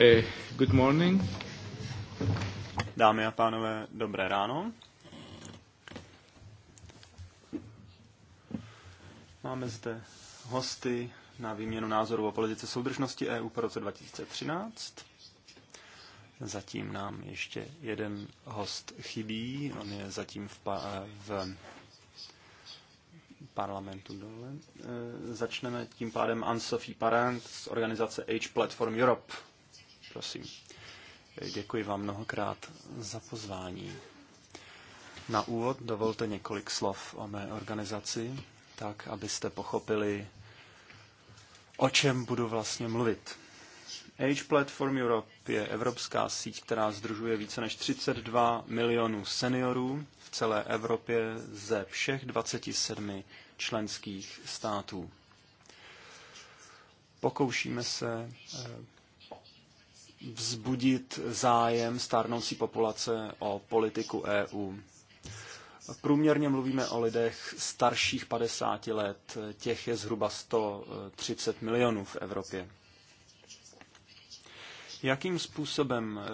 Eh, Dámy a pánové, dobré ráno. Máme zde hosty na výměnu názorů o politice soudržnosti EU po roce 2013. Zatím nám ještě jeden host chybí, on je zatím v, pa- v parlamentu dole. Eh, začneme tím pádem Anne-Sophie Parent z organizace Age Platform Europe prosím. Děkuji vám mnohokrát za pozvání. Na úvod dovolte několik slov o mé organizaci, tak abyste pochopili, o čem budu vlastně mluvit. Age Platform Europe je evropská síť, která združuje více než 32 milionů seniorů v celé Evropě ze všech 27 členských států. Pokoušíme se eh, vzbudit zájem stárnoucí populace o politiku EU. Průměrně mluvíme o lidech starších 50 let, těch je zhruba 130 milionů v Evropě. Jakým způsobem eh,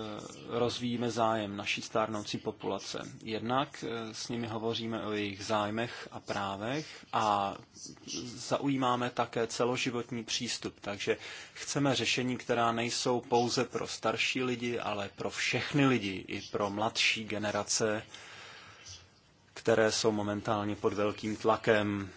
rozvíjíme zájem naší stárnoucí populace? Jednak eh, s nimi hovoříme o jejich zájmech a právech a zaujímáme také celoživotní přístup, takže chceme řešení, která nejsou pouze pro starší lidi, ale pro všechny lidi, i pro mladší generace, které jsou momentálně pod velkým tlakem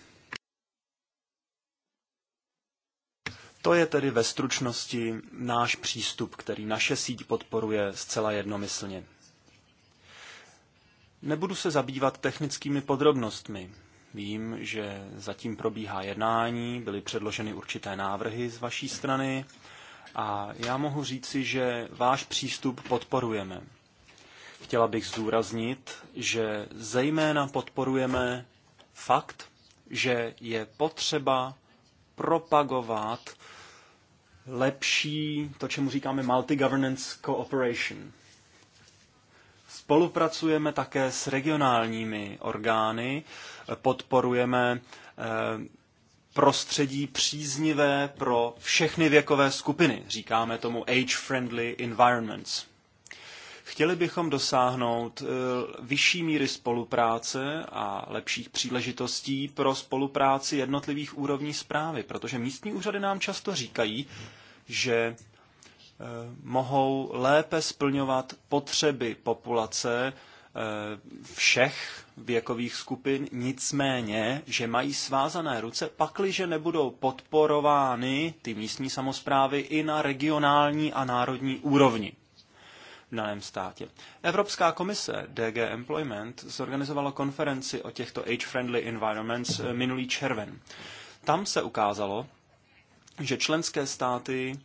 To je tedy ve stručnosti náš přístup, který naše síť podporuje zcela jednomyslně. Nebudu se zabývat technickými podrobnostmi. Vím, že zatím probíhá jednání, byly předloženy určité návrhy z vaší strany a já mohu říci, že váš přístup podporujeme. Chtěla bych zdůraznit, že zejména podporujeme fakt, že je potřeba propagovat lepší to, čemu říkáme multi-governance cooperation. Spolupracujeme také s regionálními orgány, podporujeme eh, prostředí příznivé pro všechny věkové skupiny. Říkáme tomu age-friendly environments. Chtěli bychom dosáhnout eh, vyšší míry spolupráce a lepších příležitostí pro spolupráci jednotlivých úrovní zprávy, protože místní úřady nám často říkají, že eh, mohou lépe splňovat potřeby populace eh, všech věkových skupin, nicméně, že mají svázané ruce, pakliže nebudou podporovány ty místní samozprávy i na regionální a národní úrovni daném státě. Evropská komise DG Employment zorganizovala konferenci o těchto age-friendly environments eh, minulý červen. Tam se ukázalo, že členské státy,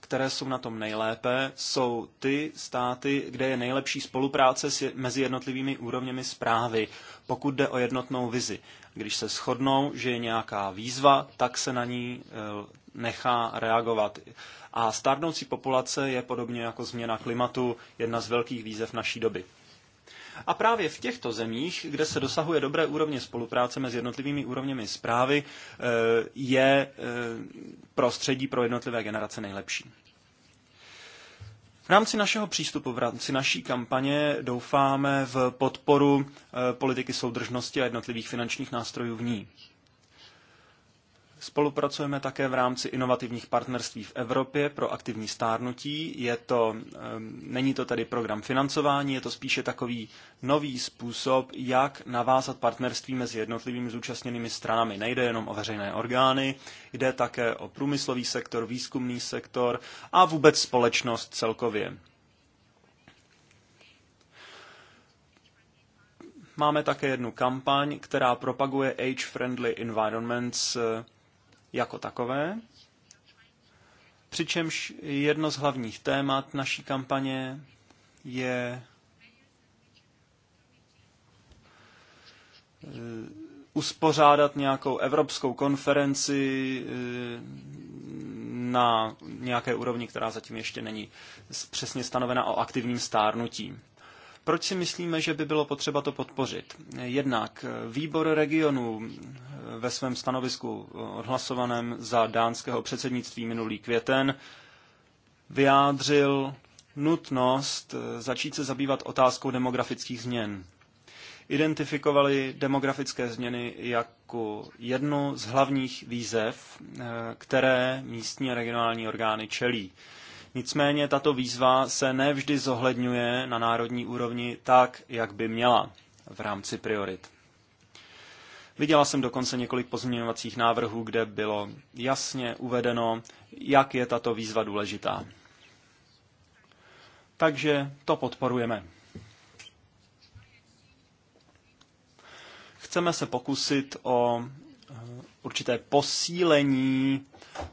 které jsou na tom nejlépe, jsou ty státy, kde je nejlepší spolupráce mezi jednotlivými úrovněmi zprávy, pokud jde o jednotnou vizi. Když se shodnou, že je nějaká výzva, tak se na ní eh, nechá reagovat. A stárnoucí populace je podobně jako změna klimatu jedna z velkých výzev naší doby. A právě v těchto zemích, kde se dosahuje dobré úrovně spolupráce mezi jednotlivými úrovněmi zprávy, eh, je eh, prostředí pro jednotlivé generace nejlepší. V rámci našeho přístupu, v rámci naší kampaně doufáme v podporu eh, politiky soudržnosti a jednotlivých finančních nástrojů v ní. Spolupracujeme také v rámci inovativních partnerství v Evropě pro aktivní stárnutí. Je to, ehm, není to tedy program financování, je to spíše takový nový způsob, jak navázat partnerství mezi jednotlivými zúčastněnými stranami. Nejde jenom o veřejné orgány, jde také o průmyslový sektor, výzkumný sektor a vůbec společnost celkově. Máme také jednu kampaň, která propaguje age-friendly environments jako takové. Přičemž jedno z hlavních témat naší kampaně je eh, uspořádat nějakou evropskou konferenci eh, na nějaké úrovni, která zatím ještě není přesně stanovena o aktivním stárnutí. Proč si myslíme, že by bylo potřeba to podpořit? Jednak výbor regionů eh, ve svém stanovisku odhlasovaném za dánského předsednictví minulý květen vyjádřil nutnost eh, začít se zabývat otázkou demografických změn. Identifikovali demografické změny jako jednu z hlavních výzev, eh, které místní a regionální orgány čelí. Nicméně tato výzva se nevždy zohledňuje na národní úrovni tak, jak by měla v rámci priorit. Viděla jsem dokonce několik pozměňovacích návrhů, kde bylo jasně uvedeno, jak je tato výzva důležitá. Takže to podporujeme. Chceme se pokusit o eh, určité posílení Eh,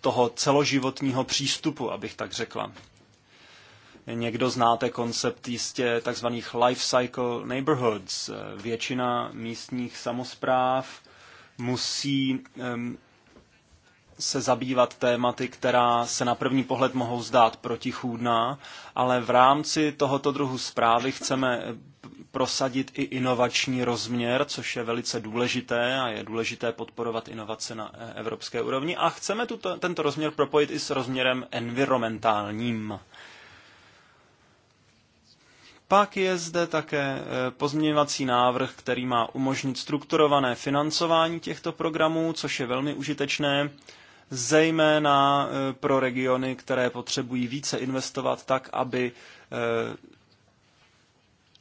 toho celoživotního přístupu, abych tak řekla. Někdo znáte koncept jistě tzv. life cycle neighborhoods. Eh, většina místních samozpráv musí se zabývat tématy, která se na první pohled mohou zdát protichůdná, ale v rámci tohoto druhu zprávy chceme eh, prosadit i inovační rozměr, což je velice důležité a je důležité podporovat inovace na eh, evropské úrovni a chceme tuto, tento rozměr propojit i s rozměrem environmentálním. Pak je zde také eh, pozměňovací návrh, který má umožnit strukturované financování těchto programů, což je velmi užitečné zejména e, pro regiony, které potřebují více investovat tak, aby e,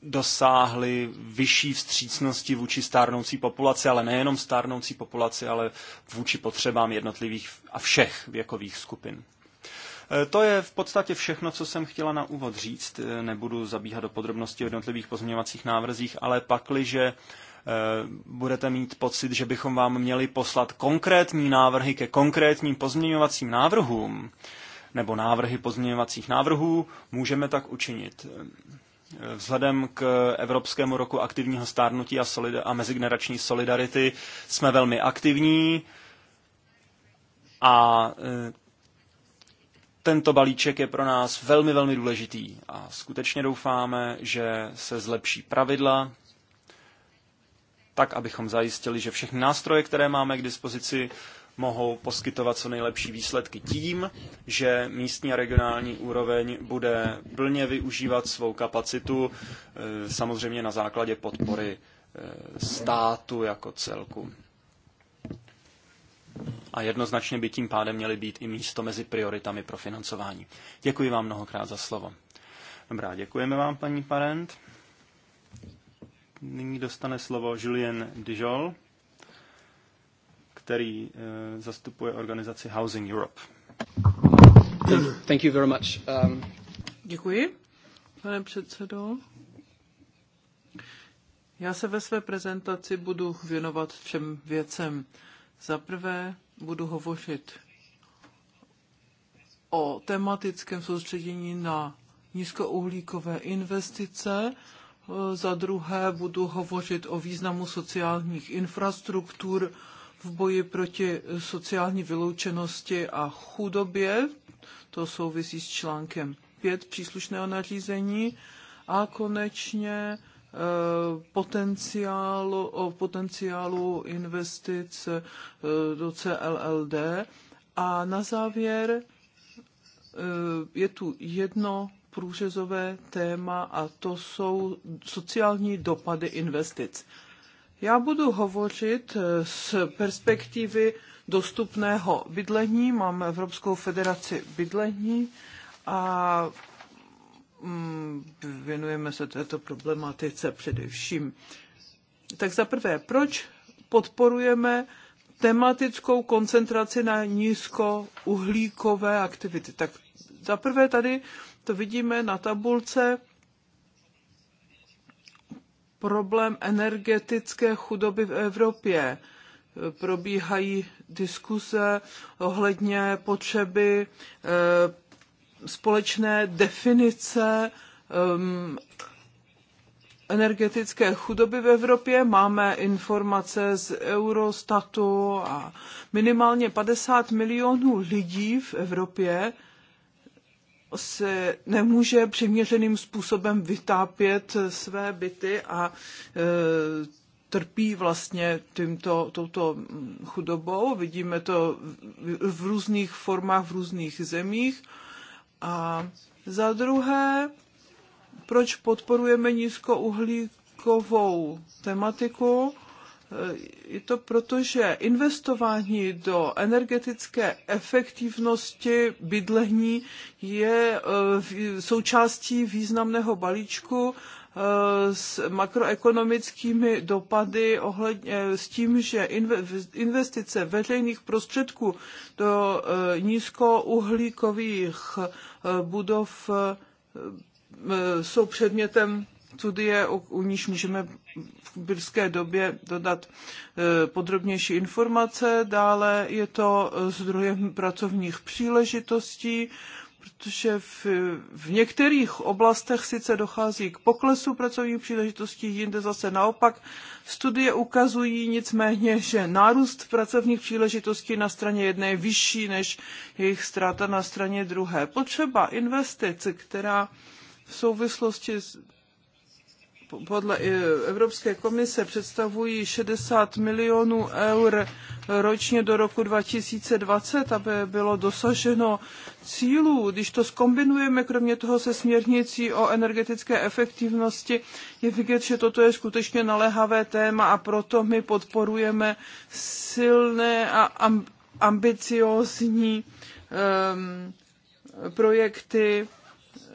dosáhly vyšší vstřícnosti vůči stárnoucí populaci, ale nejenom stárnoucí populaci, ale vůči potřebám jednotlivých a všech věkových skupin. E, to je v podstatě všechno, co jsem chtěla na úvod říct. Nebudu zabíhat do podrobností o jednotlivých pozměňovacích návrzích, ale pakliže že Eh, budete mít pocit, že bychom vám měli poslat konkrétní návrhy ke konkrétním pozměňovacím návrhům, nebo návrhy pozměňovacích návrhů, můžeme tak učinit. Eh, vzhledem k Evropskému roku aktivního stárnutí a, solida- a mezigenerační solidarity jsme velmi aktivní a eh, tento balíček je pro nás velmi, velmi důležitý a skutečně doufáme, že se zlepší pravidla, tak abychom zajistili, že všechny nástroje, které máme k dispozici, mohou poskytovat co nejlepší výsledky tím, že místní a regionální úroveň bude plně využívat svou kapacitu, eh, samozřejmě na základě podpory eh, státu jako celku. A jednoznačně by tím pádem měly být i místo mezi prioritami pro financování. Děkuji vám mnohokrát za slovo. Dobrá, děkujeme vám, paní Parent. Nyní dostane slovo Julien Dijol, který eh, zastupuje organizaci Housing Europe. Thank you very much. Um... Děkuji, pane předsedo. Já se ve své prezentaci budu věnovat všem věcem. Za prvé budu hovořit o tematickém soustředění na nízkouhlíkové investice za druhé budu hovořit o významu sociálních infrastruktur v boji proti sociální vyloučenosti a chudobě. To souvisí s článkem 5 příslušného nařízení. A konečně eh, potenciálu, o potenciálu investic eh, do CLLD. A na závěr eh, je tu jedno průřezové téma a to jsou sociální dopady investic. Já budu hovořit eh, z perspektivy dostupného bydlení, mám Evropskou federaci bydlení a mm, věnujeme se této problematice především. Tak za prvé, proč podporujeme tematickou koncentraci na nízkouhlíkové aktivity? Tak za prvé tady to vidíme na tabulce, problém energetické chudoby v Evropě. Probíhají diskuse ohledně potřeby eh, společné definice eh, energetické chudoby v Evropě. Máme informace z Eurostatu a minimálně 50 milionů lidí v Evropě se nemůže přiměřeným způsobem vytápět své byty a e, trpí vlastně tímto, touto chudobou. Vidíme to v různých formách, v různých zemích. A za druhé, proč podporujeme nízkouhlíkovou tematiku? je to proto, že investování do energetické efektivnosti bydlení je eh, součástí významného balíčku eh, s makroekonomickými dopady ohledně eh, s tím, že investice veřejných prostředků do nízkouhlíkových budov jsou předmětem studie, u níž můžeme v brzké době dodat e, podrobnější informace. Dále je to e, zdrojem pracovních příležitostí, protože v, v některých oblastech sice dochází k poklesu pracovních příležitostí, jinde zase naopak. Studie ukazují nicméně, že nárůst pracovních příležitostí na straně jedné je vyšší než jejich ztráta na straně druhé. Potřeba investic, která v souvislosti s podle eh, Evropské komise představují 60 milionů eur ročně do roku 2020, aby bylo dosaženo cílů. Když to skombinujeme, kromě toho se směrnicí o energetické efektivnosti, je vidět, že toto je skutečně naléhavé téma a proto my podporujeme silné a ambiciózní um, ehm, projekty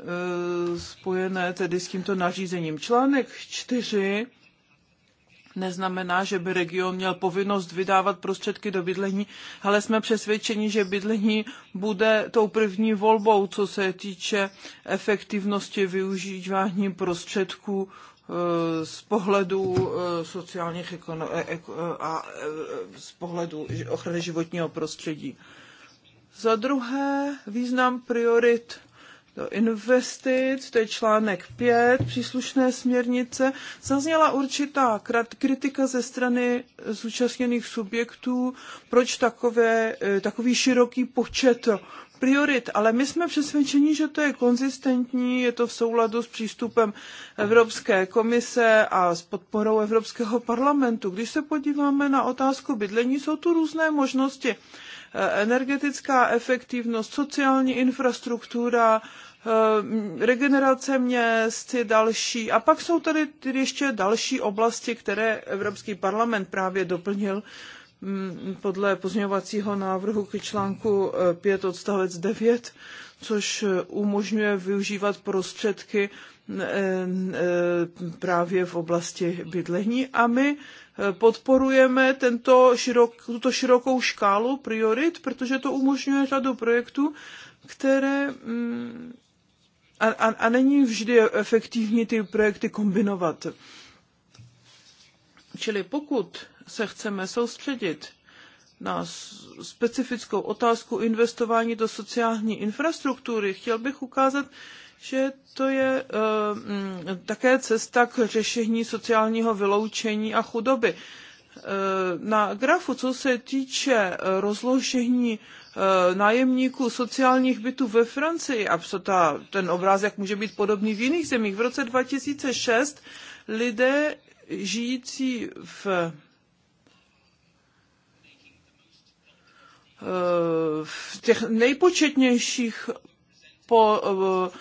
Eh, spojené tedy s tímto nařízením. Článek 4 neznamená, že by region měl povinnost vydávat prostředky do bydlení, ale jsme přesvědčeni, že bydlení bude tou první volbou, co se týče efektivnosti využívání prostředků eh, z pohledu eh, sociálních a z pohledu ochrany životního prostředí. Za druhé, význam priorit do investic, to je článek 5 příslušné směrnice, zazněla určitá kritika ze strany zúčastněných subjektů, proč takové, e, takový široký počet priorit, ale my jsme přesvědčeni, že to je konzistentní, je to v souladu s přístupem Evropské komise a s podporou Evropského parlamentu. Když se podíváme na otázku bydlení, jsou tu různé možnosti energetická efektivnost, sociální infrastruktura, eh, regenerace měst, další. A pak jsou tady ještě další oblasti, které Evropský parlament právě doplnil mm, podle pozměňovacího návrhu k článku 5 eh, odstavec 9, což eh, umožňuje využívat prostředky Eh, eh, právě v oblasti bydlení a my eh, podporujeme tento širok, tuto širokou škálu priorit, protože to umožňuje řadu projektů, které mm, a, a, a není vždy efektivní ty projekty kombinovat. Čili pokud se chceme soustředit na specifickou otázku investování do sociální infrastruktury, chtěl bych ukázat, že to je uh, také cesta k řešení sociálního vyloučení a chudoby. Uh, na grafu, co se týče eh, rozložení uh, nájemníků sociálních bytů ve Francii, a ta, ten obrázek může být podobný v jiných zemích, v roce 2006 lidé žijící v v těch nejpočetnějších po eh,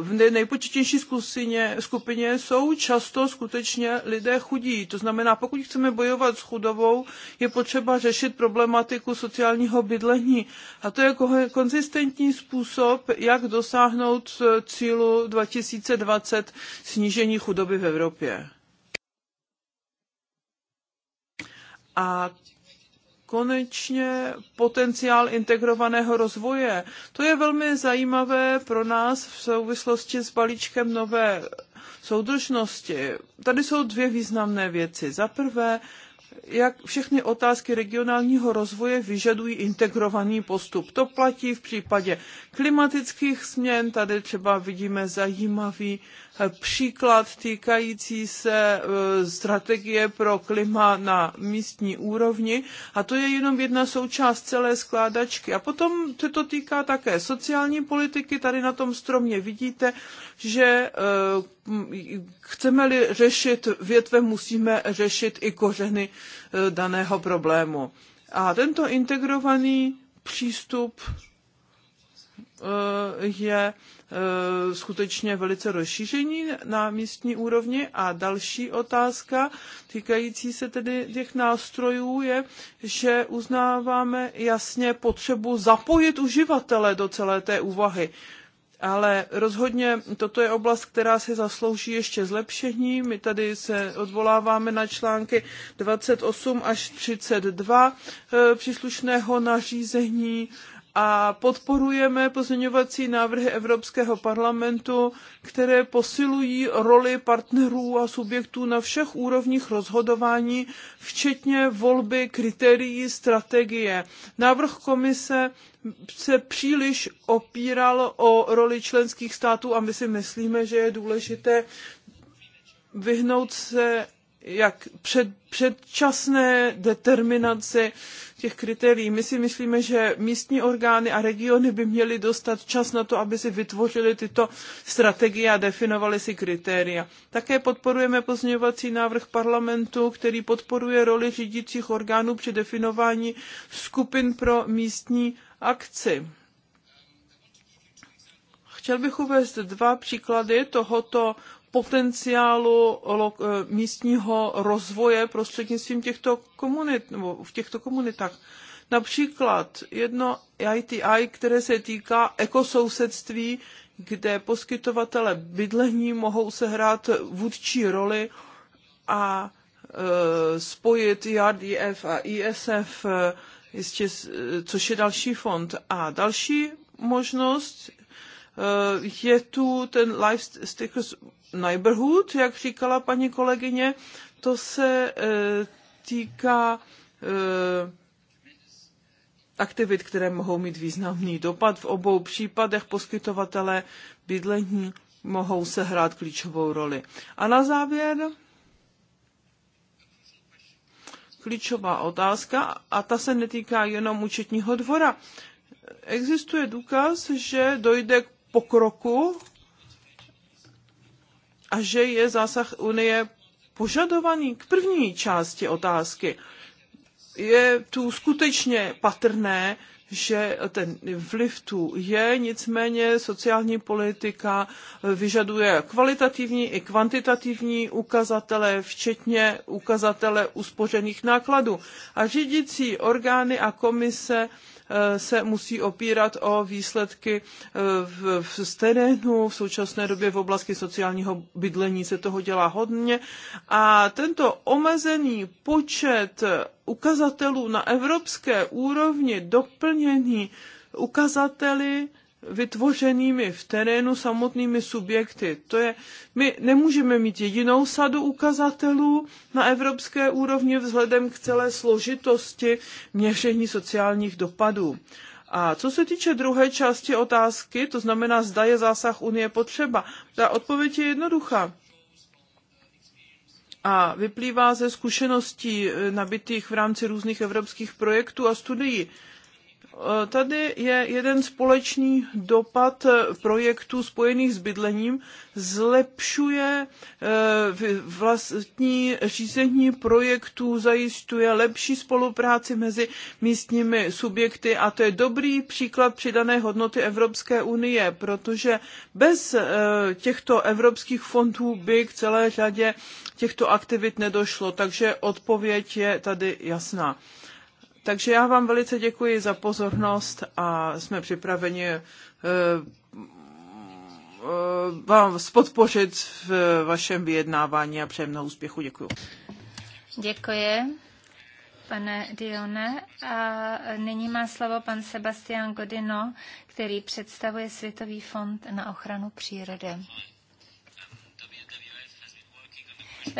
v nejpočetnější skusině, skupině jsou často skutečně lidé chudí. To znamená, pokud chceme bojovat s chudobou, je potřeba řešit problematiku sociálního bydlení. A to je konzistentní způsob, jak dosáhnout eh, cílu 2020 snížení chudoby v Evropě. A konečně potenciál integrovaného rozvoje. To je velmi zajímavé pro nás v souvislosti s balíčkem nové soudržnosti. Tady jsou dvě významné věci. Za prvé, jak všechny otázky regionálního rozvoje vyžadují integrovaný postup. To platí v případě klimatických změn. Tady třeba vidíme zajímavý eh, příklad týkající se eh, strategie pro klima na místní úrovni. A to je jenom jedna součást celé skládačky. A potom se to týká také sociální politiky. Tady na tom stromě vidíte, že eh, chceme-li řešit větve, musíme řešit i kořeny Eh, daného problému. A tento integrovaný přístup eh, je eh, skutečně velice rozšíření na místní úrovni. A další otázka týkající se tedy těch nástrojů je, že uznáváme jasně potřebu zapojit uživatele do celé té úvahy. Ale rozhodně toto je oblast, která si zaslouží ještě zlepšení. My tady se odvoláváme na články 28 až 32 eh, příslušného nařízení a podporujeme pozměňovací návrhy Evropského parlamentu, které posilují roli partnerů a subjektů na všech úrovních rozhodování, včetně volby kritérií strategie. Návrh komise se příliš opíral o roli členských států a my si myslíme, že je důležité vyhnout se jak před, předčasné determinace těch kritérií. My si myslíme, že místní orgány a regiony by měly dostat čas na to, aby si vytvořili tyto strategie a definovali si kritéria. Také podporujeme pozměňovací návrh parlamentu, který podporuje roli řídících orgánů při definování skupin pro místní akci. Chtěl bych uvést dva příklady tohoto potenciálu eh, místního rozvoje prostřednictvím těchto komunit, nebo v těchto komunitách. Například jedno ITI, které se týká ekosousedství, kde poskytovatele bydlení mohou sehrát vůdčí roli a eh, spojit IRDF a ISF, eh, jistě, což je další fond. A další možnost je tu ten Life Stickers neighborhood, jak říkala paní kolegyně, to se eh, týká eh, aktivit, které mohou mít významný dopad. V obou případech poskytovatele bydlení mohou se hrát klíčovou roli. A na závěr klíčová otázka a ta se netýká jenom účetního dvora. Existuje důkaz, že dojde k pokroku a že je zásah Unie požadovaný k první části otázky. Je tu skutečně patrné, že ten vliv tu je, nicméně sociální politika vyžaduje kvalitativní i kvantitativní ukazatele, včetně ukazatele uspořených nákladů. A řídící orgány a komise se musí opírat o výsledky eh, v, v terénu. V současné době v oblasti sociálního bydlení se toho dělá hodně a tento omezený počet ukazatelů na evropské úrovni doplněný ukazateli vytvořenými v terénu samotnými subjekty. To je, my nemůžeme mít jedinou sadu ukazatelů na evropské úrovni vzhledem k celé složitosti měření sociálních dopadů. A co se týče druhé části otázky, to znamená, zda je zásah Unie potřeba, ta odpověď je jednoduchá a vyplývá ze zkušeností e, nabitých v rámci různých evropských projektů a studií. Eh, tady je jeden společný dopad eh, projektů spojených s bydlením, zlepšuje eh, vlastní řízení projektů, zajišťuje lepší spolupráci mezi místními subjekty a to je dobrý příklad přidané hodnoty Evropské unie, protože bez těchto evropských fondů by k celé řadě těchto aktivit nedošlo, takže odpověď je tady jasná. Takže já vám velice děkuji za pozornost a jsme připraveni eh, eh, vám podpořit v vašem vyjednávání a na úspěchu. Děkuji. Děkuji, pane Dione. A nyní má slovo pan Sebastian Godino, který představuje Světový fond na ochranu přírody.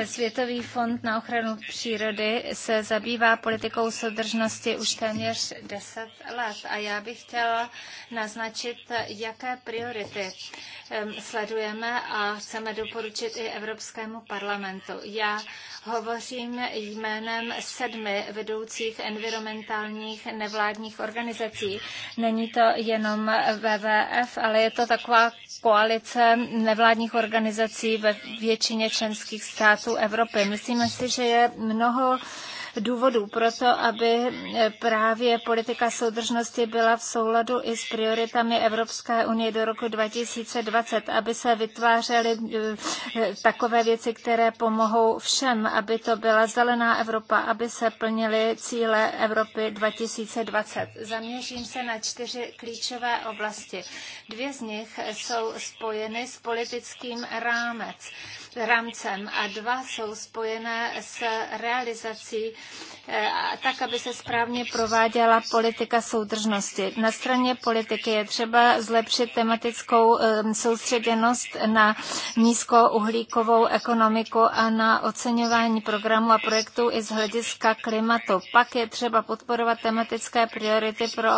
Světový fond na ochranu přírody se zabývá politikou soudržnosti už téměř 10 let a já bych chtěla naznačit, jaké priority sledujeme a chceme doporučit i Evropskému parlamentu. Já hovořím jménem sedmi vedoucích environmentálních nevládních organizací. Není to jenom WWF, ale je to taková koalice nevládních organizací ve většině členských států Evropy. Myslíme si, že je mnoho důvodů pro to, aby eh, právě politika soudržnosti byla v souladu i s prioritami Evropské unie do roku 2020, aby se vytvářely eh, eh, takové věci, které pomohou všem, aby to byla zelená Evropa, aby se plnily cíle Evropy 2020. Zaměřím se na čtyři klíčové oblasti. Dvě z nich jsou spojeny s politickým rámec rámcem a dva jsou spojené s realizací eh, tak, aby se správně prováděla politika soudržnosti. Na straně politiky je třeba zlepšit tematickou eh, soustředěnost na nízkouhlíkovou ekonomiku a na oceňování programů a projektů i z hlediska klimatu. Pak je třeba podporovat tematické priority pro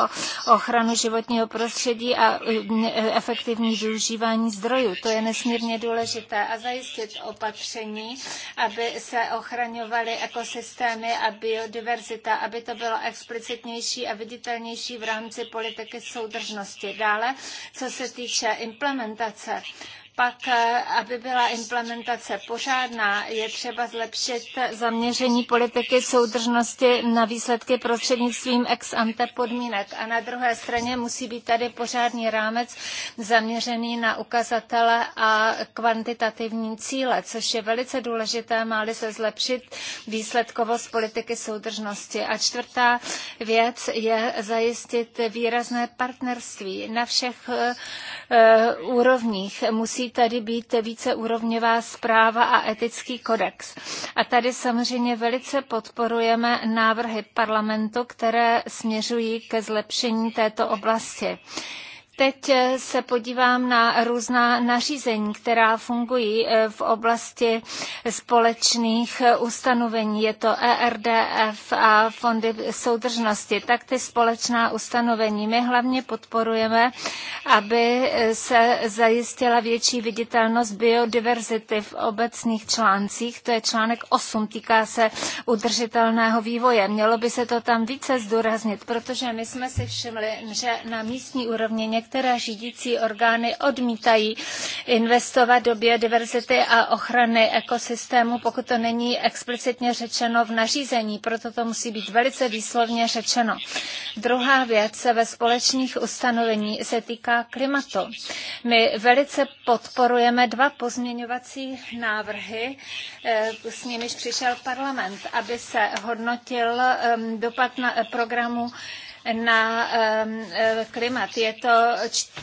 ochranu životního prostředí a eh, efektivní využívání zdrojů. To je nesmírně důležité a zajistit podnítit opatření, aby se ochraňovaly ekosystémy a biodiverzita, aby to bylo explicitnější a viditelnější v rámci politiky soudržnosti. Dále, co se týče implementace, pak, eh, aby byla implementace pořádná, je třeba zlepšit zaměření politiky soudržnosti na výsledky prostřednictvím ex ante podmínek. A na druhé straně musí být tady pořádný rámec zaměřený na ukazatele a kvantitativní cíle, což je velice důležité, má-li se zlepšit výsledkovost politiky soudržnosti. A čtvrtá věc je zajistit výrazné partnerství na všech uh, úrovních. Musí musí tady být úrovňová zpráva a etický kodex. A tady samozřejmě velice podporujeme návrhy parlamentu, které směřují ke zlepšení této oblasti. Teď eh, se podívám na různá nařízení, která fungují eh, v oblasti společných eh, ustanovení. Je to ERDF a fondy soudržnosti, tak ty společná ustanovení. My hlavně podporujeme, aby se zajistila větší viditelnost biodiverzity v obecných článcích. To je článek 8, týká se udržitelného vývoje. Mělo by se to tam více zdůraznit, protože my jsme si všimli, že na místní úrovni některé řídící orgány odmítají investovat do biodiverzity a ochrany ekosystému, pokud to není explicitně řečeno v nařízení. Proto to musí být velice výslovně řečeno. Druhá věc ve společných ustanovení se týká klimatu. My velice podporujeme dva pozměňovací návrhy, eh, s nimiž přišel parlament, aby se hodnotil dopad na eh, programu na eh, klimat. Je to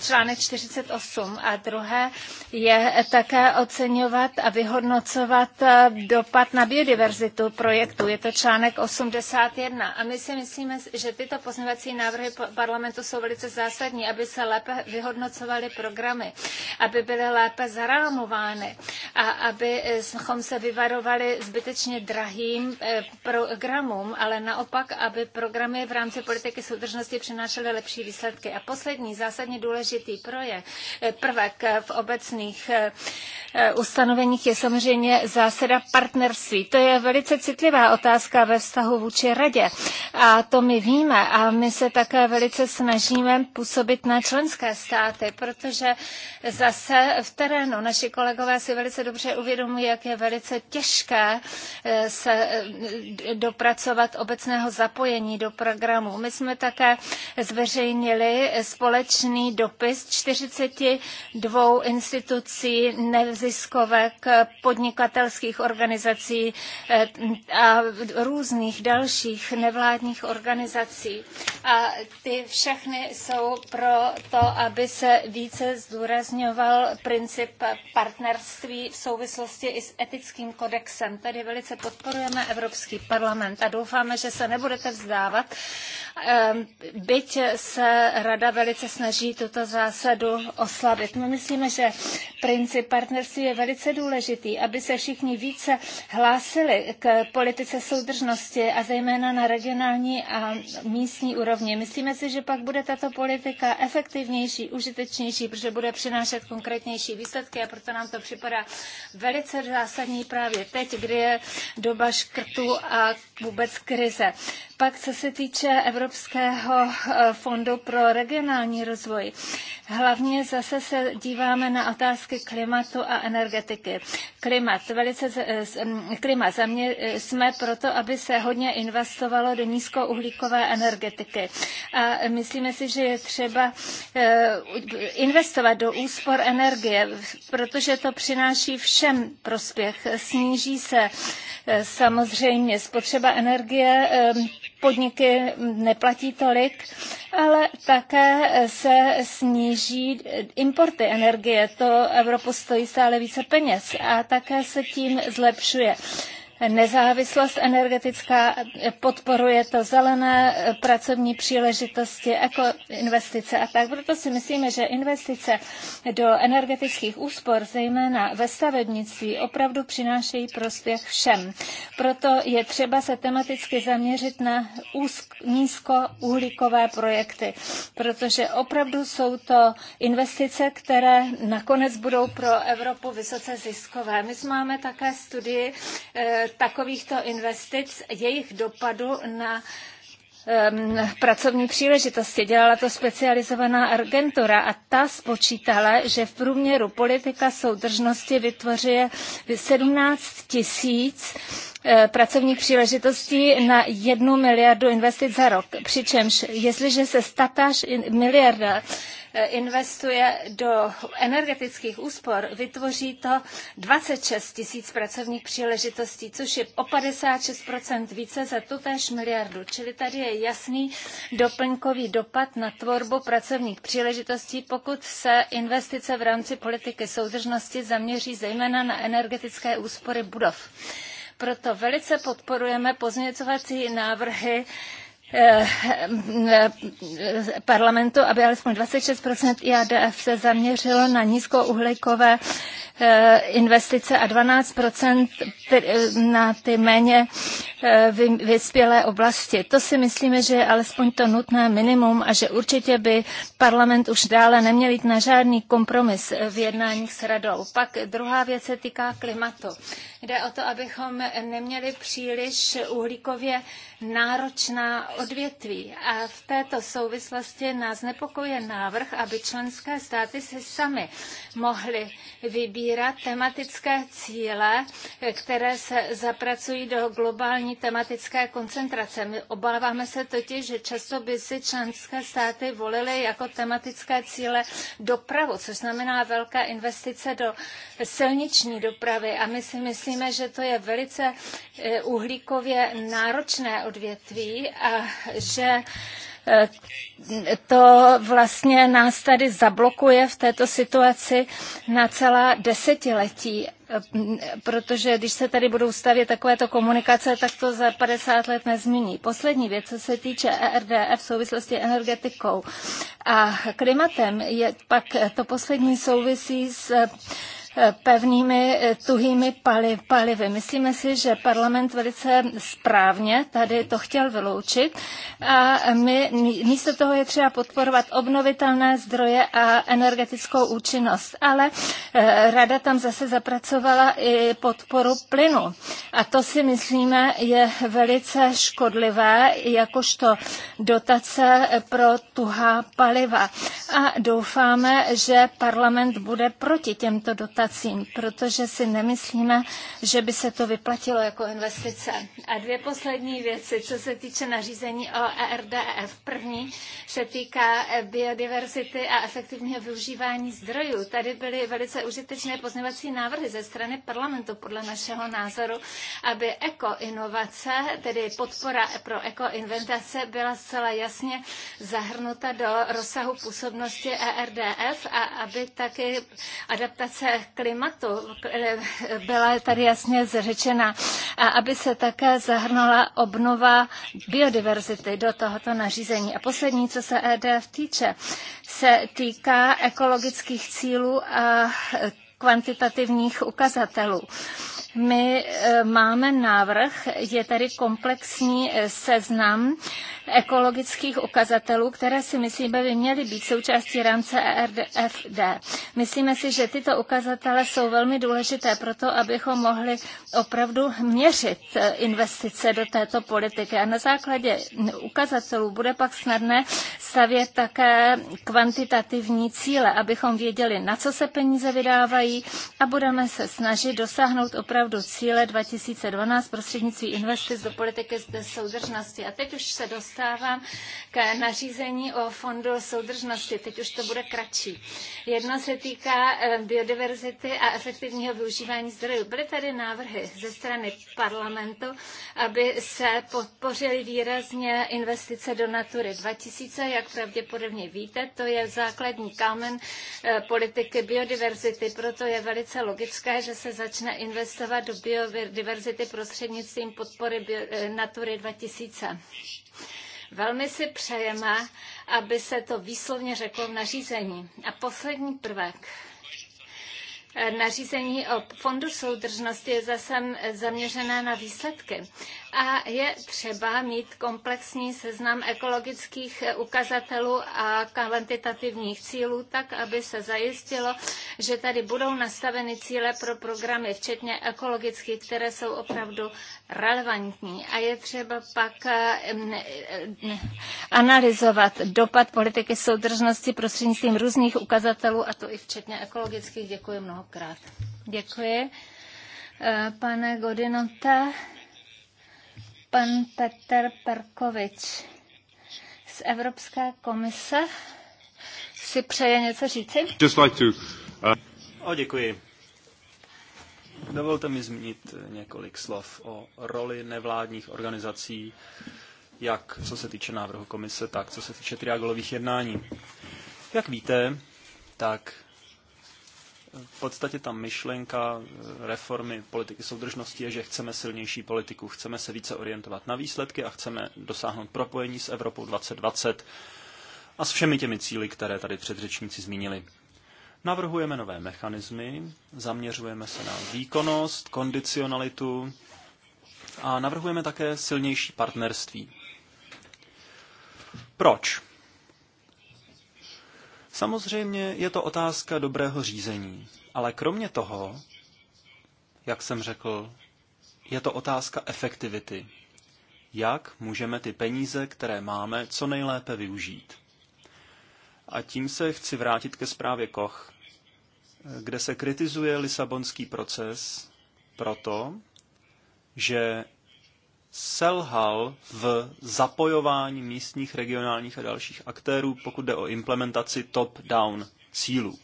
článek 48 a druhé je také oceňovat a vyhodnocovat eh, dopad na biodiverzitu projektu. Je to článek 81 a my si myslíme, že tyto pozměvací návrhy parlamentu jsou velice zásadní, aby se lépe vyhodnocovaly programy, aby byly lépe zarámovány a abychom eh, se vyvarovali zbytečně drahým programům, ale naopak, aby programy v rámci politiky soudržnosti přinášely lepší výsledky. A poslední zásadně důležitý projev, prvek v obecných eh, eh, ustanoveních je samozřejmě zásada partnerství. To je velice citlivá otázka ve vztahu vůči radě. A to my víme a my se také velice snažíme působit na členské státy, protože zase v terénu naši kolegové si velice dobře uvědomují, jak je velice těžké eh, se dopracovat obecného zapojení do programu. My jsme také zveřejnili společný dopis 42 institucí, neziskovek, podnikatelských organizací eh, a různých dalších nevládních organizací. A ty všechny jsou pro to, aby se více zdůrazňoval princip partnerství v souvislosti i s etickým kodexem. Tady velice podporujeme Evropský parlament a doufáme, že se nebudete vzdávat Ehm, byť se rada velice snaží tuto zásadu oslabit. My myslíme, že princip partnerství je velice důležitý, aby se všichni více hlásili k politice soudržnosti a zejména na regionální a místní úrovni. Myslíme si, že pak bude tato politika efektivnější, užitečnější, protože bude přinášet konkrétnější výsledky a proto nám to připadá velice zásadní právě teď, kdy je doba škrtů a vůbec krize. Pak, co se týče Evropy, Evropského eh, fondu pro regionální rozvoj. Hlavně zase se díváme na otázky klimatu a energetiky. Klimat, velice, eh, mm, klima eh, jsme proto, aby se hodně investovalo do nízkouhlíkové energetiky. A myslíme si, že je třeba investovat do úspor energie, protože to přináší všem prospěch. Sníží se samozřejmě spotřeba energie, podniky neplatí tolik, ale také se sníží importy energie. To Evropu stojí stále více peněz a také se tím zlepšuje nezávislost energetická, podporuje to zelené eh, pracovní příležitosti, jako investice a tak. Proto si myslíme, že investice do energetických úspor, zejména ve stavebnictví, opravdu přinášejí prospěch všem. Proto je třeba se tematicky zaměřit na nízkouhlíkové projekty, protože opravdu jsou to investice, které nakonec budou pro Evropu vysoce ziskové. My máme také studii eh, takovýchto investic, jejich dopadu na pracovní příležitosti. Dělala to specializovaná agentura a ta spočítala, že v průměru politika soudržnosti vytvořuje 17 tisíc eh, pracovních příležitostí na jednu miliardu investic za rok. Přičemž, jestliže se statáž miliarda Eh, investuje do energetických úspor, vytvoří to 26 tisíc pracovních příležitostí, což je o 56 více za tutéž miliardu. Čili tady je jasný doplňkový dopad na tvorbu pracovních příležitostí, pokud se investice v rámci politiky soudržnosti zaměří zejména na energetické úspory budov. Proto velice podporujeme pozměňovací návrhy Eh, parlamentu, aby alespoň 26 IADF se zaměřilo na nízkouhlíkové eh, investice a 12 eh, na ty méně vyspělé oblasti. To si myslíme, že je alespoň to nutné minimum a že určitě by parlament už dále neměl jít na žádný kompromis v jednáních s radou. Pak druhá věc se týká klimatu. Jde o to, abychom neměli příliš uhlíkově náročná odvětví. A v této souvislosti nás nepokoje návrh, aby členské státy si sami mohly vybírat tematické cíle, které se zapracují do globální tematické koncentrace. My obáváme se totiž, že často by si členské státy volily jako tematické cíle dopravu, což znamená velká investice do silniční dopravy. A my si myslíme, že to je velice eh, uhlíkově náročné odvětví a že eh, to vlastně nás tady zablokuje v této situaci na celá desetiletí, eh, protože když se tady budou stavět takovéto komunikace, tak to za 50 let nezmění. Poslední věc, co se týče ERDF v souvislosti energetikou a klimatem, je pak to poslední souvisí s pevnými eh, tuhými palivy. Myslíme si, že parlament velice správně tady to chtěl vyloučit a my místo toho je třeba podporovat obnovitelné zdroje a energetickou účinnost. Ale eh, rada tam zase zapracovala i podporu plynu. A to si myslíme je velice škodlivé, jakožto dotace eh, pro tuhá paliva. A doufáme, že parlament bude proti těmto dotacím dotacím, protože si nemyslíme, že by se to vyplatilo jako investice. A dvě poslední věci, co se týče nařízení o ERDF. První se týká eh, biodiverzity a efektivního využívání zdrojů. Tady byly velice užitečné pozměvací návrhy ze strany parlamentu podle našeho názoru, aby ekoinovace, tedy podpora pro ekoinventace, byla zcela jasně zahrnuta do rozsahu působnosti ERDF a aby taky adaptace klimatu byla tady jasně zřečena a aby se také zahrnula obnova biodiverzity do tohoto nařízení. A poslední, co se EDF týče, se týká ekologických cílů a kvantitativních ukazatelů. My e, máme návrh, je tady komplexní e, seznam ekologických ukazatelů, které si myslíme by měly být součástí rámce ERDFD. Myslíme si, že tyto ukazatele jsou velmi důležité pro to, abychom mohli opravdu měřit eh, investice do této politiky. A na základě ukazatelů bude pak snadné stavět také kvantitativní cíle, abychom věděli, na co se peníze vydávají a budeme se snažit dosáhnout opravdu cíle 2012 prostřednictvím investic do politiky zde soudržnosti. A teď už se dostávám dostávám k nařízení o fondu soudržnosti. Teď už to bude kratší. Jedno se týká eh, biodiverzity a efektivního využívání zdrojů. Byly tady návrhy ze strany parlamentu, aby se podpořily výrazně investice do natury 2000. Jak pravděpodobně víte, to je základní kámen eh, politiky biodiverzity, proto je velice logické, že se začne investovat do biodiverzity prostřednictvím podpory eh, Natury 2000. Velmi si přejeme, aby se to výslovně řeklo v nařízení. A poslední prvek. Nařízení o fondu soudržnosti je zase zaměřené na výsledky a je třeba mít komplexní seznam ekologických ukazatelů a kvantitativních cílů, tak aby se zajistilo, že tady budou nastaveny cíle pro programy, včetně ekologických, které jsou opravdu relevantní. A je třeba pak eh, eh, analyzovat dopad politiky soudržnosti prostřednictvím různých ukazatelů, a to i včetně ekologických. Děkuji mnohokrát. Děkuji. Eh, pane Godinote, Pan Petr Perkovič z Evropské komise si přeje něco říci? Just like to, uh... O, děkuji. Dovolte mi zmínit několik slov o roli nevládních organizací, jak co se týče návrhu komise, tak co se týče triagolových jednání. Jak víte, tak v podstatě ta myšlenka eh, reformy politiky soudržnosti je, že chceme silnější politiku, chceme se více orientovat na výsledky a chceme dosáhnout propojení s Evropou 2020 a s všemi těmi cíly, které tady předřečníci zmínili. Navrhujeme nové mechanismy, zaměřujeme se na výkonnost, kondicionalitu a navrhujeme také silnější partnerství. Proč? Samozřejmě je to otázka dobrého řízení, ale kromě toho, jak jsem řekl, je to otázka efektivity. Jak můžeme ty peníze, které máme, co nejlépe využít? A tím se chci vrátit ke zprávě Koch, kde se kritizuje Lisabonský proces proto, že selhal v zapojování místních, regionálních a dalších aktérů, pokud jde o implementaci top-down cílů.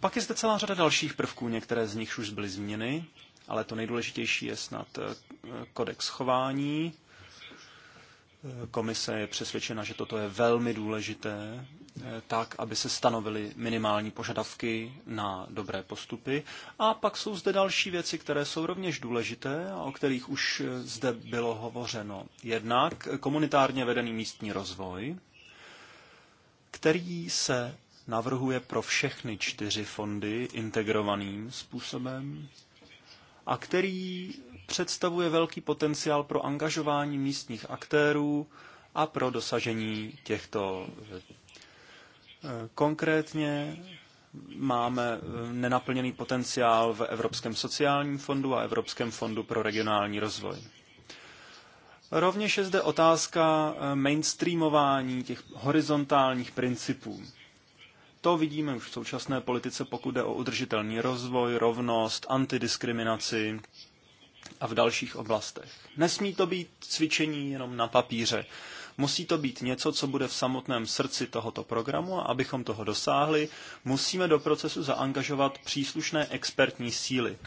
Pak je zde celá řada dalších prvků, některé z nich už byly změny, ale to nejdůležitější je snad eh, kodex chování, Komise je přesvědčena, že toto je velmi důležité, eh, tak, aby se stanovily minimální požadavky na dobré postupy. A pak jsou zde další věci, které jsou rovněž důležité a o kterých už eh, zde bylo hovořeno. Jednak komunitárně vedený místní rozvoj, který se navrhuje pro všechny čtyři fondy integrovaným způsobem a který představuje velký potenciál pro angažování místních aktérů a pro dosažení těchto. E, konkrétně máme e, nenaplněný potenciál v Evropském sociálním fondu a Evropském fondu pro regionální rozvoj. Rovněž je zde otázka e, mainstreamování těch horizontálních principů. To vidíme už v současné politice, pokud jde o udržitelný rozvoj, rovnost, antidiskriminaci a v dalších oblastech. Nesmí to být cvičení jenom na papíře. Musí to být něco, co bude v samotném srdci tohoto programu a abychom toho dosáhli, musíme do procesu zaangažovat příslušné expertní síly.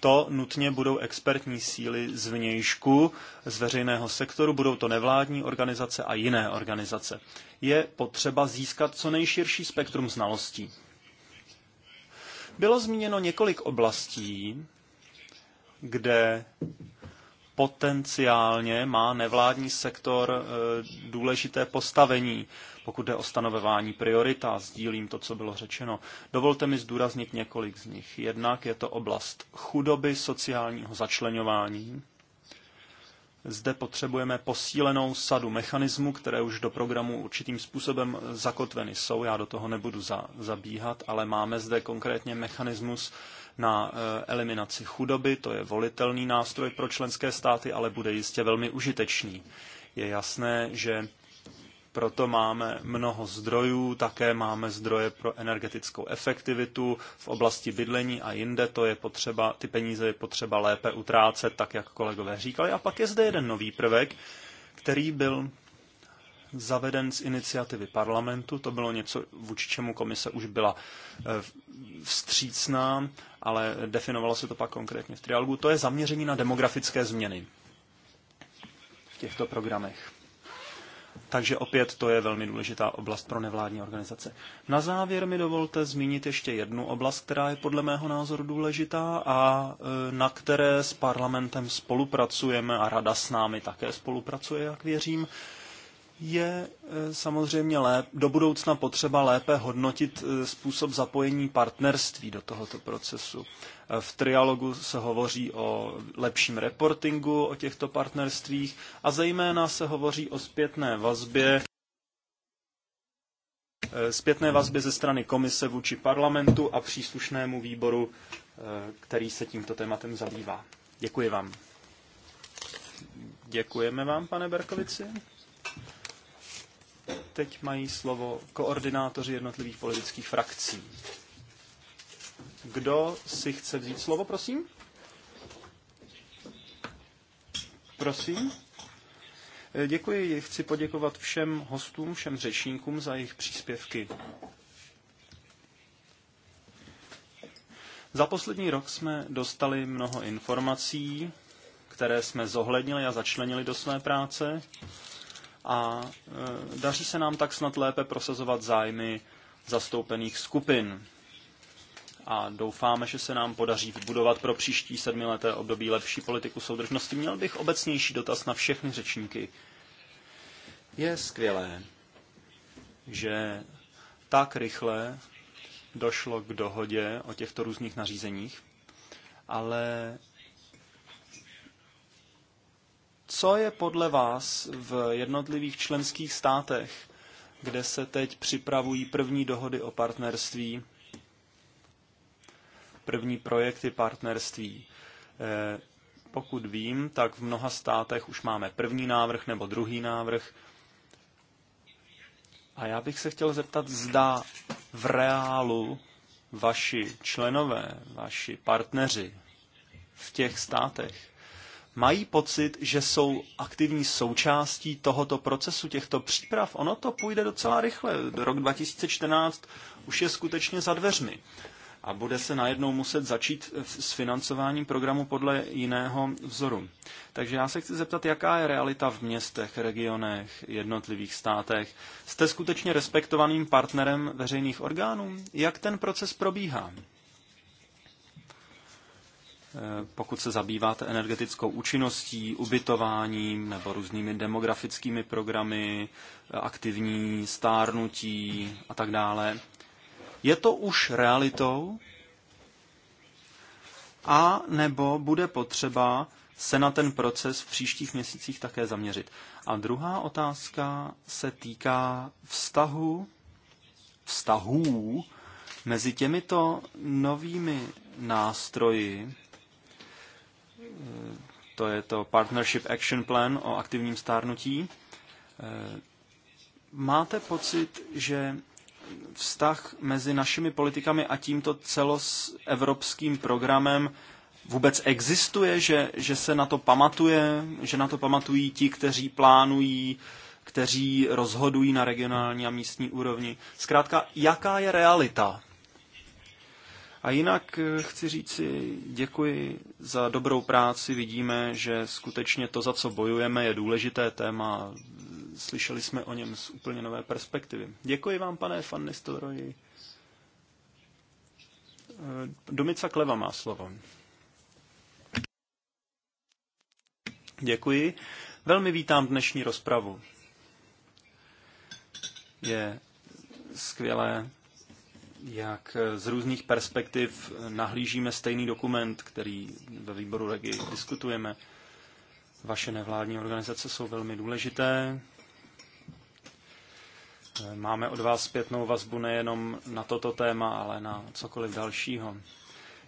To nutně budou expertní síly z vnějšku, z veřejného sektoru, budou to nevládní organizace a jiné organizace. Je potřeba získat co nejširší spektrum znalostí. Bylo zmíněno několik oblastí, kde potenciálně má nevládní sektor eh, důležité postavení, pokud jde o stanovování priorita, sdílím to, co bylo řečeno. Dovolte mi zdůraznit několik z nich. Jednak je to oblast chudoby, sociálního začlenování. Zde potřebujeme posílenou sadu mechanismů, které už do programu určitým způsobem zakotveny jsou. Já do toho nebudu za, zabíhat, ale máme zde konkrétně mechanismus na eh, eliminaci chudoby, to je volitelný nástroj pro členské státy, ale bude jistě velmi užitečný. Je jasné, že proto máme mnoho zdrojů, také máme zdroje pro energetickou efektivitu v oblasti bydlení a jinde, to je potřeba, ty peníze je potřeba lépe utrácet, tak jak kolegové říkali. A pak je zde jeden nový prvek, který byl zaveden z iniciativy parlamentu. To bylo něco, vůči čemu komise už byla eh, vstřícná, ale definovalo se to pak konkrétně v trialogu. To je zaměření na demografické změny v těchto programech. Takže opět to je velmi důležitá oblast pro nevládní organizace. Na závěr mi dovolte zmínit ještě jednu oblast, která je podle mého názoru důležitá a eh, na které s parlamentem spolupracujeme a rada s námi také spolupracuje, jak věřím je eh, samozřejmě lépe do budoucna potřeba lépe hodnotit eh, způsob zapojení partnerství do tohoto procesu. Eh, v trialogu se hovoří o lepším reportingu o těchto partnerstvích a zejména se hovoří o zpětné vazbě zpětné vazbě ze strany komise vůči parlamentu a příslušnému výboru, který se tímto tématem zabývá. Děkuji vám. Děkujeme vám, pane Berkovici. Teď mají slovo koordinátoři jednotlivých politických frakcí. Kdo si chce vzít slovo, prosím? Prosím. Eh, děkuji, chci poděkovat všem hostům, všem řečníkům za jejich příspěvky. Za poslední rok jsme dostali mnoho informací, které jsme zohlednili a začlenili do své práce a e, daří se nám tak snad lépe prosazovat zájmy zastoupených skupin. A doufáme, že se nám podaří vybudovat pro příští sedmileté období lepší politiku soudržnosti. Měl bych obecnější dotaz na všechny řečníky. Je skvělé, že tak rychle došlo k dohodě o těchto různých nařízeních, ale co je podle vás v jednotlivých členských státech, kde se teď připravují první dohody o partnerství, první projekty partnerství? Eh, pokud vím, tak v mnoha státech už máme první návrh nebo druhý návrh. A já bych se chtěl zeptat, zda v reálu vaši členové, vaši partneři v těch státech mají pocit, že jsou aktivní součástí tohoto procesu, těchto příprav. Ono to půjde docela rychle. Rok 2014 už je skutečně za dveřmi a bude se najednou muset začít s financováním programu podle jiného vzoru. Takže já se chci zeptat, jaká je realita v městech, regionech, jednotlivých státech. Jste skutečně respektovaným partnerem veřejných orgánů? Jak ten proces probíhá? Eh, pokud se zabýváte energetickou účinností, ubytováním nebo různými demografickými programy, eh, aktivní stárnutí a tak dále. Je to už realitou? A nebo bude potřeba se na ten proces v příštích měsících také zaměřit. A druhá otázka se týká vztahu, vztahů mezi těmito novými nástroji, to je to Partnership Action Plan o aktivním stárnutí. Eh, máte pocit, že vztah mezi našimi politikami a tímto celosevropským programem vůbec existuje, že, že se na to pamatuje, že na to pamatují ti, kteří plánují, kteří rozhodují na regionální a místní úrovni. Zkrátka, jaká je realita a jinak eh, chci říci děkuji za dobrou práci. Vidíme, že skutečně to, za co bojujeme, je důležité téma. Slyšeli jsme o něm z úplně nové perspektivy. Děkuji vám, pane Van Nistelrooy. Eh, Domica Kleva má slovo. Děkuji. Velmi vítám dnešní rozpravu. Je skvělé jak eh, z různých perspektiv nahlížíme stejný dokument, který ve výboru Regi diskutujeme. Vaše nevládní organizace jsou velmi důležité. Eh, máme od vás zpětnou vazbu nejenom na toto téma, ale na cokoliv dalšího.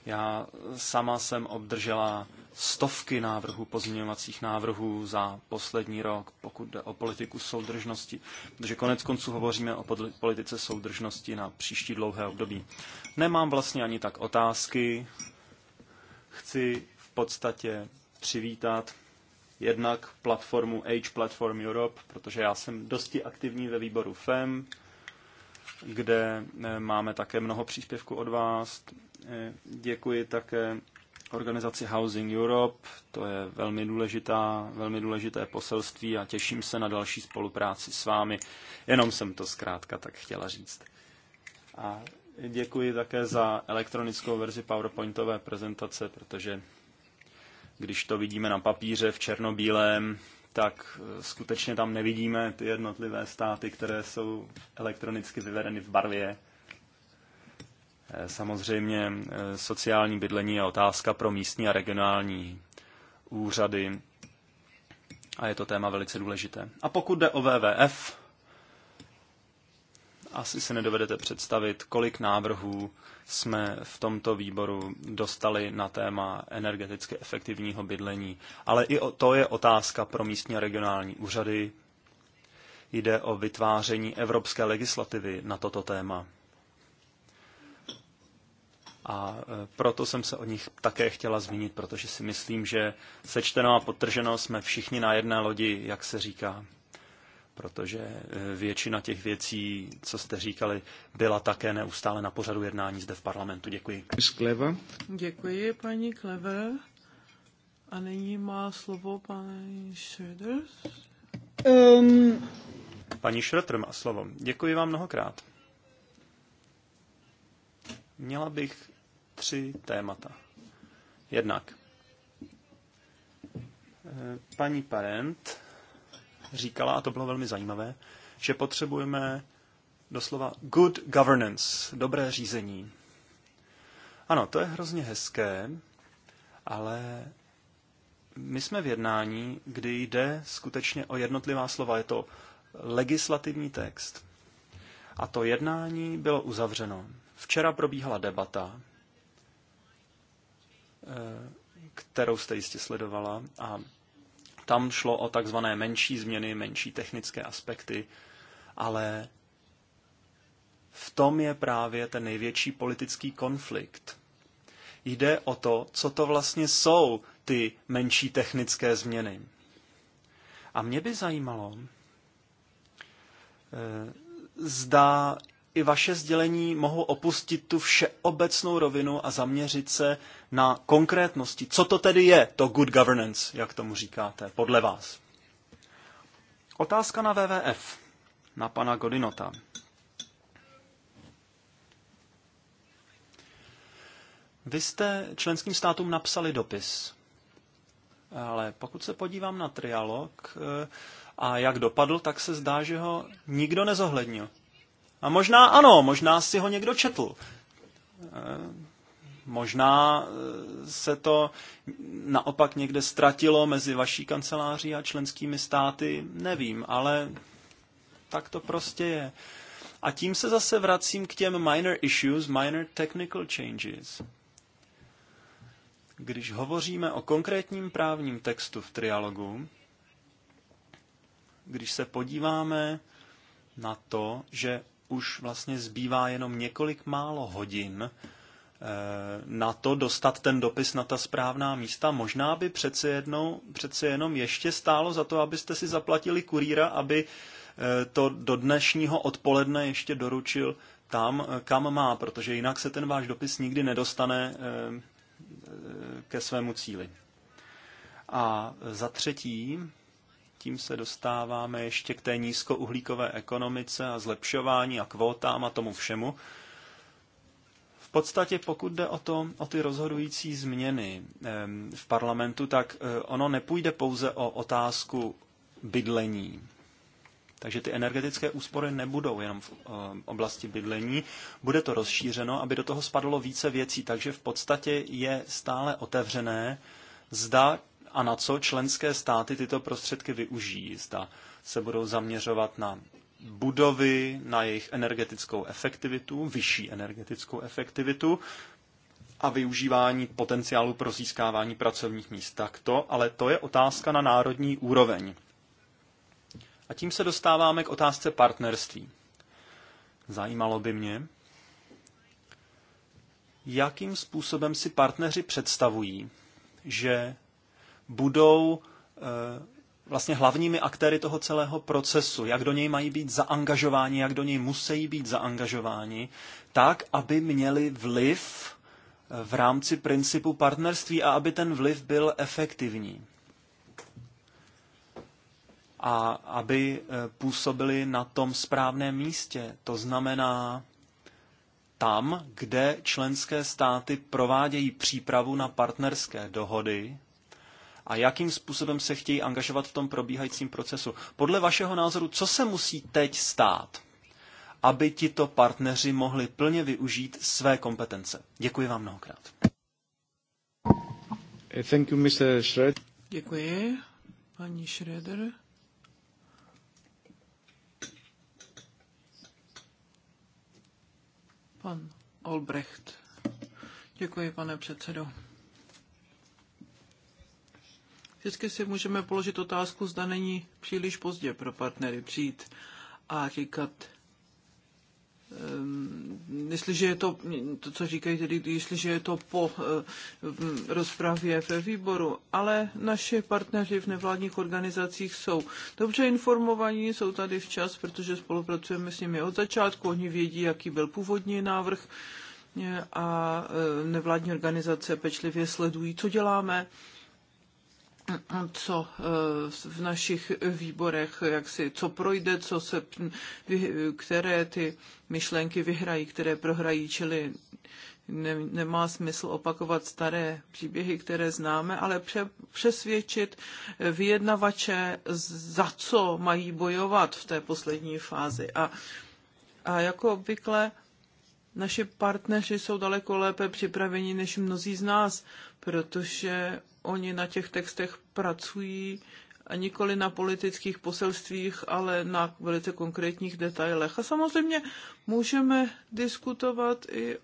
Já sama jsem obdržela stovky návrhů, pozměňovacích návrhů za poslední rok, pokud jde o politiku soudržnosti, protože konec konců hovoříme o politice soudržnosti na příští dlouhé období. Nemám vlastně ani tak otázky. Chci v podstatě přivítat jednak platformu Age Platform Europe, protože já jsem dosti aktivní ve výboru FEM, kde eh, máme také mnoho příspěvků od vás. Eh, děkuji také organizaci Housing Europe. To je velmi, důležitá, velmi důležité poselství a těším se na další spolupráci s vámi. Jenom jsem to zkrátka tak chtěla říct. A děkuji také za elektronickou verzi PowerPointové prezentace, protože když to vidíme na papíře v černobílém, tak eh, skutečně tam nevidíme ty jednotlivé státy, které jsou elektronicky vyvedeny v barvě. Samozřejmě eh, sociální bydlení je otázka pro místní a regionální úřady a je to téma velice důležité. A pokud jde o VVF, asi si nedovedete představit, kolik návrhů jsme v tomto výboru dostali na téma energeticky efektivního bydlení. Ale i to je otázka pro místní a regionální úřady. Jde o vytváření evropské legislativy na toto téma. A e, proto jsem se o nich také chtěla zmínit, protože si myslím, že sečteno a potrženo jsme všichni na jedné lodi, jak se říká. Protože e, většina těch věcí, co jste říkali, byla také neustále na pořadu jednání zde v parlamentu. Děkuji. Kleva. Děkuji, paní Kleve. A nyní má slovo paní Schröder. Um... Paní Schröder má slovo. Děkuji vám mnohokrát. Měla bych tři témata. Jednak eh, paní Parent říkala, a to bylo velmi zajímavé, že potřebujeme doslova good governance, dobré řízení. Ano, to je hrozně hezké, ale my jsme v jednání, kdy jde skutečně o jednotlivá slova. Je to legislativní text. A to jednání bylo uzavřeno. Včera probíhala debata kterou jste jistě sledovala. A tam šlo o takzvané menší změny, menší technické aspekty, ale v tom je právě ten největší politický konflikt. Jde o to, co to vlastně jsou ty menší technické změny. A mě by zajímalo, eh, zda i vaše sdělení mohou opustit tu všeobecnou rovinu a zaměřit se na konkrétnosti. Co to tedy je, to good governance, jak tomu říkáte, podle vás? Otázka na WWF, na pana Godinota. Vy jste členským státům napsali dopis, ale pokud se podívám na trialog eh, a jak dopadl, tak se zdá, že ho nikdo nezohlednil. A možná ano, možná si ho někdo četl. Eh, možná eh, se to naopak někde ztratilo mezi vaší kanceláří a členskými státy, nevím, ale tak to prostě je. A tím se zase vracím k těm minor issues, minor technical changes. Když hovoříme o konkrétním právním textu v trialogu, když se podíváme na to, že už vlastně zbývá jenom několik málo hodin eh, na to dostat ten dopis na ta správná místa. Možná by přece jednou, přece jenom ještě stálo za to, abyste si zaplatili kurýra, aby eh, to do dnešního odpoledne ještě doručil tam, eh, kam má, protože jinak se ten váš dopis nikdy nedostane ke svému cíli. A za třetí, tím se dostáváme ještě k té nízkouhlíkové ekonomice a zlepšování a kvótám a tomu všemu. V podstatě, pokud jde o, to, o ty rozhodující změny v parlamentu, tak e, ono nepůjde pouze o otázku bydlení. Takže ty energetické úspory nebudou jenom v e, oblasti bydlení, bude to rozšířeno, aby do toho spadlo více věcí. Takže v podstatě je stále otevřené, zda a na co členské státy tyto prostředky využijí. Zda se budou zaměřovat na budovy, na jejich energetickou efektivitu, vyšší energetickou efektivitu a využívání potenciálu pro získávání pracovních míst takto, ale to je otázka na národní úroveň. A tím se dostáváme k otázce partnerství. Zajímalo by mě, jakým způsobem si partneři představují, že budou eh, vlastně hlavními aktéry toho celého procesu, jak do něj mají být zaangažováni, jak do něj musí být zaangažováni, tak, aby měli vliv eh, v rámci principu partnerství a aby ten vliv byl efektivní. A aby eh, působili na tom správném místě, to znamená tam, kde členské státy provádějí přípravu na partnerské dohody, a jakým způsobem se chtějí angažovat v tom probíhajícím procesu. Podle vašeho názoru, co se musí teď stát, aby tito partneři mohli plně využít své kompetence? Děkuji vám mnohokrát. Thank you, Mr. Děkuji, paní Schroeder. Pan Olbrecht. Děkuji, pane předsedo vždycky si můžeme položit otázku, zda není příliš pozdě pro partnery přijít a říkat, ehm, jestliže je to, to co říkají tedy, jestliže je to po eh, rozpravě ve výboru, ale naši partneři v nevládních organizacích jsou dobře informovaní, jsou tady včas, protože spolupracujeme s nimi od začátku, oni vědí, jaký byl původní návrh eh, a eh, nevládní organizace pečlivě sledují, co děláme Mm, co eh, v našich výborech, jak si, co projde, co se, které ty myšlenky vyhrají, které prohrají, čili ne, nemá smysl opakovat staré příběhy, které známe, ale pře, přesvědčit vyjednavače, za co mají bojovat v té poslední fázi. A, a jako obvykle naši partneři jsou daleko lépe připraveni než mnozí z nás, protože oni na těch textech pracují a nikoli na politických poselstvích, ale na velice konkrétních detailech. A samozřejmě můžeme diskutovat i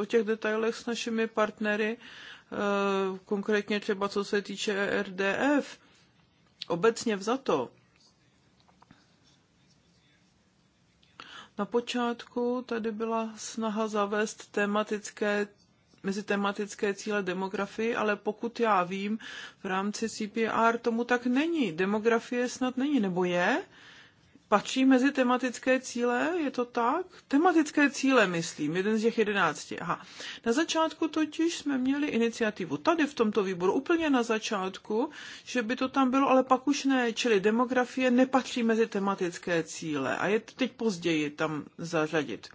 o těch detailech s našimi partnery, eh, konkrétně třeba co se týče e RDF. Obecně vzato, na počátku tady byla snaha zavést tematické mezi tematické cíle demografii, ale pokud já vím, v rámci CPR tomu tak není. Demografie snad není, nebo je? Patří mezi tematické cíle, je to tak? Tematické cíle, myslím, jeden z těch jedenácti. Aha. Na začátku totiž jsme měli iniciativu tady v tomto výboru, úplně na začátku, že by to tam bylo, ale pak už ne, čili demografie nepatří mezi tematické cíle a je teď později tam zařadit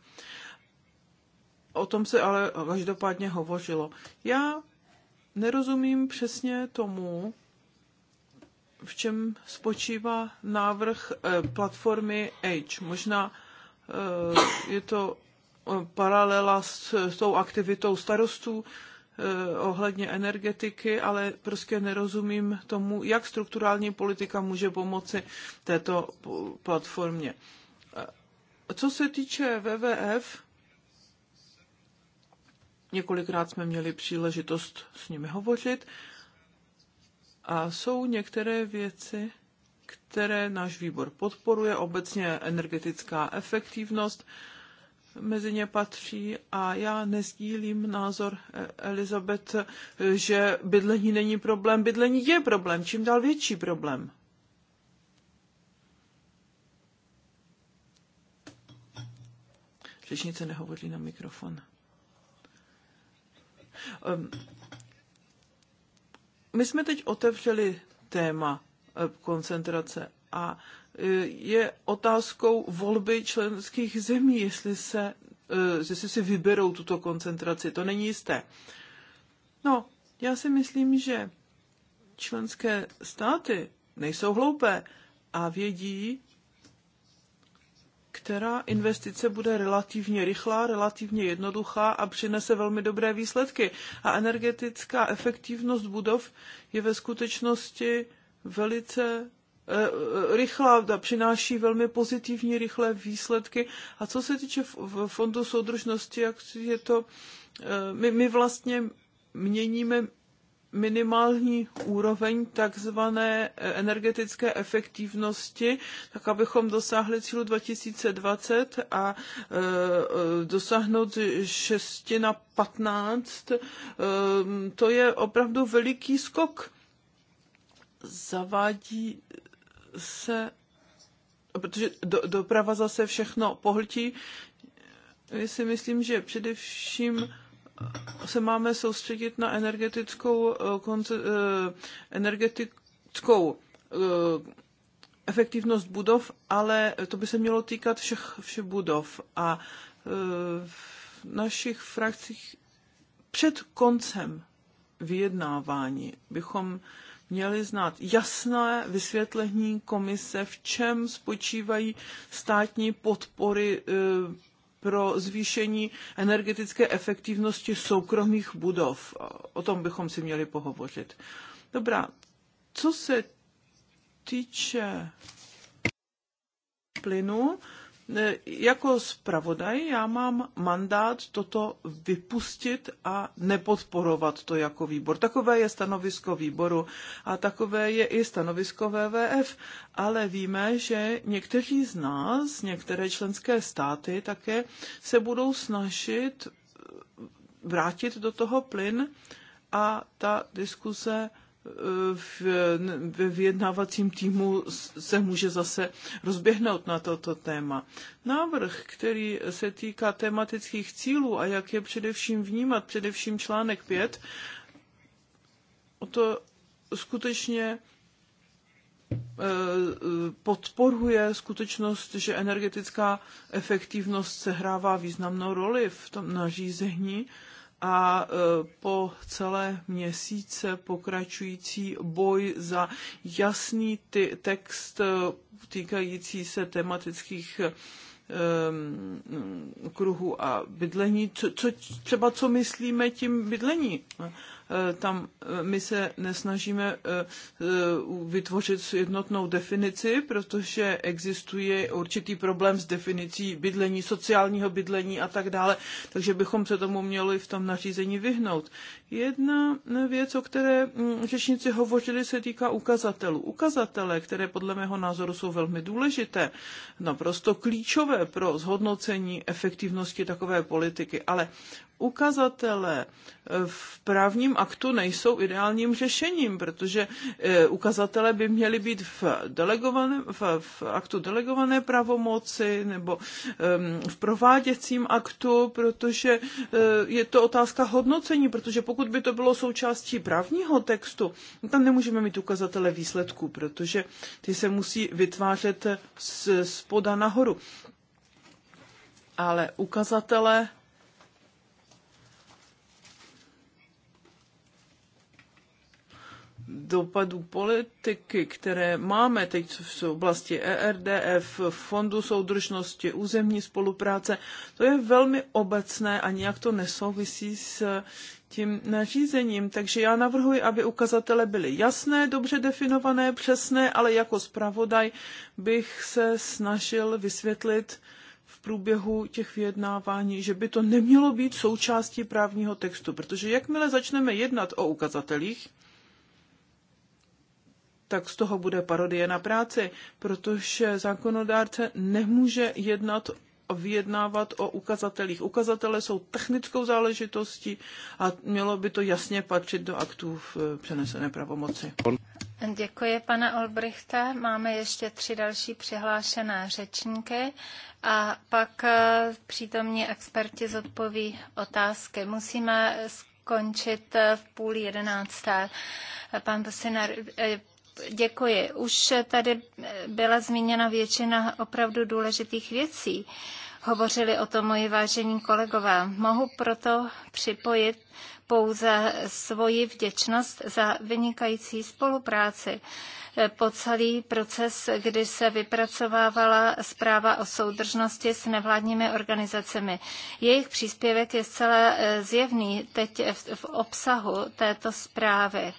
o tom se ale každopádně hovořilo. Já nerozumím přesně tomu, v čem spočívá návrh eh, platformy H. Možná eh, je to eh, paralela s, tou aktivitou starostů ohledně energetiky, ale prostě nerozumím tomu, jak strukturální politika může pomoci této platformě. Co se týče WWF, Několikrát jsme měli příležitost s nimi hovořit a jsou některé věci, které náš výbor podporuje, obecně energetická efektivnost, mezi ně patří a já nezdílím názor eh, Elizabeth, že bydlení není problém. Bydlení je problém, čím dál větší problém. Řečnice nehovoří na mikrofon. Ehm, my jsme teď otevřeli téma e, koncentrace a e, je otázkou volby členských zemí, jestli, se, e, jestli si vyberou tuto koncentraci. To není jisté. No, já si myslím, že členské státy nejsou hloupé a vědí, která investice bude relativně rychlá, relativně jednoduchá a přinese velmi dobré výsledky. A energetická efektivnost budov je ve skutečnosti velice eh, eh, rychlá, přináší velmi pozitivní, rychlé výsledky. A co se týče fondu soudržnosti, jak je to, eh, my, my vlastně měníme minimální úroveň takzvané eh, energetické efektivnosti, tak abychom dosáhli cílu 2020 a e, dosáhnout 6 na 15, e, to je opravdu veliký skok. Zavádí se, protože do, doprava zase všechno pohltí, já si myslím, že především se máme soustředit na energetickou, eh, eh, energetickou eh, efektivnost budov, ale to by se mělo týkat všech, všech budov. A v našich frakcích před koncem vyjednávání bychom měli znát jasné vysvětlení komise, v čem spočívají státní podpory pro zvýšení energetické efektivnosti soukromých budov. O tom bychom si měli pohovořit. Dobrá, co se týče plynu, jako zpravodaj já mám mandát toto vypustit a nepodporovat to jako výbor. Takové je stanovisko výboru a takové je i stanovisko WWF, ale víme, že někteří z nás, některé členské státy také se budou snažit vrátit do toho plyn a ta diskuse ve vyjednávacím týmu se může zase rozběhnout na toto téma. Návrh, který se týká tematických cílů a jak je především vnímat, především článek 5, o to skutečně eh, podporuje skutečnost, že energetická efektivnost sehrává významnou roli v tom nařízení a e, po celé měsíce pokračující boj za jasný ty text e, týkající se tematických e, kruhu a bydlení, co, co, třeba co myslíme tím bydlení. Eh, tam eh, my se nesnažíme eh, vytvořit jednotnou definici, protože existuje určitý problém s definicí bydlení, sociálního bydlení a tak dále, takže bychom se tomu měli v tom nařízení vyhnout. Jedna věc, o které mm, řečníci hovořili, se týká ukazatelů. Ukazatele, které podle mého názoru jsou velmi důležité, naprosto klíčové pro zhodnocení efektivnosti takové politiky, ale ukazatele v právním aktu nejsou ideálním řešením, protože e, ukazatele by měly být v, delegovaném, v, v aktu delegované pravomoci nebo v prováděcím aktu, protože e, je to otázka hodnocení, protože pokud by to bylo součástí právního textu, tam nemůžeme mít ukazatele výsledků, protože ty se musí vytvářet z, poda nahoru. Ale ukazatele dopadů politiky, které máme teď v oblasti ERDF, Fondu soudržnosti, územní spolupráce, to je velmi obecné a nijak to nesouvisí s eh, tím nařízením. Takže já navrhuji, aby ukazatele byly jasné, dobře definované, přesné, ale jako zpravodaj bych se snažil vysvětlit v průběhu těch vyjednávání, že by to nemělo být součástí právního textu, protože jakmile začneme jednat o ukazatelích, tak z toho bude parodie na práci, protože zákonodárce nemůže jednat vyjednávat o ukazatelích. Ukazatele jsou technickou záležitostí a mělo by to jasně patřit do aktů v eh, přenesené pravomoci. Děkuji, pane Olbrichte. Máme ještě tři další přihlášené řečníky a pak eh, přítomní experti zodpoví otázky. Musíme skončit eh, v půl jedenácté. Pan Bosinar Děkuji. Už tady byla zmíněna většina opravdu důležitých věcí. Hovořili o tom moji vážení kolegové. Mohu proto připojit pouze svoji vděčnost za vynikající spolupráci po celý proces, kdy se vypracovávala zpráva o soudržnosti s nevládními organizacemi. Jejich příspěvek je zcela eh, zjevný teď v obsahu této zprávy.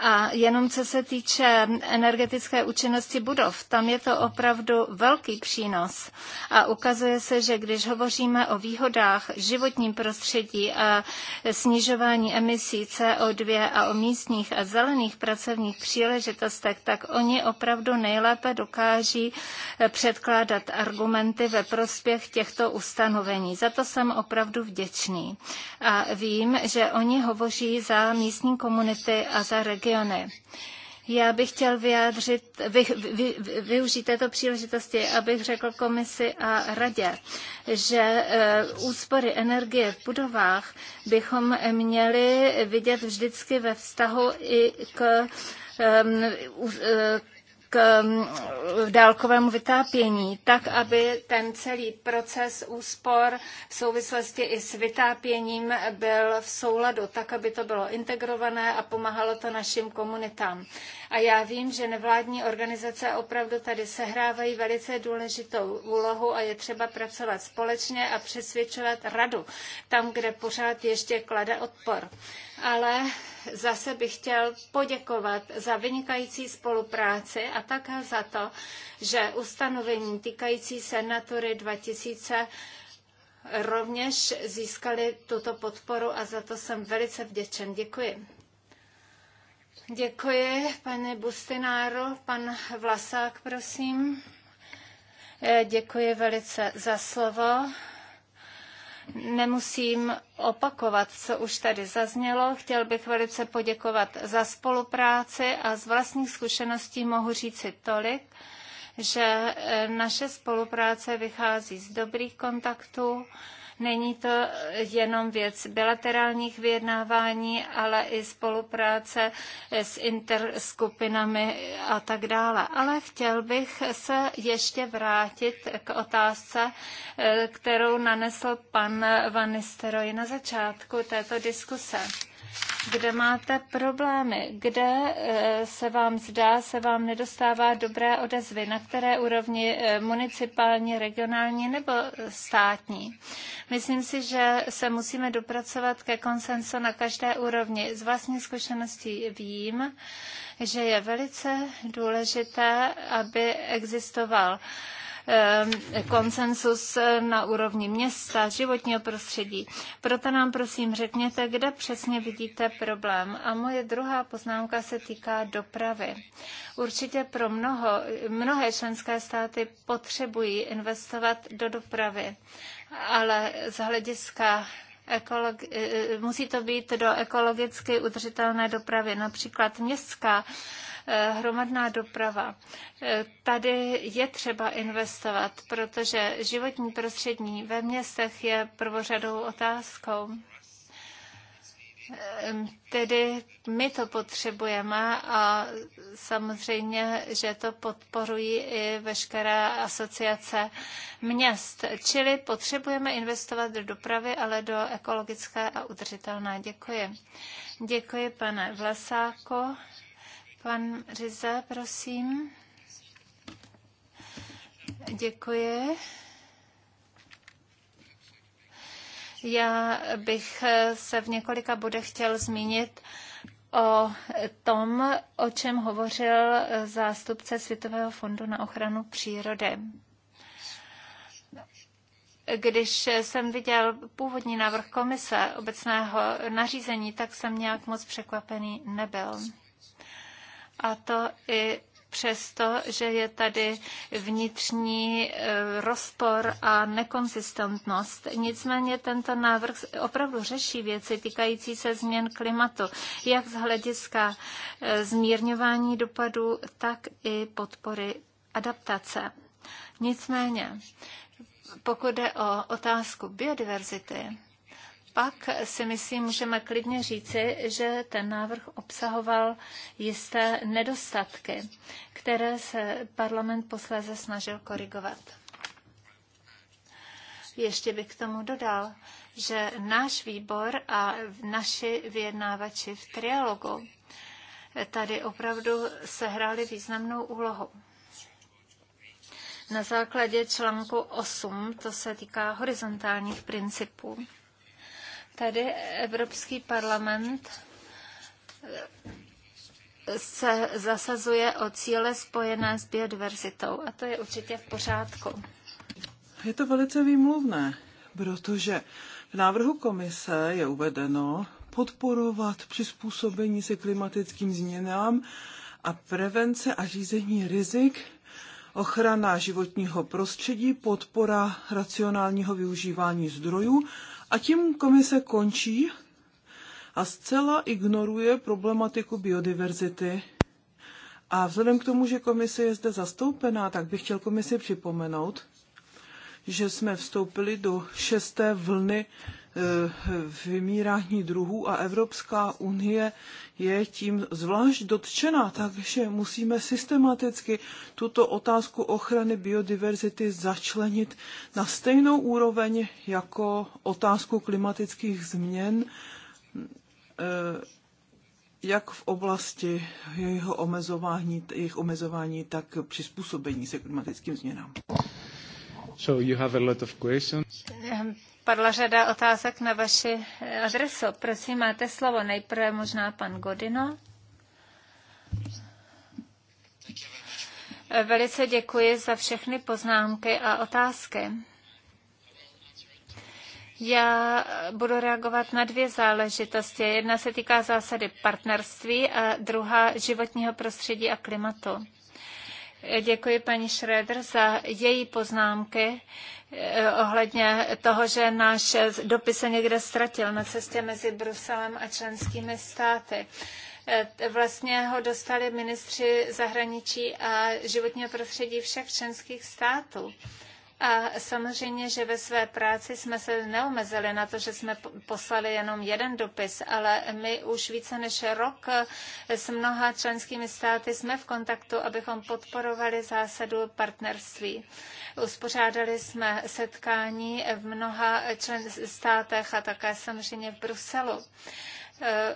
A jenom co se týče energetické účinnosti budov, tam je to opravdu velký přínos. A ukazuje se, že když hovoříme o výhodách životním prostředí a snižování emisí CO2 a o místních a zelených pracovních příležitostech, tak oni opravdu nejlépe dokáží eh, předkládat argumenty ve prospěch těchto ustanovení. Za to jsem opravdu vděčný. A vím, že oni hovoří za místní komunity a za regiony. Já bych chtěl vyjádřit, vy, vy, vy, využít této příležitosti, abych řekl komisi a radě, že eh, úspory energie v budovách bychom měli vidět vždycky ve vztahu i k eh, k um, dálkovému vytápění, tak aby ten celý proces úspor v souvislosti i s vytápěním byl v souladu, tak aby to bylo integrované a pomáhalo to našim komunitám. A já vím, že nevládní organizace opravdu tady sehrávají velice důležitou úlohu a je třeba pracovat společně a přesvědčovat radu tam, kde pořád ještě klade odpor. Ale zase bych chtěl poděkovat za vynikající spolupráci a také za to, že ustanovení týkající se Natury 2000 rovněž získali tuto podporu a za to jsem velice vděčen. Děkuji. Děkuji, pane Bustináru. Pan Vlasák, prosím. Eh, děkuji velice za slovo. Nemusím opakovat, co už tady zaznělo. Chtěl bych velice poděkovat za spolupráci a z vlastních zkušeností mohu říci tolik, že eh, naše spolupráce vychází z dobrých kontaktů Není to jenom věc bilaterálních vyjednávání, ale i spolupráce s interskupinami a tak dále. Ale chtěl bych se ještě vrátit k otázce, eh, kterou nanesl pan Van Nistelrooy na začátku této diskuse kde máte problémy, kde eh, se vám zdá, se vám nedostává dobré odezvy, na které úrovni eh, municipální, regionální nebo státní. Myslím si, že se musíme dopracovat ke konsensu na každé úrovni. Z vlastní zkušeností vím, že je velice důležité, aby existoval konsensus na úrovni města, životního prostředí. Proto nám prosím řekněte, kde přesně vidíte problém. A moje druhá poznámka se týká dopravy. Určitě pro mnoho, mnohé členské státy potřebují investovat do dopravy, ale z hlediska ekologi- e, e, musí to být do ekologicky udržitelné dopravy, například městská hromadná doprava. Eh, tady je třeba investovat, protože životní prostředí ve městech je prvořadou otázkou. Ehm, tedy my to potřebujeme a samozřejmě, že to podporují i veškerá asociace měst. Čili potřebujeme investovat do dopravy, ale do ekologické a udržitelné. Děkuji. Děkuji, pane Vlasáko. Pan Riza, prosím. Děkuji. Já bych se v několika bodech chtěl zmínit o tom, o čem hovořil zástupce Světového fondu na ochranu přírody. Když jsem viděl původní návrh komise obecného nařízení, tak jsem nějak moc překvapený nebyl. A to i přesto, že je tady vnitřní e, rozpor a nekonsistentnost. Nicméně tento návrh opravdu řeší věci týkající se změn klimatu, jak z hlediska e, zmírňování dopadů, tak i podpory adaptace. Nicméně, pokud jde o otázku biodiverzity, pak si myslím, můžeme klidně říci, že ten návrh obsahoval jisté nedostatky, které se parlament posléze snažil korigovat. Ještě bych k tomu dodal, že náš výbor a naši vyjednávači v trialogu tady opravdu sehráli významnou úlohu. Na základě článku 8, to se týká horizontálních principů, Tady Evropský parlament eh, se zasazuje o cíle spojené s biodiverzitou a to je určitě v pořádku. Je to velice výmluvné, protože v návrhu komise je uvedeno podporovat přizpůsobení se klimatickým změnám a prevence a řízení rizik, ochrana životního prostředí, podpora racionálního využívání zdrojů a tím komise končí a zcela ignoruje problematiku biodiverzity. A vzhledem k tomu, že komise je zde zastoupená, tak bych chtěl komisi připomenout, že jsme vstoupili do šesté vlny Eh, vymírání druhů a Evropská unie je tím zvlášť dotčena, takže musíme systematicky tuto otázku ochrany biodiverzity začlenit na stejnou úroveň jako otázku klimatických změn eh, jak v oblasti jejich omezování, jejich omezování, tak přizpůsobení se klimatickým změnám. So you have a lot of questions. Padla řada otázek na vaši adresu. Prosím, máte slovo. Nejprve možná pan Godino. Velice děkuji za všechny poznámky a otázky. Já budu reagovat na dvě záležitosti. Jedna se týká zásady partnerství a druhá životního prostředí a klimatu. Děkuji paní Schroeder za její poznámky eh, ohledně toho, že náš dopis se někde ztratil na cestě mezi Bruselem a členskými státy. Eh, vlastně ho dostali ministři zahraničí a životního prostředí všech členských států. A samozřejmě, že ve své práci jsme se neomezili na to, že jsme poslali jenom jeden dopis, ale my už více než rok eh, s mnoha členskými státy jsme v kontaktu, abychom podporovali zásadu partnerství. Uspořádali jsme setkání v mnoha člen státech a také samozřejmě v Bruselu. Eh,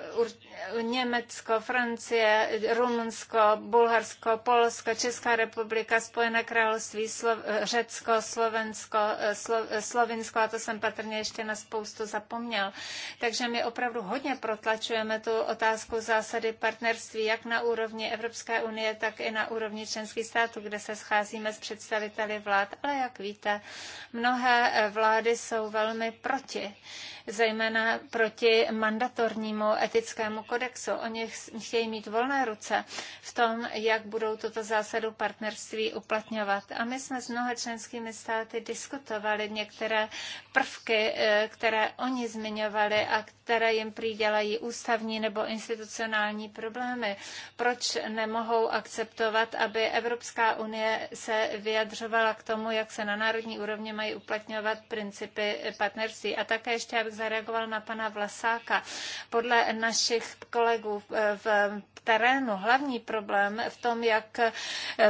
Německo, Francie, Rumunsko, Bulharsko, Polsko, Česká republika, Spojené království, Slo, eh, Řecko, Slovensko, eh, Slo, Slovinsko a to jsem patrně ještě na spoustu zapomněl. Takže my opravdu hodně protlačujeme tu otázku zásady partnerství jak na úrovni Evropské unie, tak i na úrovni členských států, kde se scházíme s představiteli vlád. Ale jak víte, mnohé vlády jsou velmi proti, zejména proti mandatorní globálnímu etickému kodexu. Oni chtějí mít volné ruce v tom, jak budou tuto zásadu partnerství uplatňovat. A my jsme s mnoha členskými státy diskutovali některé prvky, eh, které oni zmiňovali a které jim přidělají ústavní nebo institucionální problémy. Proč nemohou akceptovat, aby Evropská unie se vyjadřovala k tomu, jak se na národní úrovni mají uplatňovat principy partnerství? A také ještě, abych zareagoval na pana Vlasáka. Podle našich kolegů v terénu hlavní problém v tom, jak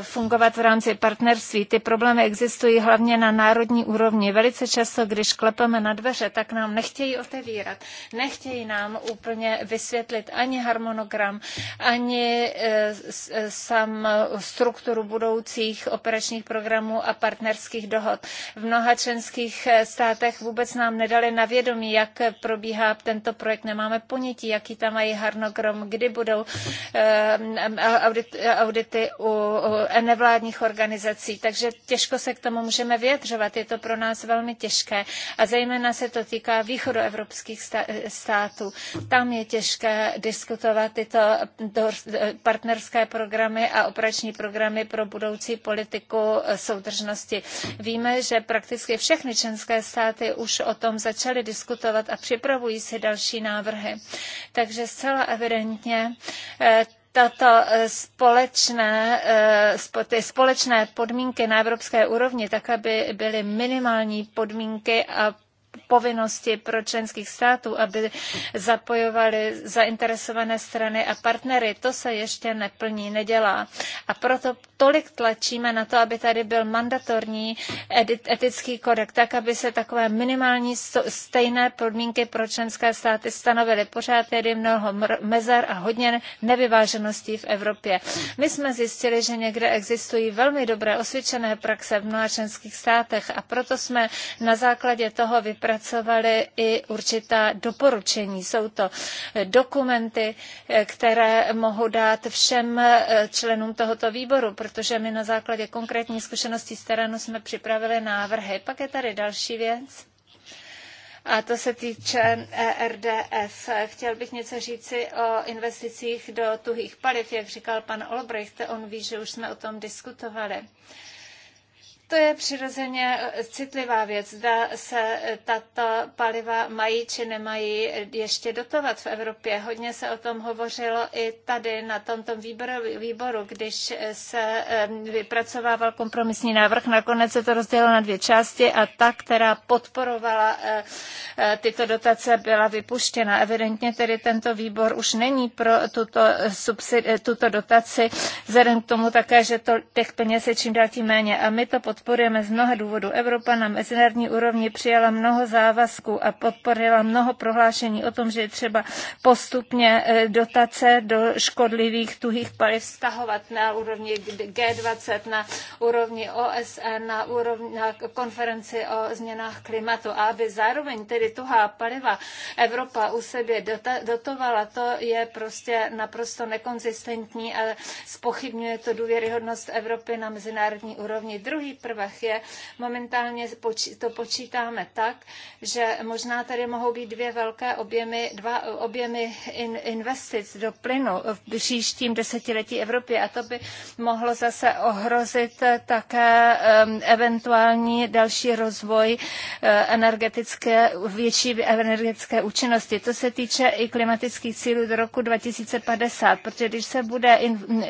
fungovat v rámci partnerství. Ty problémy existují hlavně na národní úrovni. Velice často, když klepeme na dveře, tak nám nechtějí otevírat. Nechtějí nechtějí nám úplně vysvětlit ani harmonogram, ani e, e, sam strukturu budoucích operačních programů a partnerských dohod. V mnoha členských e, státech vůbec nám nedali na vědomí, jak probíhá tento projekt. Nemáme ponětí, jaký tam mají harmonogram, kdy budou audit, audity u nevládních organizací. Takže těžko se k tomu můžeme vyjadřovat. Je to pro nás velmi těžké. A zejména se to týká východoevropských států. Tam je těžké diskutovat tyto partnerské programy a operační programy pro budoucí politiku soudržnosti. Víme, že prakticky všechny členské státy už o tom začaly diskutovat a připravují si další návrhy. Takže zcela evidentně eh, tato eh, společné, eh, ty společné podmínky na evropské úrovni, tak aby byly minimální podmínky a povinnosti pro členských států, aby zapojovali zainteresované strany a partnery. To se ještě neplní, nedělá. A proto tolik tlačíme na to, aby tady byl mandatorní etický kodex, tak, aby se takové minimální stejné podmínky pro členské státy stanovily. Pořád tedy mnoho mezer a hodně nevyvážeností v Evropě. My jsme zjistili, že někde existují velmi dobré osvědčené praxe v mnoha členských státech a proto jsme na základě toho vypracovali vypracovali i určitá doporučení. Jsou to dokumenty, které mohu dát všem eh, členům tohoto výboru, protože my na základě konkrétní zkušeností z terénu jsme připravili návrhy. Pak je tady další věc. A to se týče e RDF. Chtěl bych něco říci o investicích do tuhých paliv, jak říkal pan Olbrecht. On ví, že už jsme o tom diskutovali. To je přirozeně eh, citlivá věc, zda se eh, tato paliva mají či nemají eh, ještě dotovat v Evropě. Hodně se o tom hovořilo i tady na tomto výboru, výboru když se vypracovával kompromisní návrh. Nakonec se to rozdělilo na dvě části a ta, která podporovala tyto dotace, byla vypuštěna. Evidentně tedy tento výbor už není pro tuto, subsidi, tuto dotaci, vzhledem k tomu také, že to, těch peněz je čím dál tím méně. A my to pod podporujeme z mnoha důvodů. Evropa na mezinárodní úrovni přijala mnoho závazků a podporila mnoho prohlášení o tom, že je třeba postupně e, dotace do škodlivých tuhých paliv stahovat na úrovni G20, na úrovni OSN, na, úrovni, na konferenci o změnách klimatu. A aby zároveň tedy tuhá paliva Evropa u sebe dotovala, to je prostě naprosto nekonzistentní a spochybňuje to důvěryhodnost Evropy na mezinárodní úrovni. Druhý prvek je, momentálně to počítáme tak, že možná tady mohou být dvě velké objemy, dva objemy in, investic do plynu v příštím desetiletí Evropě a to by mohlo zase ohrozit také eventuální další rozvoj eh, energetické, větší energetické účinnosti. To se týče i klimatických cílů do roku 2050, protože když se bude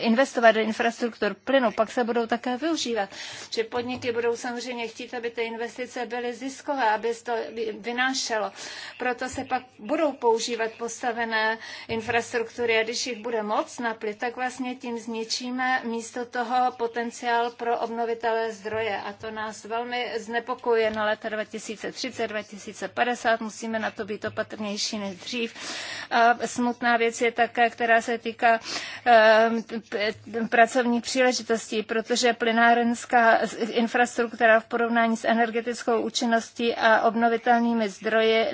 investovat do infrastruktur plynu, pak se budou také využívat. Že podniky budou samozřejmě chtít, aby ty investice byly ziskové, aby to vynášelo. Proto se pak budou používat postavené infrastruktury a když jich bude moc naplit, tak vlastně tím zničíme místo toho potenciál pro obnovitelné zdroje. A to nás velmi znepokojuje na leta 2030, 2050. Musíme na to být opatrnější než dřív. A smutná věc je také, která se týká eh, pracovní příležitostí, protože plynárenská infrastruktura v porovnání s energetickou účinností a obnovitelnými zdroji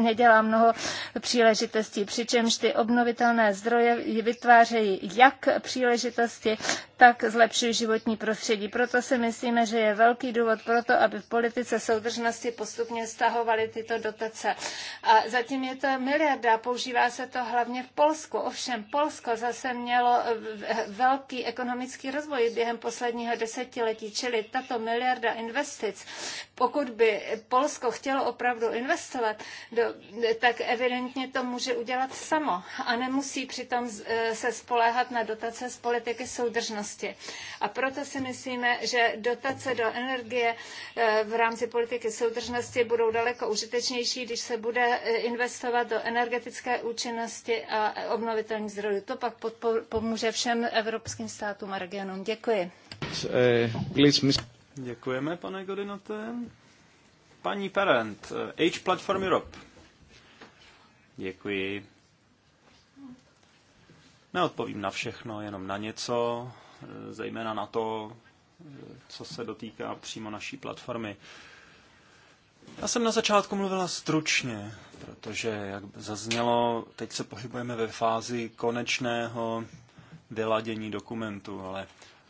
nedělá mnoho příležitostí, přičemž ty obnovitelné zdroje vytvářejí jak příležitosti, tak zlepšují životní prostředí. Proto si myslíme, že je velký důvod pro to, aby v politice soudržnosti postupně stahovaly tyto dotace. A zatím je to miliarda, používá se to hlavně v Polsku. Ovšem Polsko zase mělo velký ekonomický rozvoj během posledního desetiletí, čili tato miliarda investic, pokud by Polsko chtělo opravdu investovat, do, tak evidentně to může udělat samo a nemusí přitom e, se spoléhat na dotace z politiky soudržnosti. A proto si myslíme, že dotace do energie e, v rámci politiky soudržnosti budou daleko užitečnější, když se bude e, investovat do energetické účinnosti a obnovitelných zdrojů. To pak pomůže všem evropským státům a regionům. Děkuji. Eh, Děkujeme, pane Godinote. Paní Parent, Age Platform Europe. Děkuji. Neodpovím na všechno, jenom na něco, zejména na to, co se dotýká přímo naší platformy. Já jsem na začátku mluvila stručně, protože, jak zaznělo, teď se pohybujeme ve fázi konečného vyladění dokumentu, ale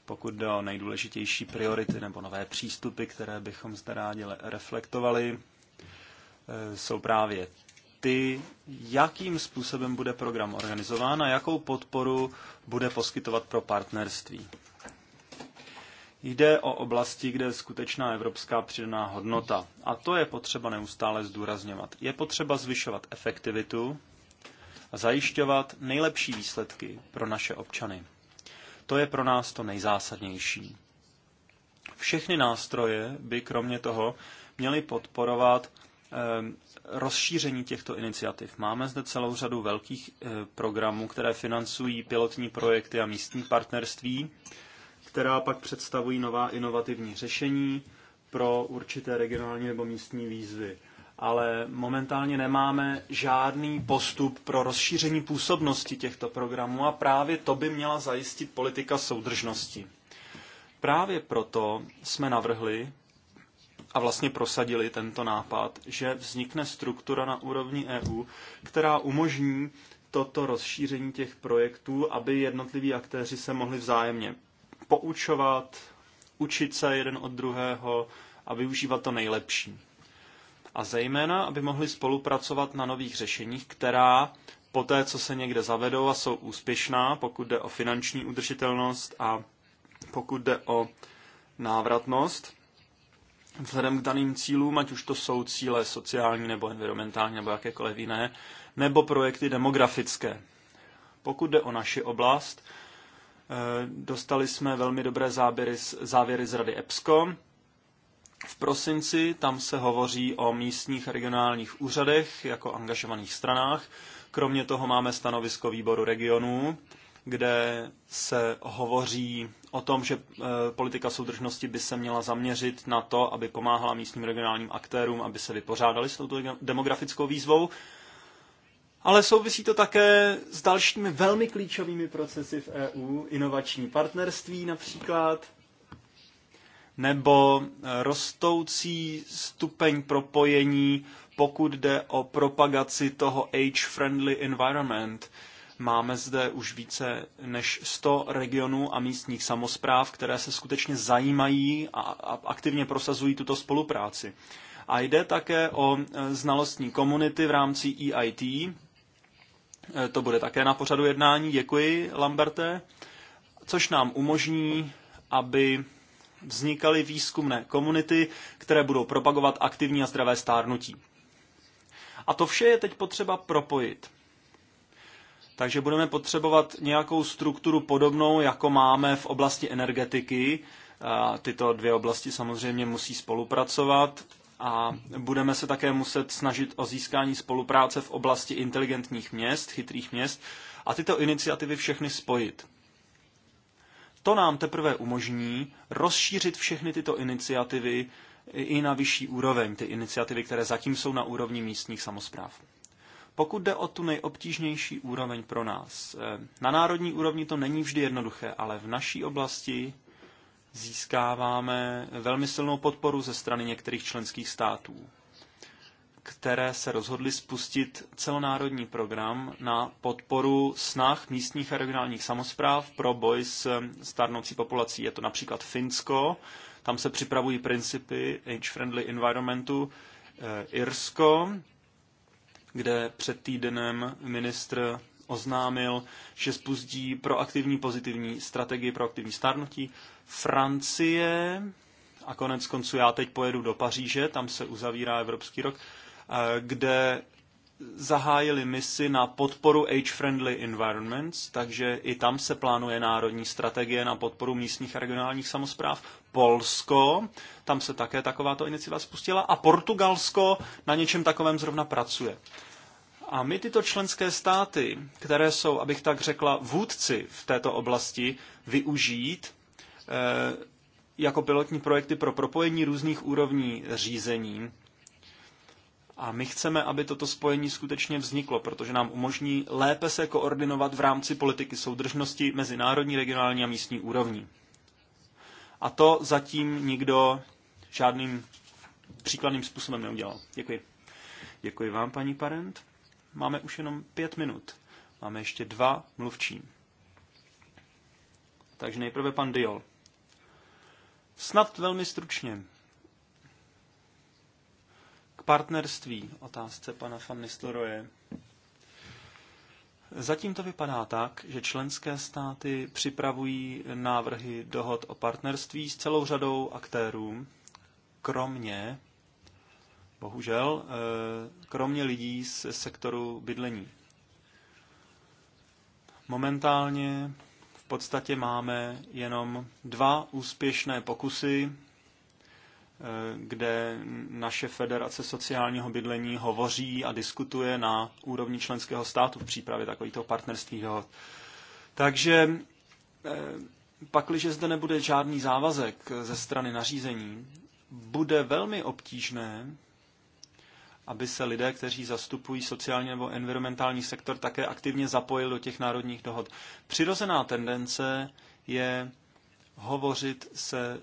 pokud jde o nejdůležitější priority nebo nové přístupy, které bychom zde rádi reflektovali, eh, jsou právě ty, jakým způsobem bude program organizován a jakou podporu bude poskytovat pro partnerství. Jde o oblasti, kde je skutečná evropská přidaná hodnota. A to je potřeba neustále zdůrazňovat. Je potřeba zvyšovat efektivitu a zajišťovat nejlepší výsledky pro naše občany. To je pro nás to nejzásadnější. Všechny nástroje by kromě toho měly podporovat ehm, rozšíření těchto iniciativ. Máme zde celou řadu velkých eh, programů, které financují pilotní projekty a místní partnerství, která pak představují nová inovativní řešení pro určité regionální nebo místní výzvy ale momentálně nemáme žádný postup pro rozšíření působnosti těchto programů a právě to by měla zajistit politika soudržnosti. Právě proto jsme navrhli a vlastně prosadili tento nápad, že vznikne struktura na úrovni EU, která umožní toto rozšíření těch projektů, aby jednotliví aktéři se mohli vzájemně poučovat, učit se jeden od druhého a využívat to nejlepší a zejména, aby mohli spolupracovat na nových řešeních, která po té, co se někde zavedou a jsou úspěšná, pokud jde o finanční udržitelnost a pokud jde o návratnost, vzhledem k daným cílům, ať už to jsou cíle sociální nebo environmentální nebo jakékoliv jiné, nebo projekty demografické. Pokud jde o naši oblast, eh, dostali jsme velmi dobré záběry, závěry z Rady EPSCO, v prosinci tam se hovoří o místních a regionálních úřadech jako angažovaných stranách. Kromě toho máme stanovisko výboru regionů, kde se hovoří o tom, že eh, politika soudržnosti by se měla zaměřit na to, aby pomáhala místním regionálním aktérům, aby se vypořádali s touto demografickou výzvou. Ale souvisí to také s dalšími velmi klíčovými procesy v EU, inovační partnerství například, nebo eh, rostoucí stupeň propojení, pokud jde o propagaci toho age-friendly environment. Máme zde už více než 100 regionů a místních samozpráv, které se skutečně zajímají a aktivně prosazují tuto spolupráci. A jde také o eh, znalostní komunity v rámci EIT. Eh, to bude také na pořadu jednání. Děkuji, Lamberte. Což nám umožní, aby vznikaly výzkumné komunity, které budou propagovat aktivní a zdravé stárnutí. A to vše je teď potřeba propojit. Takže budeme potřebovat nějakou strukturu podobnou, jako máme v oblasti energetiky. Tyto dvě oblasti samozřejmě musí spolupracovat a budeme se také muset snažit o získání spolupráce v oblasti inteligentních měst, chytrých měst a tyto iniciativy všechny spojit to nám teprve umožní rozšířit všechny tyto iniciativy i na vyšší úroveň, ty iniciativy, které zatím jsou na úrovni místních samozpráv. Pokud jde o tu nejobtížnější úroveň pro nás, eh, na národní úrovni to není vždy jednoduché, ale v naší oblasti získáváme velmi silnou podporu ze strany některých členských států které se rozhodly spustit celonárodní program na podporu snah místních a regionálních samozpráv pro boj s eh, starnoucí populací. Je to například Finsko, tam se připravují principy age-friendly environmentu, eh, Irsko, kde před týdnem ministr oznámil, že spustí proaktivní pozitivní strategii pro aktivní stárnutí. Francie, a konec konců já teď pojedu do Paříže, tam se uzavírá Evropský rok. Eh, kde zahájili misi na podporu age-friendly environments, takže i tam se plánuje národní strategie na podporu místních a regionálních samozpráv. Polsko, tam se také takováto iniciativa spustila a Portugalsko na něčem takovém zrovna pracuje. A my tyto členské státy, které jsou, abych tak řekla, vůdci v této oblasti, využít eh, jako pilotní projekty pro propojení různých úrovní řízení a my chceme, aby toto spojení skutečně vzniklo, protože nám umožní lépe se koordinovat v rámci politiky soudržnosti mezi národní, regionální a místní úrovní. A to zatím nikdo žádným příkladným způsobem neudělal. Děkuji. Děkuji vám, paní Parent. Máme už jenom pět minut. Máme ještě dva mluvčí. Takže nejprve pan Diol. Snad velmi stručně partnerství, otázce pana van Nistelroje. Zatím to vypadá tak, že členské státy připravují návrhy dohod o partnerství s celou řadou aktérů, kromě, bohužel, eh, kromě lidí z sektoru bydlení. Momentálně v podstatě máme jenom dva úspěšné pokusy kde naše Federace sociálního bydlení hovoří a diskutuje na úrovni členského státu v přípravě takovýchto partnerství dohod. Takže eh, pakliže zde nebude žádný závazek ze strany nařízení, bude velmi obtížné, aby se lidé, kteří zastupují sociální nebo environmentální sektor, také aktivně zapojili do těch národních dohod. Přirozená tendence je hovořit se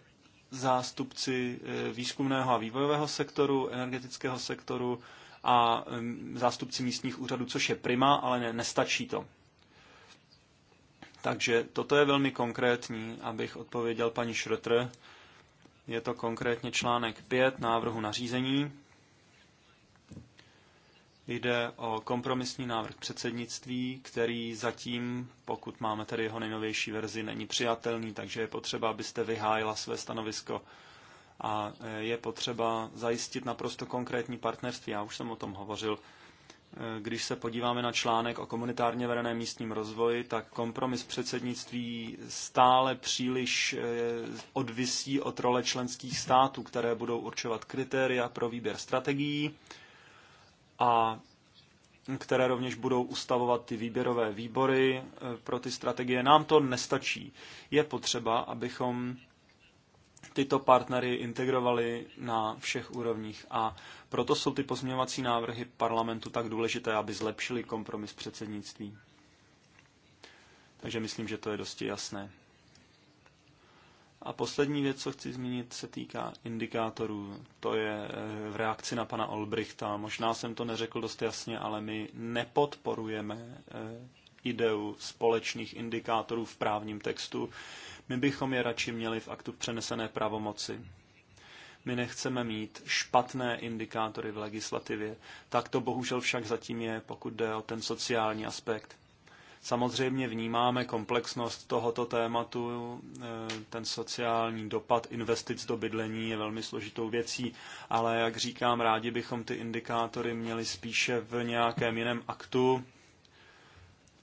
zástupci eh, výzkumného a vývojového sektoru, energetického sektoru a zástupci místních úřadů, což je prima, ale ne, nestačí to. Takže toto je velmi konkrétní, abych odpověděl paní Schröter. Je to konkrétně článek 5 návrhu nařízení, Jde o kompromisní návrh předsednictví, který zatím, pokud máme tedy jeho nejnovější verzi, není přijatelný, takže je potřeba, abyste vyhájila své stanovisko a e, je potřeba zajistit naprosto konkrétní partnerství. Já už jsem o tom hovořil. E, když se podíváme na článek o komunitárně vedeném místním rozvoji, tak kompromis předsednictví stále příliš e, odvisí od role členských států, které budou určovat kritéria pro výběr strategií a které rovněž budou ustavovat ty výběrové výbory eh, pro ty strategie. Nám to nestačí. Je potřeba, abychom tyto partnery integrovali na všech úrovních a proto jsou ty pozměňovací návrhy parlamentu tak důležité, aby zlepšili kompromis předsednictví. Takže myslím, že to je dosti jasné. A poslední věc, co chci zmínit, se týká indikátorů. To je eh, v reakci na pana Olbrichta. Možná jsem to neřekl dost jasně, ale my nepodporujeme eh, ideu společných indikátorů v právním textu. My bychom je radši měli v aktu přenesené pravomoci. My nechceme mít špatné indikátory v legislativě. Tak to bohužel však zatím je, pokud jde o ten sociální aspekt. Samozřejmě vnímáme komplexnost tohoto tématu, e, ten sociální dopad investic do bydlení je velmi složitou věcí, ale jak říkám, rádi bychom ty indikátory měli spíše v nějakém jiném aktu,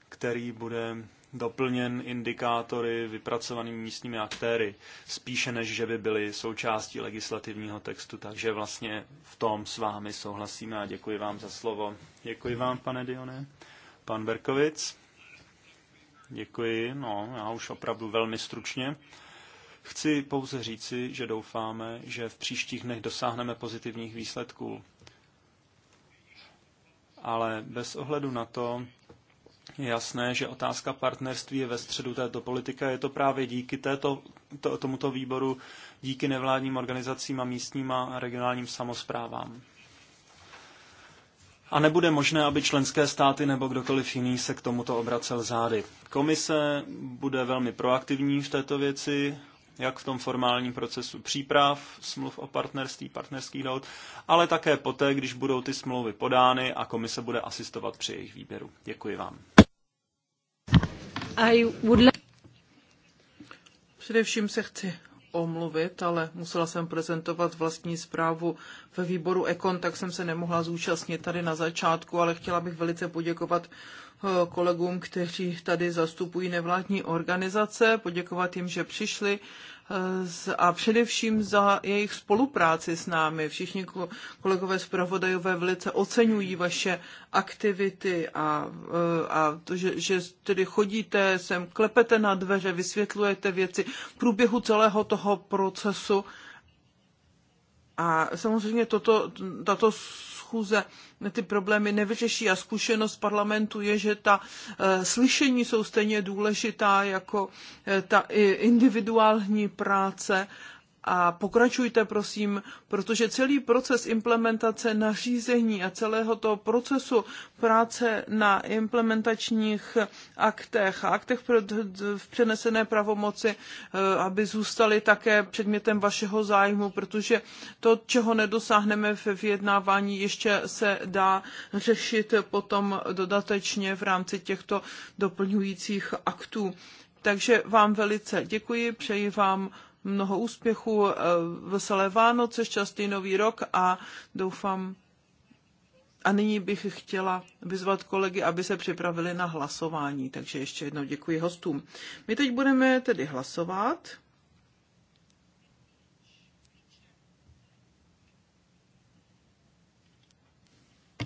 který bude doplněn indikátory vypracovanými místními aktéry, spíše než že by byly součástí legislativního textu. Takže vlastně v tom s vámi souhlasíme a děkuji vám za slovo. Děkuji vám, pane Dione. Pan Berkovic. Děkuji, no já už opravdu velmi stručně. Chci pouze říci, že doufáme, že v příštích dnech dosáhneme pozitivních výsledků. Ale bez ohledu na to, je jasné, že otázka partnerství je ve středu této politiky. Je to právě díky této, to, tomuto výboru, díky nevládním organizacím a místním a regionálním samozprávám a nebude možné, aby členské státy nebo kdokoliv jiný se k tomuto obracel zády. Komise bude velmi proaktivní v této věci, jak v tom formálním procesu příprav, smluv o partnerství, partnerských dohod, ale také poté, když budou ty smlouvy podány a komise bude asistovat při jejich výběru. Děkuji vám. I would like... Především se chci omluvit, ale musela jsem prezentovat vlastní zprávu ve výboru Ekon, tak jsem se nemohla zúčastnit tady na začátku, ale chtěla bych velice poděkovat kolegům, kteří tady zastupují nevládní organizace, poděkovat jim, že přišli eh, a především za jejich spolupráci s námi. Všichni kolegové zpravodajové velice oceňují vaše aktivity a, eh, a to, že, že tedy chodíte sem, klepete na dveře, vysvětlujete věci v průběhu celého toho procesu. A samozřejmě toto, tato schůze ty problémy nevyřeší a zkušenost parlamentu je, že ta eh, slyšení jsou stejně důležitá jako eh, ta individuální práce a pokračujte, prosím, protože celý proces implementace nařízení a celého toho procesu práce na implementačních aktech a aktech v přenesené pravomoci, eh, aby zůstaly také předmětem vašeho zájmu, protože to, čeho nedosáhneme ve vyjednávání, ještě se dá řešit potom dodatečně v rámci těchto doplňujících aktů. Takže vám velice děkuji, přeji vám mnoho úspěchů, eh, veselé Vánoce, šťastný nový rok a doufám, a nyní bych chtěla vyzvat kolegy, aby se připravili na hlasování. Takže ještě jednou děkuji hostům. My teď budeme tedy hlasovat.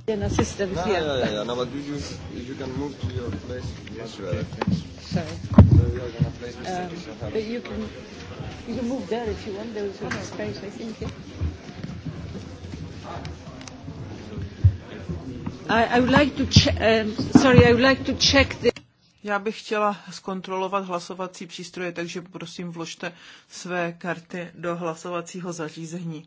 No, no, no, yeah, You can move there if you want. There is some space, I think. Yeah. I, would like to check, um, sorry, I would like to check the... Já bych chtěla zkontrolovat hlasovací přístroje, takže prosím vložte své karty do hlasovacího zařízení.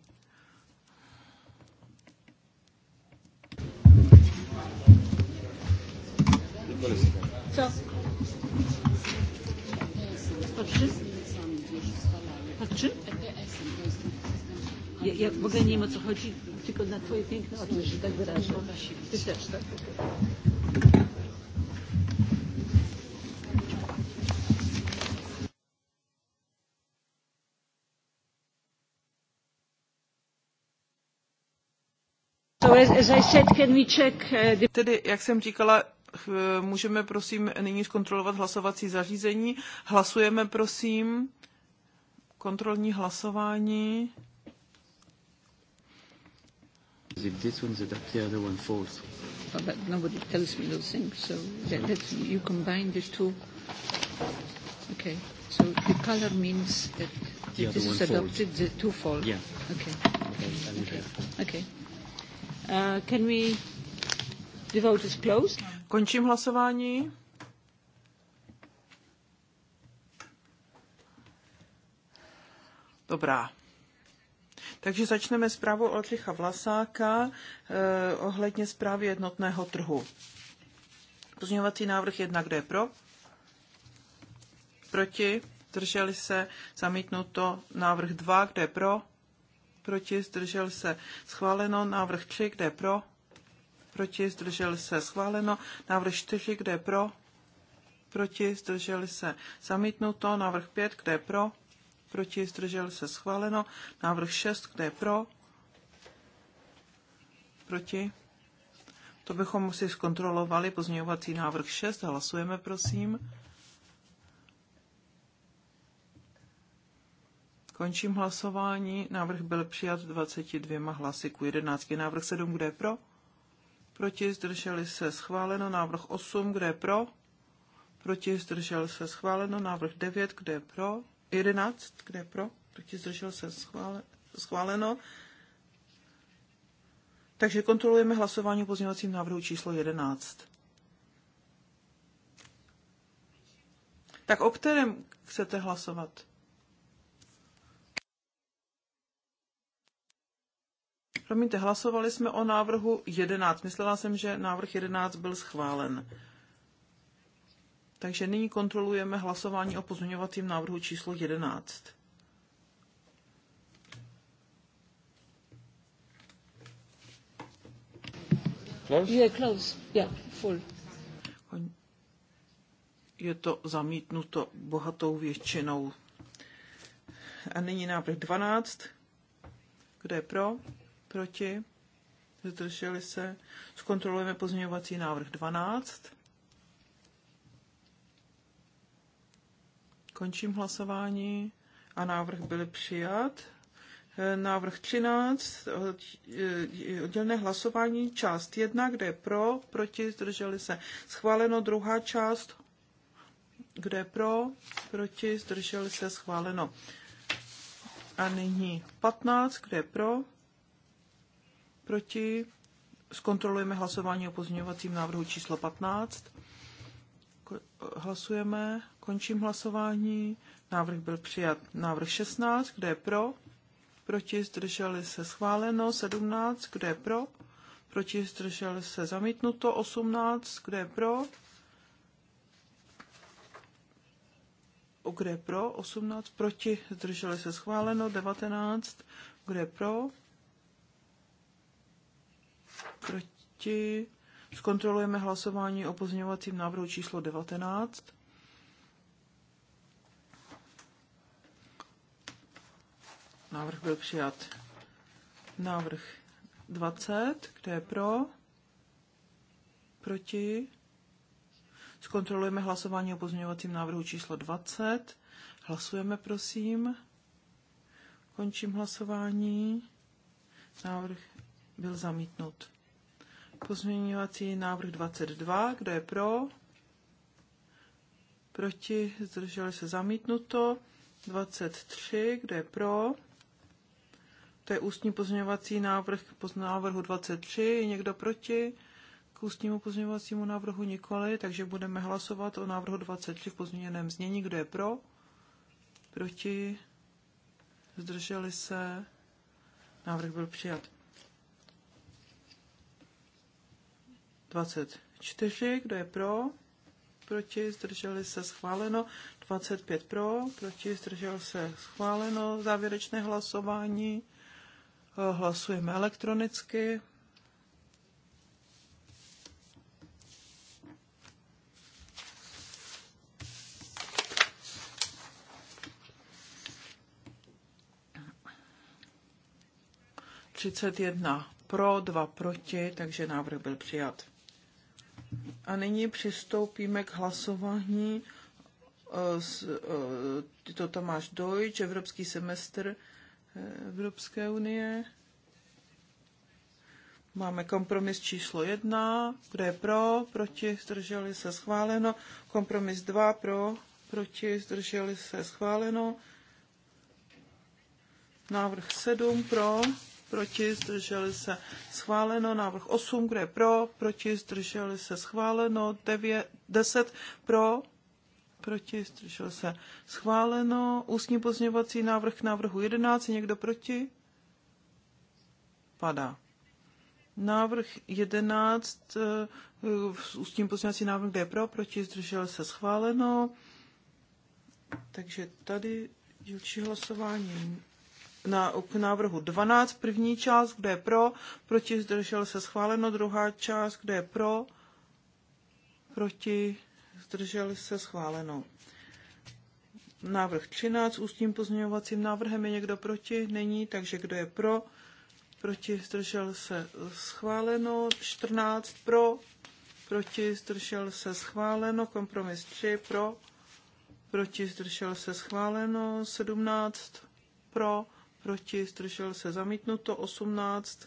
Co? A Ja, ja w ogóle nie wiem o co chodzi, tylko na twoje piękne oczy, że tak wyrażę. Ty też, tak? Uh, Tedy, jak jsem říkala, můžeme prosím nyní zkontrolovat hlasovací zařízení. Hlasujeme prosím kontrolní hlasování. If this one's adopted, the other one falls. Oh, but nobody tells me those things, so that, that's, you combine the two. Okay, so the color means that the if this is adopted, falls. the two fall. Yeah. Okay. Okay. okay. Uh, can we... The vote is closed. Končím hlasování. Dobrá. Takže začneme zprávou Oldřicha Vlasáka eh, ohledně zprávy jednotného trhu. Pozměňovací návrh jedna, kde je pro? Proti? Zdrželi se? Zamítnuto. Návrh 2, kde je pro? Proti? Zdržel se? Schváleno. Návrh 3, kde je pro? Proti? Zdrželi se? Schváleno. Návrh 4, kde je pro? Proti? Zdrželi se? Zamítnuto. Návrh 5, kde je pro? proti, zdržel se schváleno. Návrh 6, kde je pro, proti. To bychom si zkontrolovali. Pozměňovací návrh 6, hlasujeme prosím. Končím hlasování. Návrh byl přijat 22 hlasy ku 11. Návrh 7, kde je pro? Proti, zdrželi se schváleno. Návrh 8, kde je pro? Proti, zdržel se schváleno. Návrh 9, kde je pro? 11, kde pro, proti zdržel se schvále, schváleno. Takže kontrolujeme hlasování o pozměňovacím návrhu číslo 11. Tak o kterém chcete hlasovat? Promiňte, hlasovali jsme o návrhu 11. Myslela jsem, že návrh 11 byl schválen. Takže nyní kontrolujeme hlasování o pozměňovacím návrhu číslo 11. Close? Yeah, close. Yeah, full. Je to zamítnuto bohatou většinou. A nyní návrh 12. Kdo je pro? Proti? Zdrželi se? Zkontrolujeme pozměňovací návrh 12. Končím hlasování a návrh byl přijat. E, návrh 13, e, e, oddělené hlasování, část 1, kde je pro, proti, zdrželi se. Schváleno druhá část, kde je pro, proti, zdrželi se, schváleno. A nyní 15, kde je pro, proti, zkontrolujeme hlasování o pozměňovacím návrhu číslo 15. Hlasujeme. Končím hlasování. Návrh byl přijat. Návrh 16. Kdo je pro? Proti zdrželi se schváleno. 17. Kdo je pro? Proti zdrželi se zamítnuto. 18. Kdo je pro? Kdo je pro? 18. Proti zdrželi se schváleno. 19. Kdo je pro? Proti Zkontrolujeme hlasování o pozměňovacím návrhu číslo 19. Návrh byl přijat. Návrh 20, kde je pro? Proti? Zkontrolujeme hlasování o pozměňovacím návrhu číslo 20. Hlasujeme, prosím. Končím hlasování. Návrh byl zamítnut. Pozměňovací návrh 22. Kdo je pro? Proti? Zdrželi se zamítnuto. 23. Kdo je pro? To je ústní pozměňovací návrh k návrhu 23. Je někdo proti? K ústnímu pozměňovacímu návrhu nikoli, takže budeme hlasovat o návrhu 23 v pozměněném znění. Kdo je pro? Proti? Zdrželi se? Návrh byl přijat. 24, kdo je pro, proti, zdrželi se schváleno, 25 pro, proti, zdržel se schváleno, závěrečné hlasování, eh, hlasujeme elektronicky. Třicet jedna pro, dva proti, takže návrh byl přijat. A nyní přistoupíme k hlasování. E, e, to máš Deutsch, Evropský semestr e, Evropské unie. Máme kompromis číslo jedna, kde je pro, proti, zdrželi se schváleno. Kompromis dva, pro, proti, zdrželi se schváleno. Návrh sedm, pro, proti, zdrželi se schváleno, návrh 8, kdo je pro, proti, zdrželi se schváleno, 9, 10 pro, proti, zdrželi se schváleno, ústní pozměňovací návrh k návrhu 11, je někdo proti? Padá. Návrh 11, eh, ústní pozměňovací návrh, kde je pro, proti, zdrželi se schváleno. Takže tady dílčí hlasování na, k návrhu 12, první část, kde je pro, proti zdržel se schváleno, druhá část, kde je pro, proti zdržel se schváleno. Návrh 13, ústním pozměňovacím návrhem je někdo proti? Není, takže kdo je pro? Proti zdržel se schváleno, 14 pro, proti zdržel se schváleno, kompromis 3 pro, proti zdržel se schváleno, 17 pro, proti, zdržel se zamítnuto, 18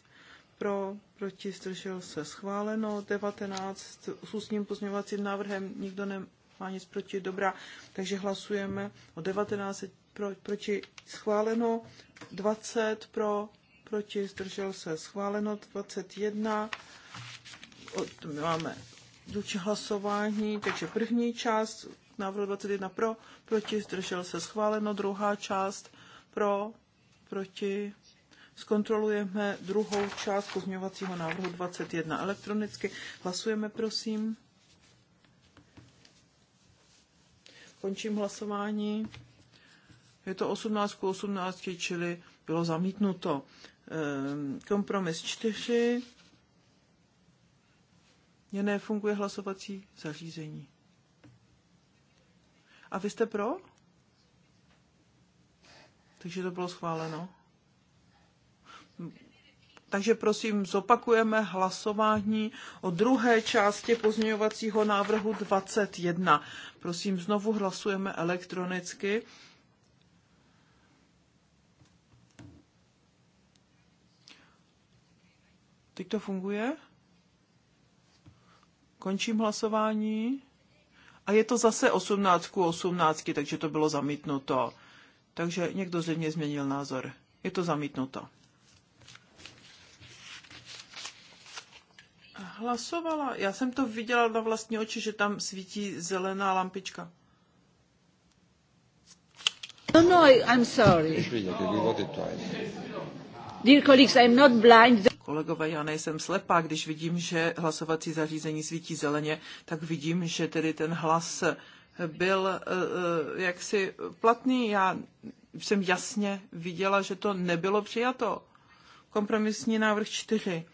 pro, proti, zdržel se schváleno, 19 s ústním pozměňovacím návrhem, nikdo nemá nic proti, dobrá, takže hlasujeme o 19 pro, proti schváleno, 20 pro, proti, zdržel se schváleno, 21 od, máme důči hlasování, takže první část návrhu 21 pro, proti, zdržel se schváleno, druhá část pro, proti. Zkontrolujeme druhou část pozměňovacího návrhu 21 elektronicky. Hlasujeme, prosím. Končím hlasování. Je to 18 k 18, čili bylo zamítnuto. Ehm, kompromis 4. Mně nefunguje hlasovací zařízení. A vy jste pro? Takže to bylo schváleno. Takže prosím, zopakujeme hlasování o druhé části pozměňovacího návrhu 21. Prosím, znovu hlasujeme elektronicky. Teď to funguje? Končím hlasování. A je to zase 18 ku 18, takže to bylo zamítnuto. Takže někdo zřejmě změnil názor. Je to zamítnuto. Hlasovala. Já jsem to viděla na vlastní oči, že tam svítí zelená lampička. No, no, I'm sorry. Dear colleagues, I'm not blind. Kolegové, já nejsem slepá, když vidím, že hlasovací zařízení svítí zeleně, tak vidím, že tedy ten hlas byl eh, eh, jaksi platný. Já jsem jasně viděla, že to nebylo přijato. Kompromisní návrh 4.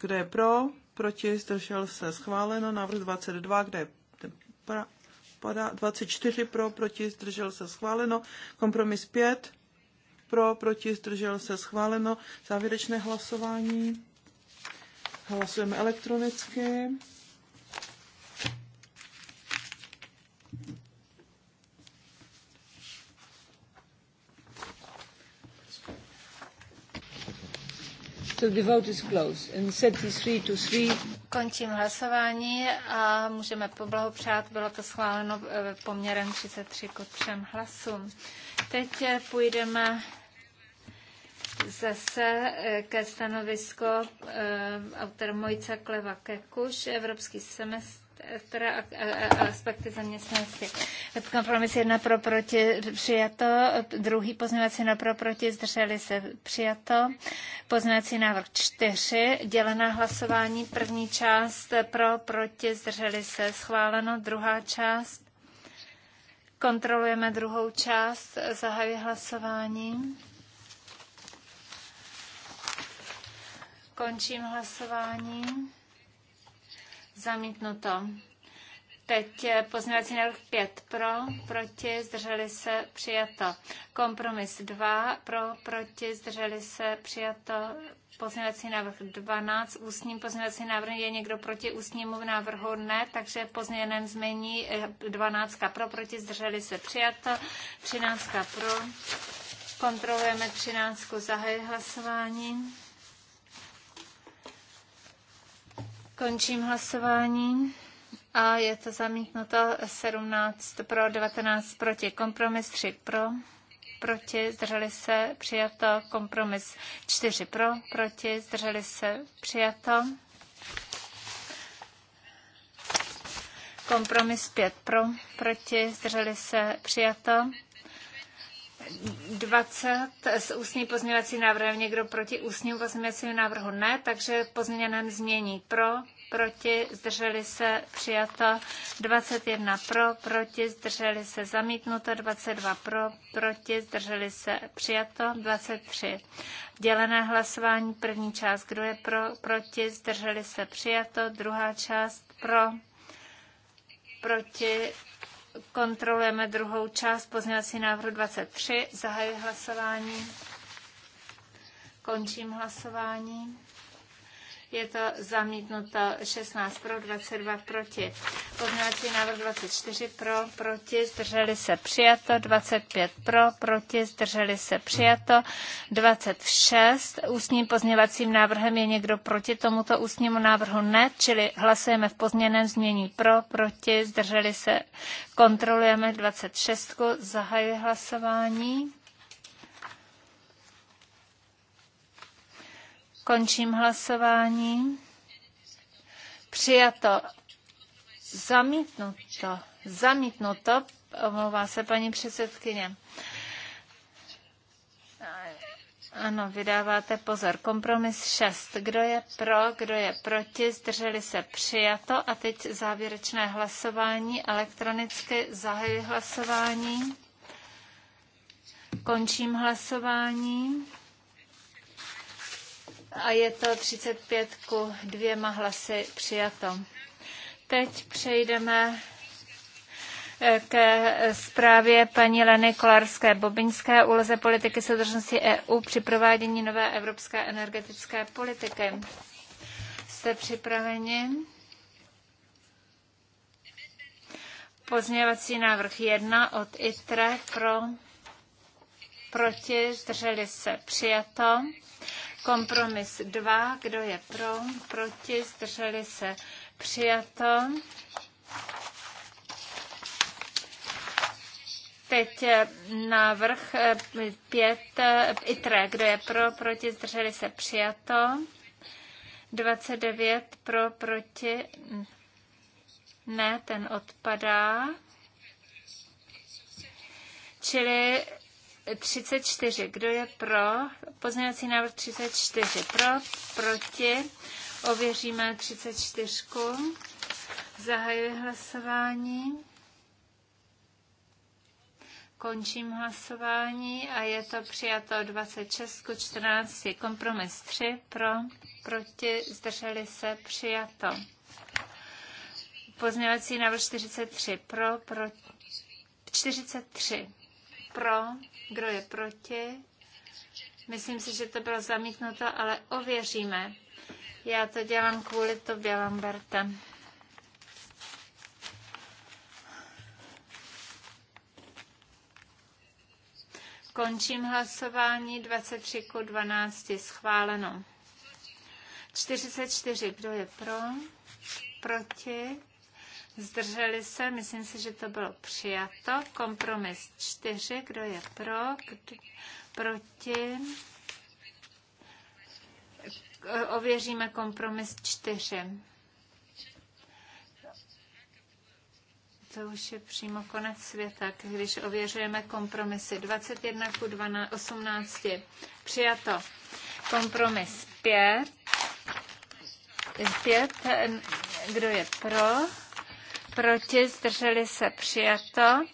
Kdo je pro? Proti? Zdržel se? Schváleno. Návrh 22. Kde je pra, padá? 24 pro? Proti? Zdržel se? Schváleno. Kompromis 5. Pro? Proti? Zdržel se? Schváleno. Závěrečné hlasování. Hlasujeme elektronicky. So the vote is closed. And 33 to 3. Končím hlasování a můžeme poblahopřát. Bylo to schváleno eh, poměrem 33 k 3 hlasům. Teď eh, půjdeme zase eh, ke stanovisko autor Mojca Kleva Kekuš, Evropský semestr teda aspekty zaměstnanosti. Kompromis jedna pro proti přijato, druhý pozměňovací na pro proti zdrželi se přijato, pozměňovací návrh čtyři, dělená hlasování, první část pro proti zdrželi se schváleno, druhá část. Kontrolujeme druhou část, zahajuji hlasování. Končím hlasování. Zamítnuto. Teď pozměňovací návrh 5 pro, proti, zdrželi se, přijato. Kompromis 2 pro, proti, zdrželi se, přijato. Pozměňovací návrh 12, ústním pozměňovací návrh je někdo proti ústnímu návrhu? Ne, takže pozměněném změní 12 pro, proti, zdrželi se, přijato. 13 pro, kontrolujeme 13, Zahajuji hlasování. Končím hlasování. A je to zamítnuto 17 pro, 19 proti. Kompromis 3 pro, proti, zdrželi se, přijato. Kompromis 4 pro, proti, zdrželi se, přijato. Kompromis 5 pro, proti, zdrželi se, přijato. 20 s ústním pozměňovacím návrhem, někdo proti ústnímu pozměňovacímu návrhu ne, takže pozměněném změní pro, proti, zdrželi se, přijato 21 pro, proti, zdrželi se, zamítnuto 22 pro, proti, zdrželi se, přijato 23. Dělené hlasování, první část, kdo je pro, proti, zdrželi se, přijato, druhá část pro, proti, Kontrolujeme druhou část pozměňovací návrhu 23. Zahajuji hlasování. Končím hlasování je to zamítnuto 16 pro, 22 proti. Pozměňovací návrh 24 pro, proti, zdrželi se přijato, 25 pro, proti, zdrželi se přijato, 26. Ústním pozměňovacím návrhem je někdo proti tomuto ústnímu návrhu ne, čili hlasujeme v pozměněném změní pro, proti, zdrželi se, kontrolujeme 26. Zahajuji hlasování. Končím hlasování. Přijato. Zamítnuto. Zamítnuto. Omlouvá se paní předsedkyně. Ano, vydáváte pozor. Kompromis 6. Kdo je pro, kdo je proti, zdrželi se přijato. A teď závěrečné hlasování. Elektronicky zahajuji hlasování. Končím hlasování a je to 35 ku dvěma hlasy přijato. Teď přejdeme eh, ke zprávě paní Leny Kolarské Bobinské úloze politiky soudržnosti EU při provádění nové evropské energetické politiky. Jste připraveni? Pozměňovací návrh 1 od ITRE pro, proti, zdrželi se přijato. Kompromis 2, kdo je pro, proti, zdrželi se přijato. Teď eh, návrh 5 eh, eh, ITRE, kdo je pro, proti, zdrželi se přijato. 29 pro, proti, ne, ten odpadá. Čili 34. Kdo je pro? Pozměňovací návrh 34. Pro, proti. Ověříme 34. Zahajuji hlasování. Končím hlasování a je to přijato 26 14. Kompromis 3 pro, proti, zdrželi se, přijato. Pozměňovací návrh 43 pro, pro 43 pro, kdo je proti. Myslím si, že to bylo zamítnuto, ale ověříme. Já to dělám kvůli tobě, Lamberta. Končím hlasování 23 k 12 schváleno. 44, kdo je pro? Proti? Zdrželi se, myslím si, že to bylo přijato. Kompromis 4, kdo je pro, kdo, proti. Ověříme kompromis 4. To už je přímo konec světa, když ověřujeme kompromisy. 21 ku 12, 18. Přijato. Kompromis 5. 5. Kdo je pro? proti, zdrželi se přijato.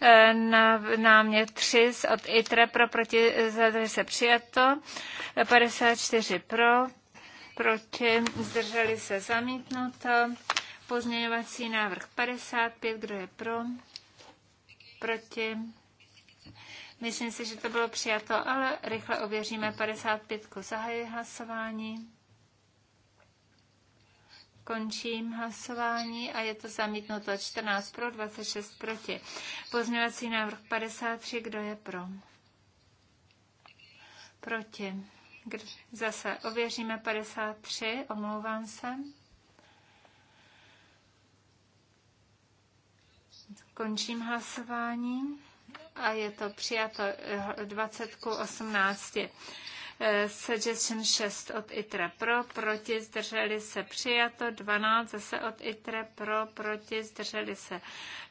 E, na, námět 3 od ITRE pro, proti, e, zdrželi se přijato. 54 e, pro, proti, zdrželi se zamítnuto. Pozměňovací návrh 55, kdo je pro, proti. Myslím si, že to bylo přijato, ale rychle ověříme 55. Zahajuji hlasování. Končím hlasování a je to zamítnuto 14 pro, 26 proti. Pozměňovací návrh 53, kdo je pro? Proti. Zase ověříme 53, omlouvám se. Končím hlasování a je to přijato 20 k 18. Eh, suggestion 6 od ITRE pro, proti, zdrželi se přijato. 12 zase od ITRE pro, proti, zdrželi se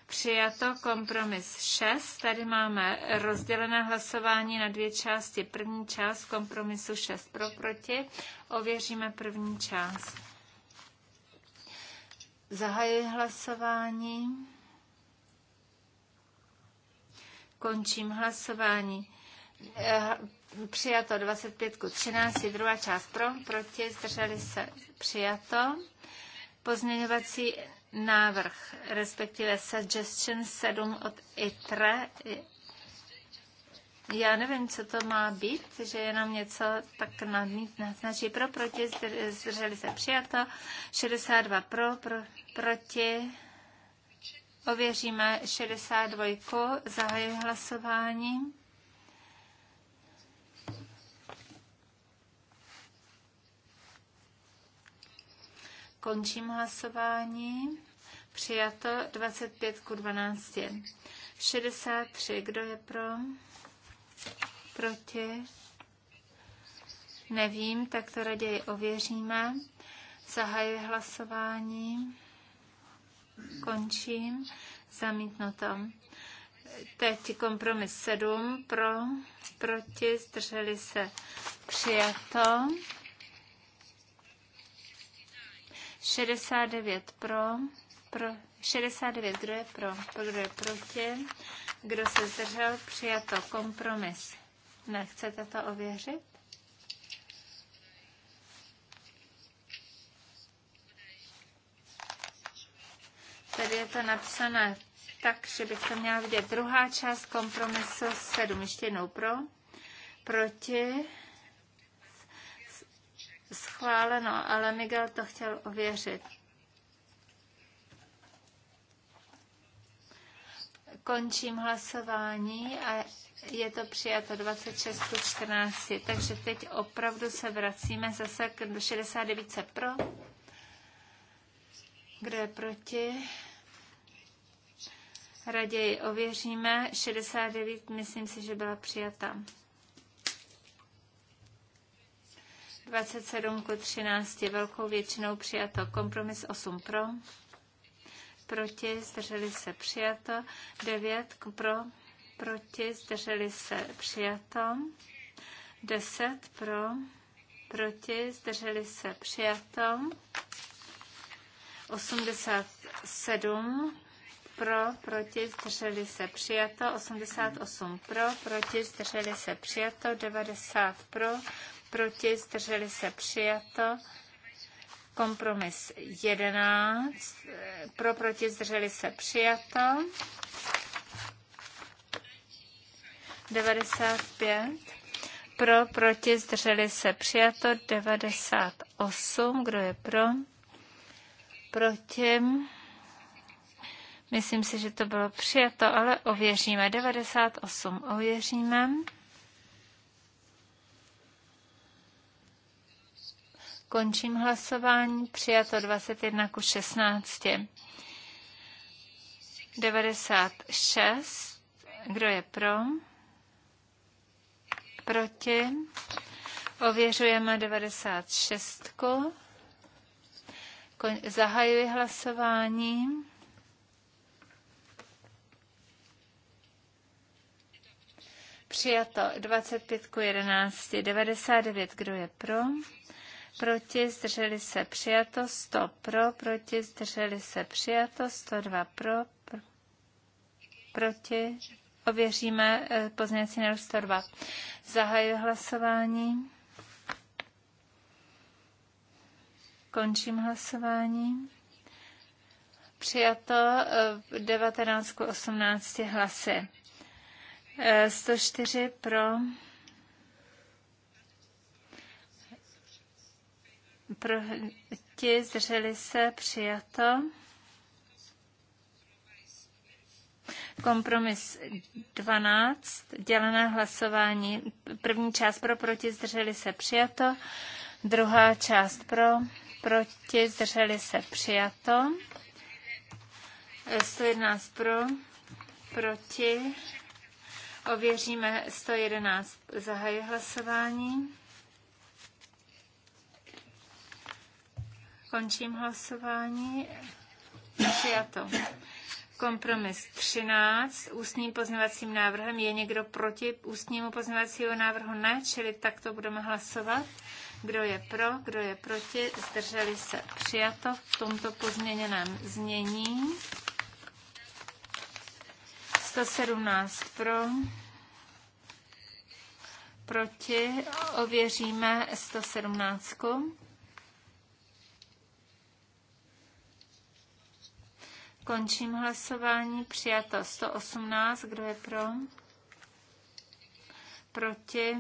přijato kompromis 6. Tady máme rozdělené hlasování na dvě části. První část kompromisu 6 pro proti. Ověříme první část. Zahajuji hlasování. Končím hlasování. Eh, přijato 25 ku 13, druhá část pro, proti, zdrželi se přijato. Pozměňovací návrh, respektive suggestion 7 od ITRE. Já nevím, co to má být, že je nám něco tak naznačí pro, proti, zdrželi se přijato, 62 pro, pro proti, ověříme 62, zahajuji hlasování. Končím hlasování. Přijato 25 ku 12. 63. Kdo je pro? Proti? Nevím, tak to raději ověříme. Zahajuji hlasování. Končím. Zamítnuto. Teď kompromis 7 pro, proti, zdrželi se přijato. 69 pro, pro 69, kdo je pro, kdo je proti, kdo se zdržel, přijato kompromis. Nechcete to ověřit? Tady je to napsané tak, že bych to měla vidět. Druhá část kompromisu 7, ještě jednou pro, proti, schváleno, ale Miguel to chtěl ověřit. Končím hlasování a je to přijato 26 14. Takže teď opravdu se vracíme zase k 69 pro. Kdo je proti? Raději ověříme. 69, myslím si, že byla přijata. 27 k 13 velkou většinou přijato. Kompromis 8 pro. Proti zdrželi se přijato. 9 pro. Proti zdrželi se přijato. 10 pro. Proti zdrželi se přijato. 87 pro, proti, zdrželi se přijato, 88 pro, proti, zdrželi se přijato, 90 pro, proti, zdrželi se přijato. Kompromis 11, pro, proti, zdrželi se přijato. 95, pro, proti, zdrželi se přijato. 98, kdo je pro? Proti. Myslím si, že to bylo přijato, ale ověříme. 98 ověříme. Končím hlasování. Přijato 21 ku 16. 96. Kdo je pro? Proti? Ověřujeme 96. Zahajuji hlasování. Přijato 25 ku 11, 99, kdo je pro, proti, zdrželi se přijato, 100 pro, proti, zdrželi se přijato, 102 pro, pr- proti, ověříme eh, pozměnací návrh 102. Zahajuji hlasování. Končím hlasování. Přijato 19 eh, 18 hlasy. 104 eh, pro proti, zdrželi se, přijato. Kompromis 12, dělené hlasování. První část pro, proti, zdrželi se, přijato. Druhá část pro, proti, zdrželi se, přijato. 111 pro, proti. Ověříme 111. Zahajuji hlasování. Končím hlasování. Přijato. Kompromis 13. Ústním pozměvacím návrhem je někdo proti ústnímu pozměvacího návrhu? Ne, čili takto budeme hlasovat. Kdo je pro, kdo je proti? Zdrželi se přijato v tomto pozměněném znění. 117 pro, proti, ověříme 117. Končím hlasování. Přijato 118. Kdo je pro? Proti?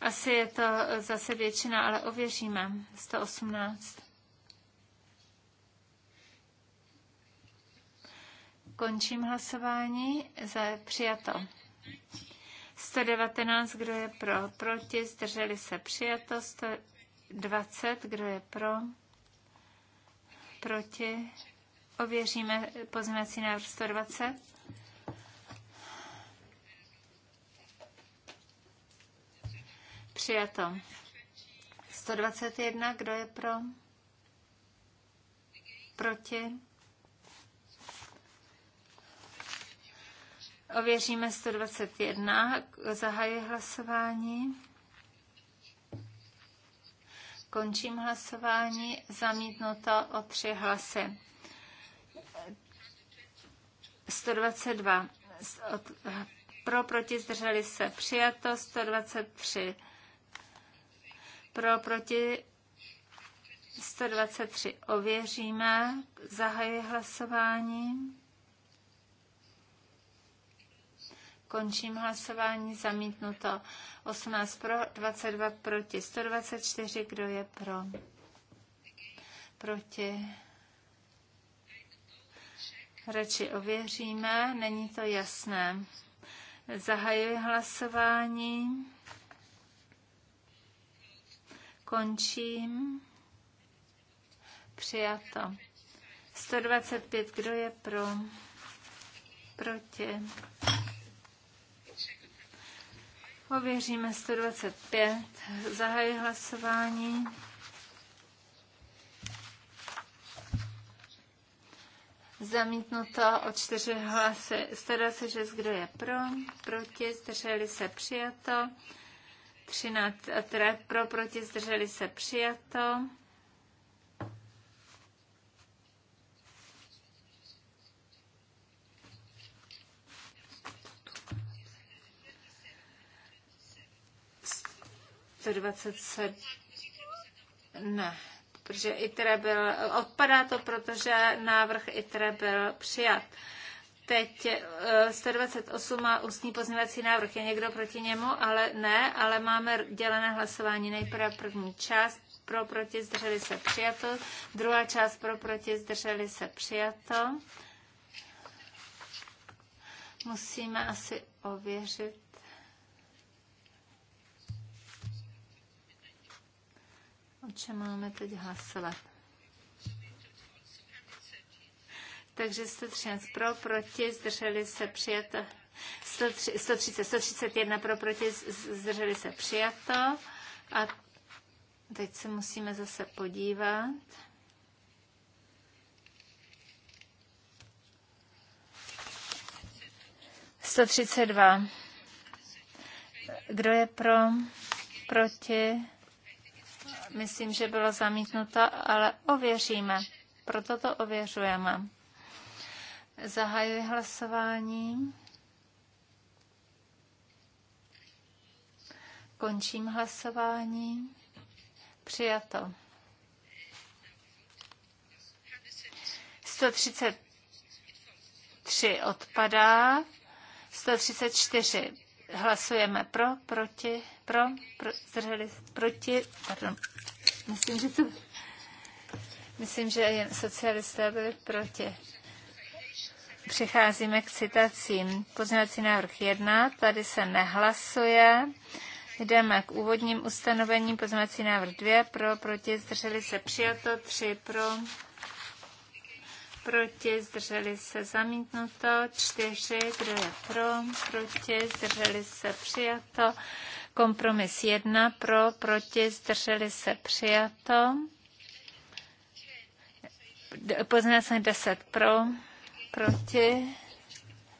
Asi je to zase většina, ale ověříme. 118. Končím hlasování. Za přijato. 119, kdo je pro, proti, zdrželi se přijato, 120, kdo je pro, proti, ověříme pozměnací návrh 120. Přijato. 121, kdo je pro? Proti? Ověříme 121, zahajuji hlasování. Končím hlasování. Zamítnuto o tři hlasy. 122. pro, proti, zdrželi se. Přijato 123. Pro, proti, 123. Ověříme. Zahajuji hlasování. Končím hlasování, zamítnuto 18 pro, 22 proti, 124, kdo je pro, proti. Radši ověříme, není to jasné. Zahajuji hlasování. Končím. Přijato. 125, kdo je pro? Proti. Ověříme 125. Zahajuji hlasování. Zamítnuto o čtyři hlasy. 126, kdo je pro, proti, zdrželi se přijato. 13, eh, pro, proti, zdrželi se přijato. 127. Ne, protože ITRE byl, odpadá to, protože návrh ITRE byl přijat. Teď 128 eh, má ústní pozměvací návrh. Je někdo proti němu? Ale ne, ale máme dělené hlasování. Nejprve první část pro, proti, zdrželi se přijato. Druhá část pro, proti, zdrželi se přijato. Musíme asi ověřit. O čem máme teď hlasovat? Takže 113 pro, proti, zdrželi se přijato. 130, 131 pro, proti, zdrželi se přijato. A teď se musíme zase podívat. Sto třicet dva. Kdo je pro? Proti? myslím, že bylo zamítnuto, ale ověříme. Proto to ověřujeme. Zahajuji hlasování. Končím hlasování. Přijato. 133 odpadá. 134 Hlasujeme pro, proti, pro, pro zdrželi, proti, pardon. Myslím, že to, myslím, že jen socialisté byli proti. Přicházíme k citacím. Pozměňovací návrh 1, tady se nehlasuje. Jdeme k úvodním ustanovením. Pozměňovací návrh 2, pro, proti, zdrželi se přijato, 3, pro, proti, zdrželi se zamítnuto, čtyři, kdo je pro, proti, zdrželi se přijato, kompromis jedna, pro, proti, zdrželi se přijato, poznal deset pro, proti,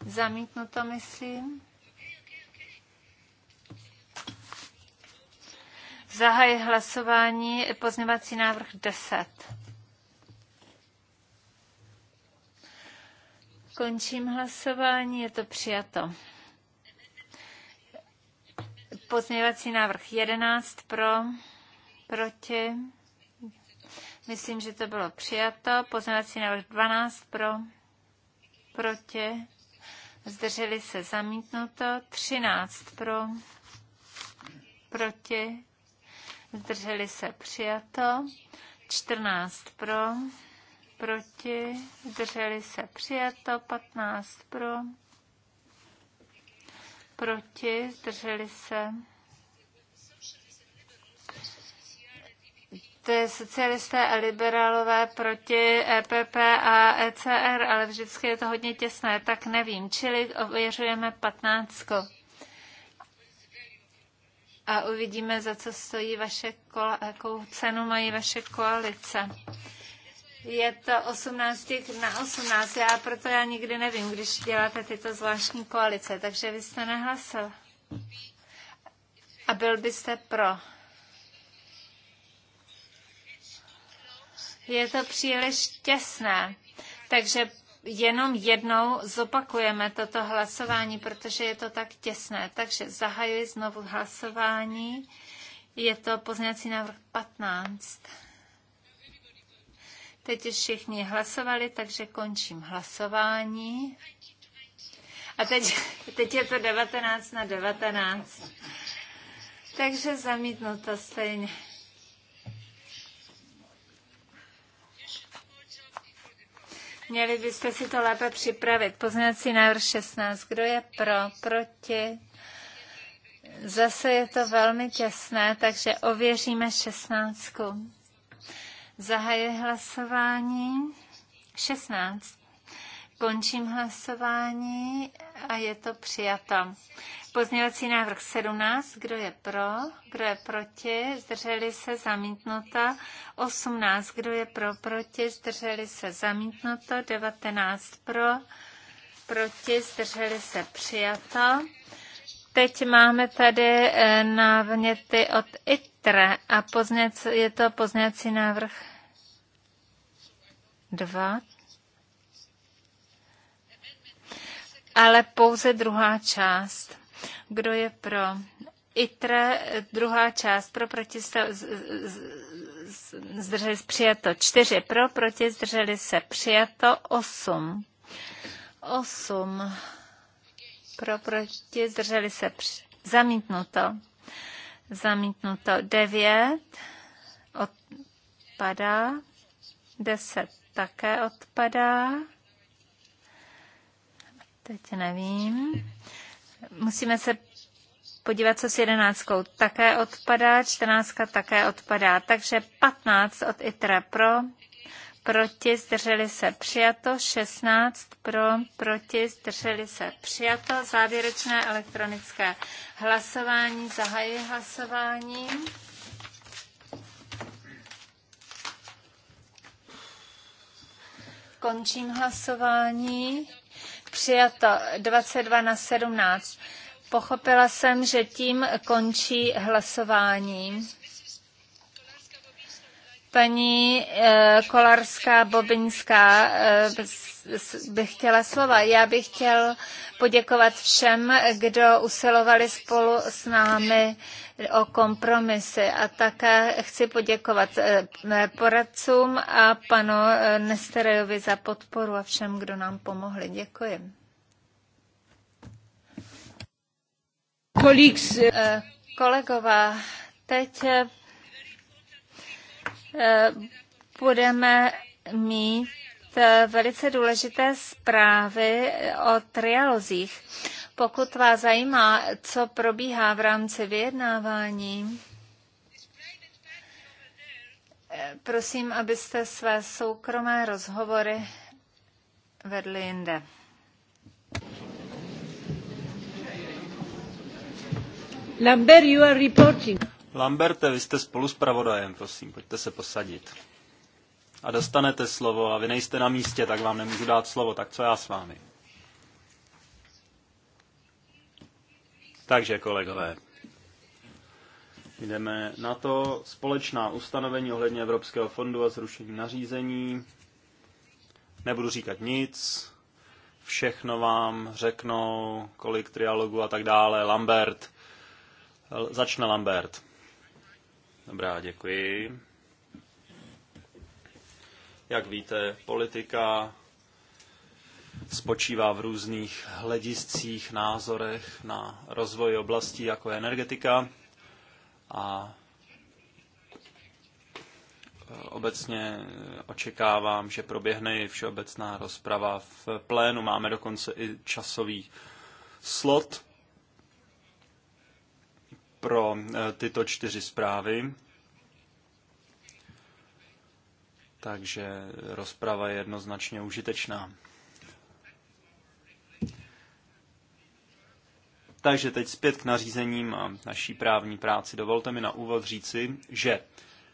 zamítnuto, myslím. Zahaj hlasování pozměvací návrh 10. Končím hlasování, je to přijato. Pozměňovací návrh 11 pro, proti. Myslím, že to bylo přijato. Pozměňovací návrh 12 pro, proti. Zdrželi se zamítnuto. 13 pro, proti. Zdrželi se přijato. 14 pro, proti, zdrželi se přijato, 15 pro, proti, zdrželi se. To je socialisté a liberálové proti EPP a ECR, ale vždycky je to hodně těsné, tak nevím. Čili ověřujeme 15. A uvidíme, za co stojí vaše kola, jakou cenu mají vaše koalice je to 18 na 18, já proto já nikdy nevím, když děláte tyto zvláštní koalice, takže vy jste nehlasil. A byl byste pro. Je to příliš těsné, takže jenom jednou zopakujeme toto hlasování, protože je to tak těsné. Takže zahajuji znovu hlasování. Je to pozněcí návrh 15. Teď už všichni hlasovali, takže končím hlasování. A teď, teď je to 19 na 19. Takže zamítnu to stejně. Měli byste si to lépe připravit. Poznací návrh 16. Kdo je pro? Proti? Zase je to velmi těsné, takže ověříme 16. Zahaje hlasování. 16. Končím hlasování a je to přijato. Pozměňovací návrh 17. Kdo je pro? Kdo je proti? Zdrželi se zamítnuto. 18. Kdo je pro? Proti? Zdrželi se zamítnuto. 19. Pro? Proti? Zdrželi se přijato. Teď máme tady eh, návněty od IT Petra. a pozněc, je to pozněcí návrh 2. Ale pouze druhá část. Kdo je pro? ITRE, druhá část, pro, proti, zdrželi se přijato. Čtyři pro, proti, zdrželi se přijato. Osm. Osm. Pro, proti, zdrželi se při... zamítnuto zamítnuto 9, odpadá, 10 také odpadá, teď nevím, musíme se podívat, co s jedenáctkou také odpadá, čtrnáctka také odpadá, takže 15 od ITRE pro, proti, zdrželi se přijato, 16 pro, proti, zdrželi se přijato. Závěrečné elektronické hlasování, zahajuji hlasování. Končím hlasování. Přijato 22 na 17. Pochopila jsem, že tím končí hlasování. Paní eh, Kolarská Bobinská eh, bych chtěla slova. Já bych chtěl poděkovat všem, kdo usilovali spolu s námi o kompromisy a také chci poděkovat eh, poradcům a panu Nesterejovi za podporu a všem, kdo nám pomohli. Děkuji. kolegová, teď Eh, budeme mít eh, velice důležité zprávy eh, o trialozích. Pokud vás zajímá, co probíhá v rámci vyjednávání, prosím, abyste své soukromé rozhovory vedli jinde. Lambert, you are reporting. Lamberte, vy jste spolu s pravodajem, prosím, pojďte se posadit. A dostanete slovo a vy nejste na místě, tak vám nemůžu dát slovo, tak co já s vámi? Takže, kolegové, jdeme na to. Společná ustanovení ohledně Evropského fondu a zrušení nařízení. Nebudu říkat nic. Všechno vám řeknou, kolik trialogů a tak dále. Lambert. Začne Lambert. Dobrá, děkuji. Jak víte, politika spočívá v různých hlediscích, názorech na rozvoj oblastí, jako je energetika. A obecně očekávám, že proběhne i všeobecná rozprava v plénu. Máme dokonce i časový slot pro eh, tyto čtyři zprávy. Takže rozprava je jednoznačně užitečná. Takže teď zpět k nařízením a naší právní práci. Dovolte mi na úvod říci, že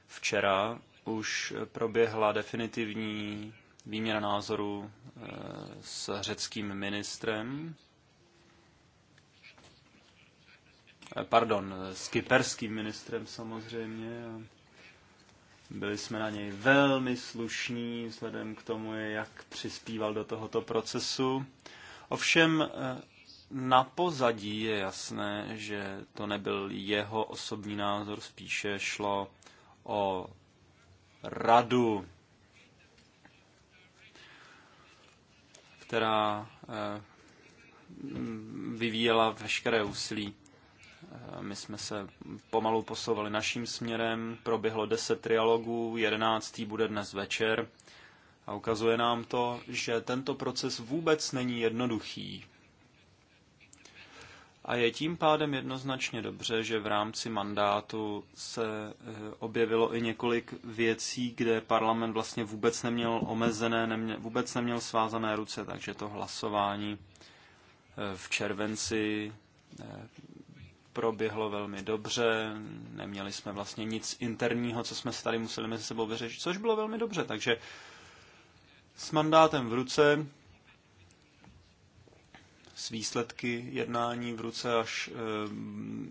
včera už proběhla definitivní výměna názoru eh, s řeckým ministrem Eh, pardon, eh, s kyperským ministrem samozřejmě. Byli jsme na něj velmi slušní, vzhledem k tomu, jak přispíval do tohoto procesu. Ovšem eh, na pozadí je jasné, že to nebyl jeho osobní názor, spíše šlo o radu, která vyvíjela veškeré úsilí my jsme se pomalu posouvali naším směrem, proběhlo 10 trialogů, 11. bude dnes večer a ukazuje nám to, že tento proces vůbec není jednoduchý. A je tím pádem jednoznačně dobře, že v rámci mandátu se eh, objevilo i několik věcí, kde parlament vlastně vůbec neměl omezené, neměl, vůbec neměl svázané ruce, takže to hlasování eh, v červenci eh, proběhlo velmi dobře, neměli jsme vlastně nic interního, co jsme se tady museli mezi sebou vyřešit, což bylo velmi dobře, takže s mandátem v ruce, s výsledky jednání v ruce, až eh,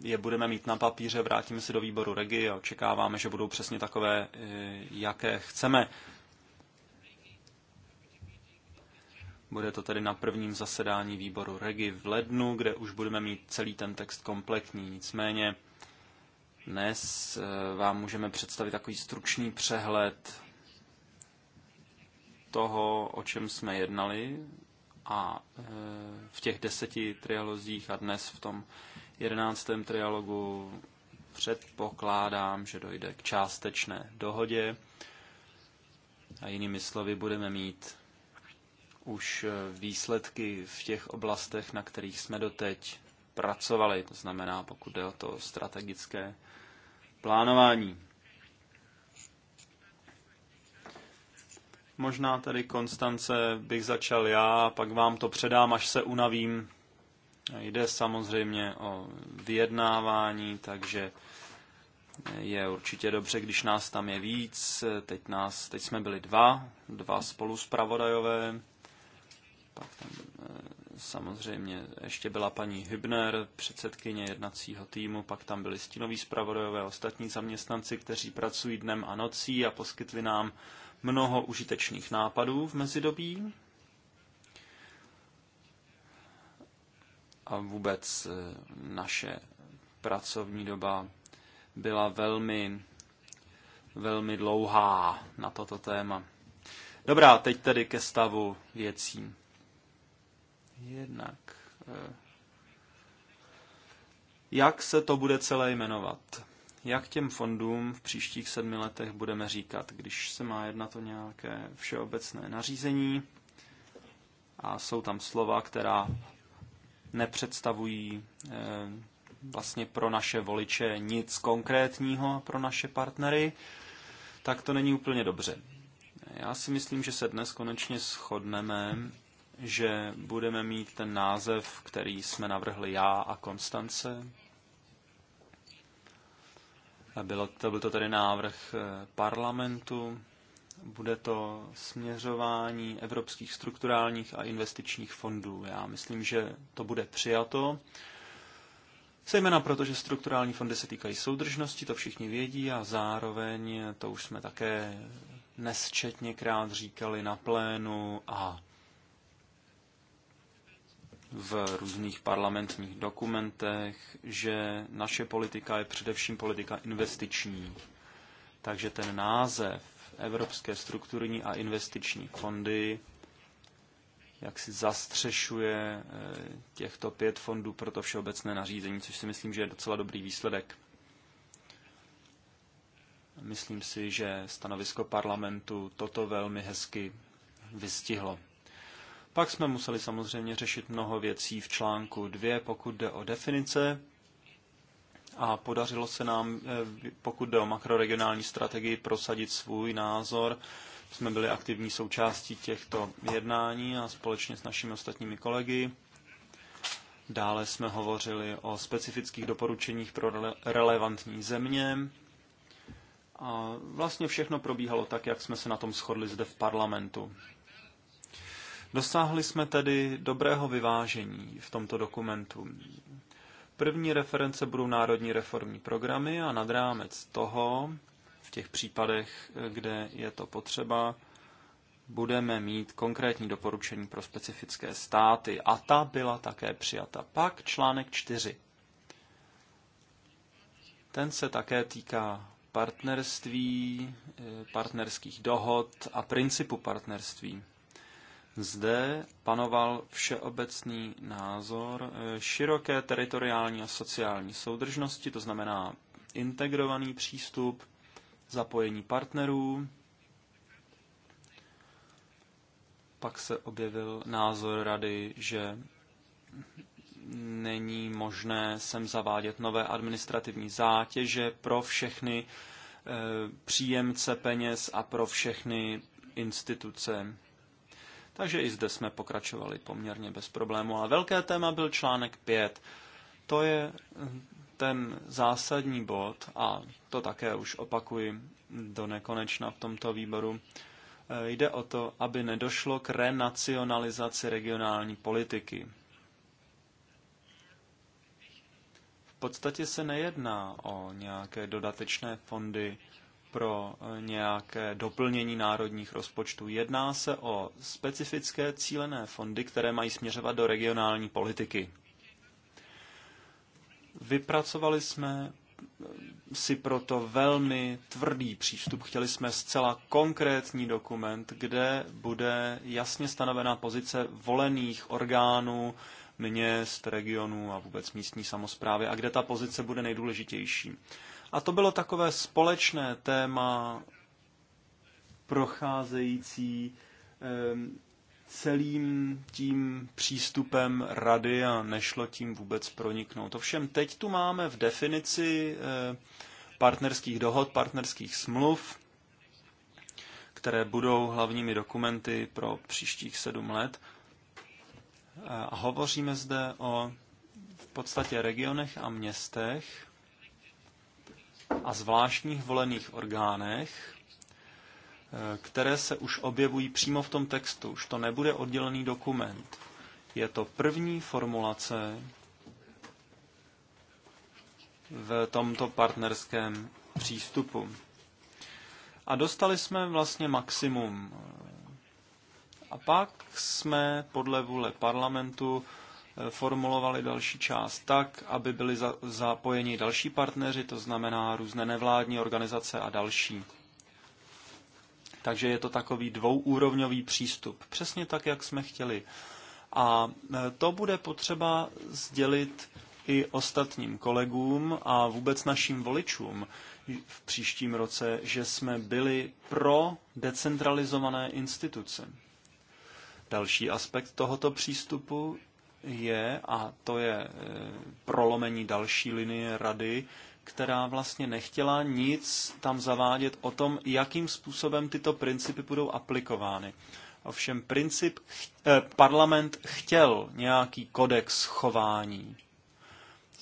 je budeme mít na papíře, vrátíme se do výboru Regi a očekáváme, že budou přesně takové, eh, jaké chceme. Bude to tedy na prvním zasedání výboru Regi v lednu, kde už budeme mít celý ten text kompletní. Nicméně dnes eh, vám můžeme představit takový stručný přehled toho, o čem jsme jednali a eh, v těch deseti trialozích a dnes v tom jedenáctém trialogu předpokládám, že dojde k částečné dohodě a jinými slovy budeme mít už eh, výsledky v těch oblastech, na kterých jsme doteď pracovali, to znamená, pokud jde o to strategické plánování. Možná tady, Konstance, bych začal já, pak vám to předám, až se unavím. Jde samozřejmě o vyjednávání, takže je určitě dobře, když nás tam je víc. Teď, nás, teď jsme byli dva, dva spoluspravodajové. Pak tam eh, samozřejmě ještě byla paní Hybner, předsedkyně jednacího týmu, pak tam byli stínoví zpravodajové ostatní zaměstnanci, kteří pracují dnem a nocí a poskytli nám mnoho užitečných nápadů v mezidobí. A vůbec eh, naše pracovní doba byla velmi, velmi dlouhá na toto téma. Dobrá, teď tedy ke stavu věcí. Jednak, eh, jak se to bude celé jmenovat? Jak těm fondům v příštích sedmi letech budeme říkat, když se má jednat o nějaké všeobecné nařízení a jsou tam slova, která nepředstavují eh, vlastně pro naše voliče nic konkrétního pro naše partnery, tak to není úplně dobře. Já si myslím, že se dnes konečně shodneme že budeme mít ten název, který jsme navrhli já a Konstance. Bylo to, byl to tedy návrh eh, parlamentu. Bude to směřování evropských strukturálních a investičních fondů. Já myslím, že to bude přijato. Zejména proto, že strukturální fondy se týkají soudržnosti, to všichni vědí a zároveň eh, to už jsme také nesčetněkrát říkali na plénu a v různých parlamentních dokumentech, že naše politika je především politika investiční. Takže ten název Evropské strukturní a investiční fondy jak si zastřešuje eh, těchto pět fondů pro to všeobecné nařízení, což si myslím, že je docela dobrý výsledek. Myslím si, že stanovisko parlamentu toto velmi hezky vystihlo. Pak jsme museli samozřejmě řešit mnoho věcí v článku 2, pokud jde o definice. A podařilo se nám, eh, pokud jde o makroregionální strategii, prosadit svůj názor. Jsme byli aktivní součástí těchto jednání a společně s našimi ostatními kolegy. Dále jsme hovořili o specifických doporučeních pro relevantní země. A vlastně všechno probíhalo tak, jak jsme se na tom shodli zde v parlamentu. Dosáhli jsme tedy dobrého vyvážení v tomto dokumentu. První reference budou národní reformní programy a nad rámec toho, v těch případech, kde je to potřeba, budeme mít konkrétní doporučení pro specifické státy a ta byla také přijata. Pak článek 4. Ten se také týká partnerství, eh, partnerských dohod a principu partnerství. Zde panoval všeobecný názor eh, široké teritoriální a sociální soudržnosti, to znamená integrovaný přístup, zapojení partnerů. Pak se objevil názor rady, že není možné sem zavádět nové administrativní zátěže pro všechny eh, příjemce peněz a pro všechny instituce takže i zde jsme pokračovali poměrně bez problému. Ale velké téma byl článek 5. To je eh, ten zásadní bod, a to také už opakuji do nekonečna v tomto výboru, eh, jde o to, aby nedošlo k renacionalizaci regionální politiky. V podstatě se nejedná o nějaké dodatečné fondy pro eh, nějaké doplnění národních rozpočtů. Jedná se o specifické cílené fondy, které mají směřovat do regionální politiky. Vypracovali jsme eh, si proto velmi tvrdý přístup. Chtěli jsme zcela konkrétní dokument, kde bude jasně stanovená pozice volených orgánů měst, regionů a vůbec místní samozprávy a kde ta pozice bude nejdůležitější. A to bylo takové společné téma procházející celým tím přístupem rady a nešlo tím vůbec proniknout. Ovšem teď tu máme v definici partnerských dohod, partnerských smluv, které budou hlavními dokumenty pro příštích sedm let. A hovoříme zde o v podstatě regionech a městech, a zvláštních volených orgánech, eh, které se už objevují přímo v tom textu. Už to nebude oddělený dokument. Je to první formulace v tomto partnerském přístupu. A dostali jsme vlastně maximum. A pak jsme podle vůle parlamentu Eh, formulovali další část tak, aby byli za, zapojeni další partneři, to znamená různé nevládní organizace a další. Takže je to takový dvouúrovňový přístup, přesně tak, jak jsme chtěli. A eh, to bude potřeba sdělit i ostatním kolegům a vůbec našim voličům v příštím roce, že jsme byli pro decentralizované instituce. Další aspekt tohoto přístupu je, a to je eh, prolomení další linie rady, která vlastně nechtěla nic tam zavádět o tom, jakým způsobem tyto principy budou aplikovány. Ovšem princip, eh, parlament chtěl nějaký kodex chování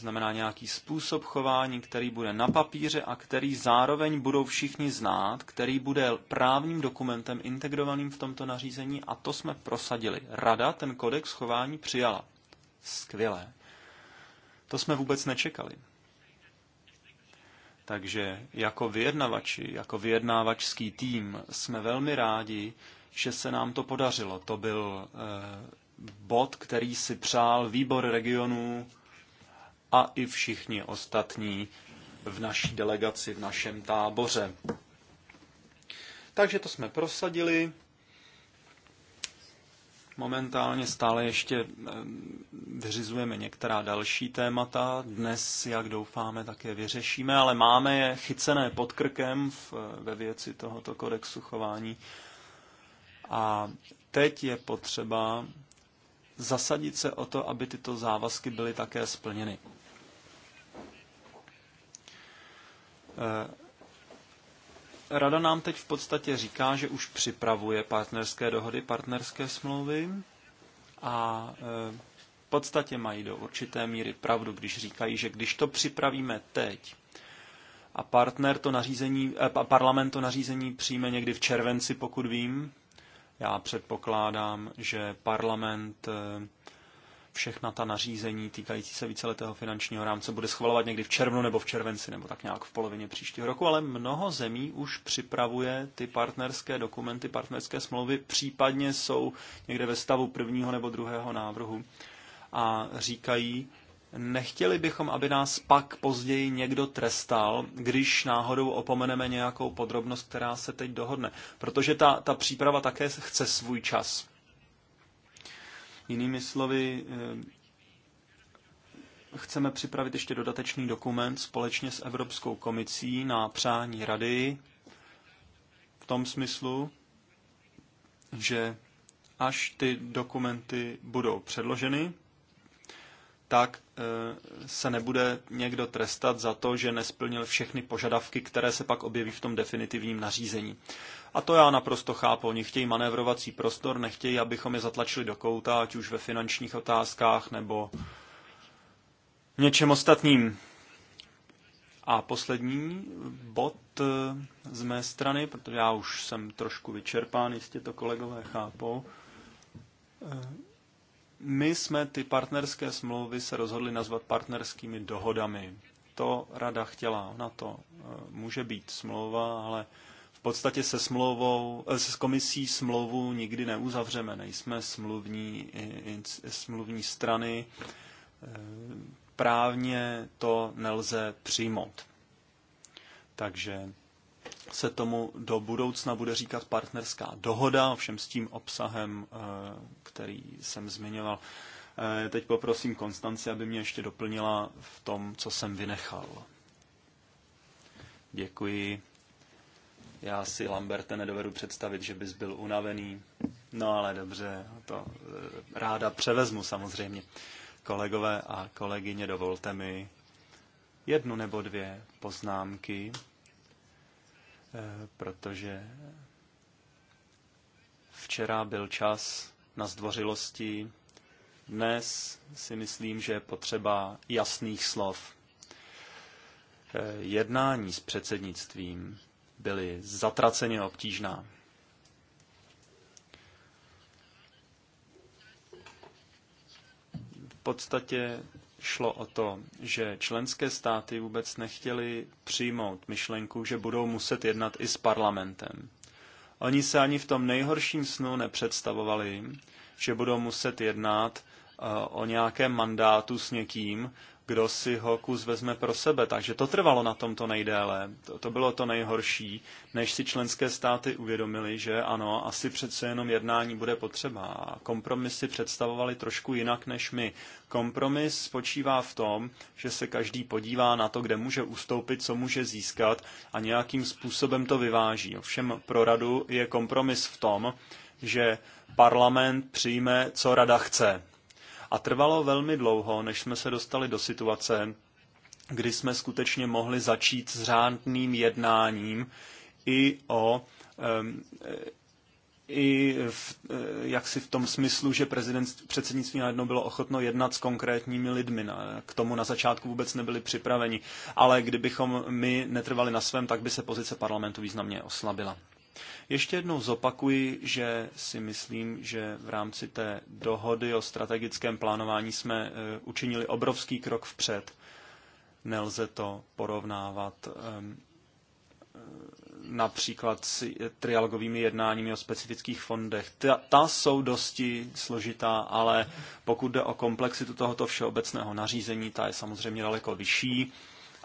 znamená nějaký způsob chování, který bude na papíře a který zároveň budou všichni znát, který bude právním dokumentem integrovaným v tomto nařízení a to jsme prosadili. Rada ten kodex chování přijala. Skvělé. To jsme vůbec nečekali. Takže jako vyjednavači, jako vyjednávačský tým jsme velmi rádi, že se nám to podařilo. To byl eh, bod, který si přál výbor regionů a i všichni ostatní v naší delegaci, v našem táboře. Takže to jsme prosadili. Momentálně stále ještě eh, vyřizujeme některá další témata. Dnes, jak doufáme, také vyřešíme, ale máme je chycené pod krkem v, eh, ve věci tohoto kodexu chování. A teď je potřeba zasadit se o to, aby tyto závazky byly také splněny. Eh, Rada nám teď v podstatě říká, že už připravuje partnerské dohody, partnerské smlouvy a eh, v podstatě mají do určité míry pravdu, když říkají, že když to připravíme teď a partner to nařízení, eh, parlament to nařízení přijme někdy v červenci, pokud vím, já předpokládám, že parlament všechna ta nařízení týkající se víceletého finančního rámce bude schvalovat někdy v červnu nebo v červenci nebo tak nějak v polovině příštího roku, ale mnoho zemí už připravuje ty partnerské dokumenty, partnerské smlouvy, případně jsou někde ve stavu prvního nebo druhého návrhu a říkají, Nechtěli bychom, aby nás pak později někdo trestal, když náhodou opomeneme nějakou podrobnost, která se teď dohodne. Protože ta, ta příprava také chce svůj čas. Jinými slovy, eh, chceme připravit ještě dodatečný dokument společně s Evropskou komisí na přání rady v tom smyslu, že až ty dokumenty budou předloženy, tak eh, se nebude někdo trestat za to, že nesplnil všechny požadavky, které se pak objeví v tom definitivním nařízení. A to já naprosto chápu. Oni chtějí manévrovací prostor, nechtějí, abychom je zatlačili do kouta, ať už ve finančních otázkách nebo něčem ostatním. A poslední bod eh, z mé strany, protože já už jsem trošku vyčerpán, jistě to kolegové chápou eh, my jsme ty partnerské smlouvy se rozhodli nazvat partnerskými dohodami. To rada chtěla. Ona to eh, může být smlouva, ale v podstatě se smlouvou, eh, s komisí smlouvu nikdy neuzavřeme. Nejsme smluvní, smluvní strany. Eh, právně to nelze přijmout. Takže se tomu do budoucna bude říkat partnerská dohoda, ovšem s tím obsahem, eh, který jsem zmiňoval. Eh, teď poprosím Konstanci, aby mě ještě doplnila v tom, co jsem vynechal. Děkuji. Já si Lamberte nedovedu představit, že bys byl unavený. No ale dobře, to eh, ráda převezmu samozřejmě. Kolegové a kolegyně, dovolte mi jednu nebo dvě poznámky Eh, protože včera byl čas na zdvořilosti, dnes si myslím, že je potřeba jasných slov. Eh, jednání s předsednictvím byly zatraceně obtížná. V podstatě šlo o to, že členské státy vůbec nechtěli přijmout myšlenku, že budou muset jednat i s parlamentem. Oni se ani v tom nejhorším snu nepředstavovali, že budou muset jednat eh, o nějakém mandátu s někým, kdo si ho kus vezme pro sebe. Takže to trvalo na tom to nejdéle. To, to bylo to nejhorší, než si členské státy uvědomili, že ano, asi přece jenom jednání bude potřeba. A kompromisy představovali trošku jinak než my. Kompromis spočívá v tom, že se každý podívá na to, kde může ustoupit, co může získat a nějakým způsobem to vyváží. Ovšem pro radu je kompromis v tom, že parlament přijme, co rada chce. A trvalo velmi dlouho, než jsme se dostali do situace, kdy jsme skutečně mohli začít s řádným jednáním i o e, i v, e, jaksi v tom smyslu, že prezident, předsednictví najednou bylo ochotno jednat s konkrétními lidmi. k tomu na začátku vůbec nebyli připraveni. Ale kdybychom my netrvali na svém, tak by se pozice parlamentu významně oslabila. Ještě jednou zopakuji, že si myslím, že v rámci té dohody o strategickém plánování jsme eh, učinili obrovský krok vpřed. Nelze to porovnávat ehm, eh, například s trialogovými jednáními o specifických fondech. Ta, ta jsou dosti složitá, ale pokud jde o komplexitu tohoto všeobecného nařízení, ta je samozřejmě daleko vyšší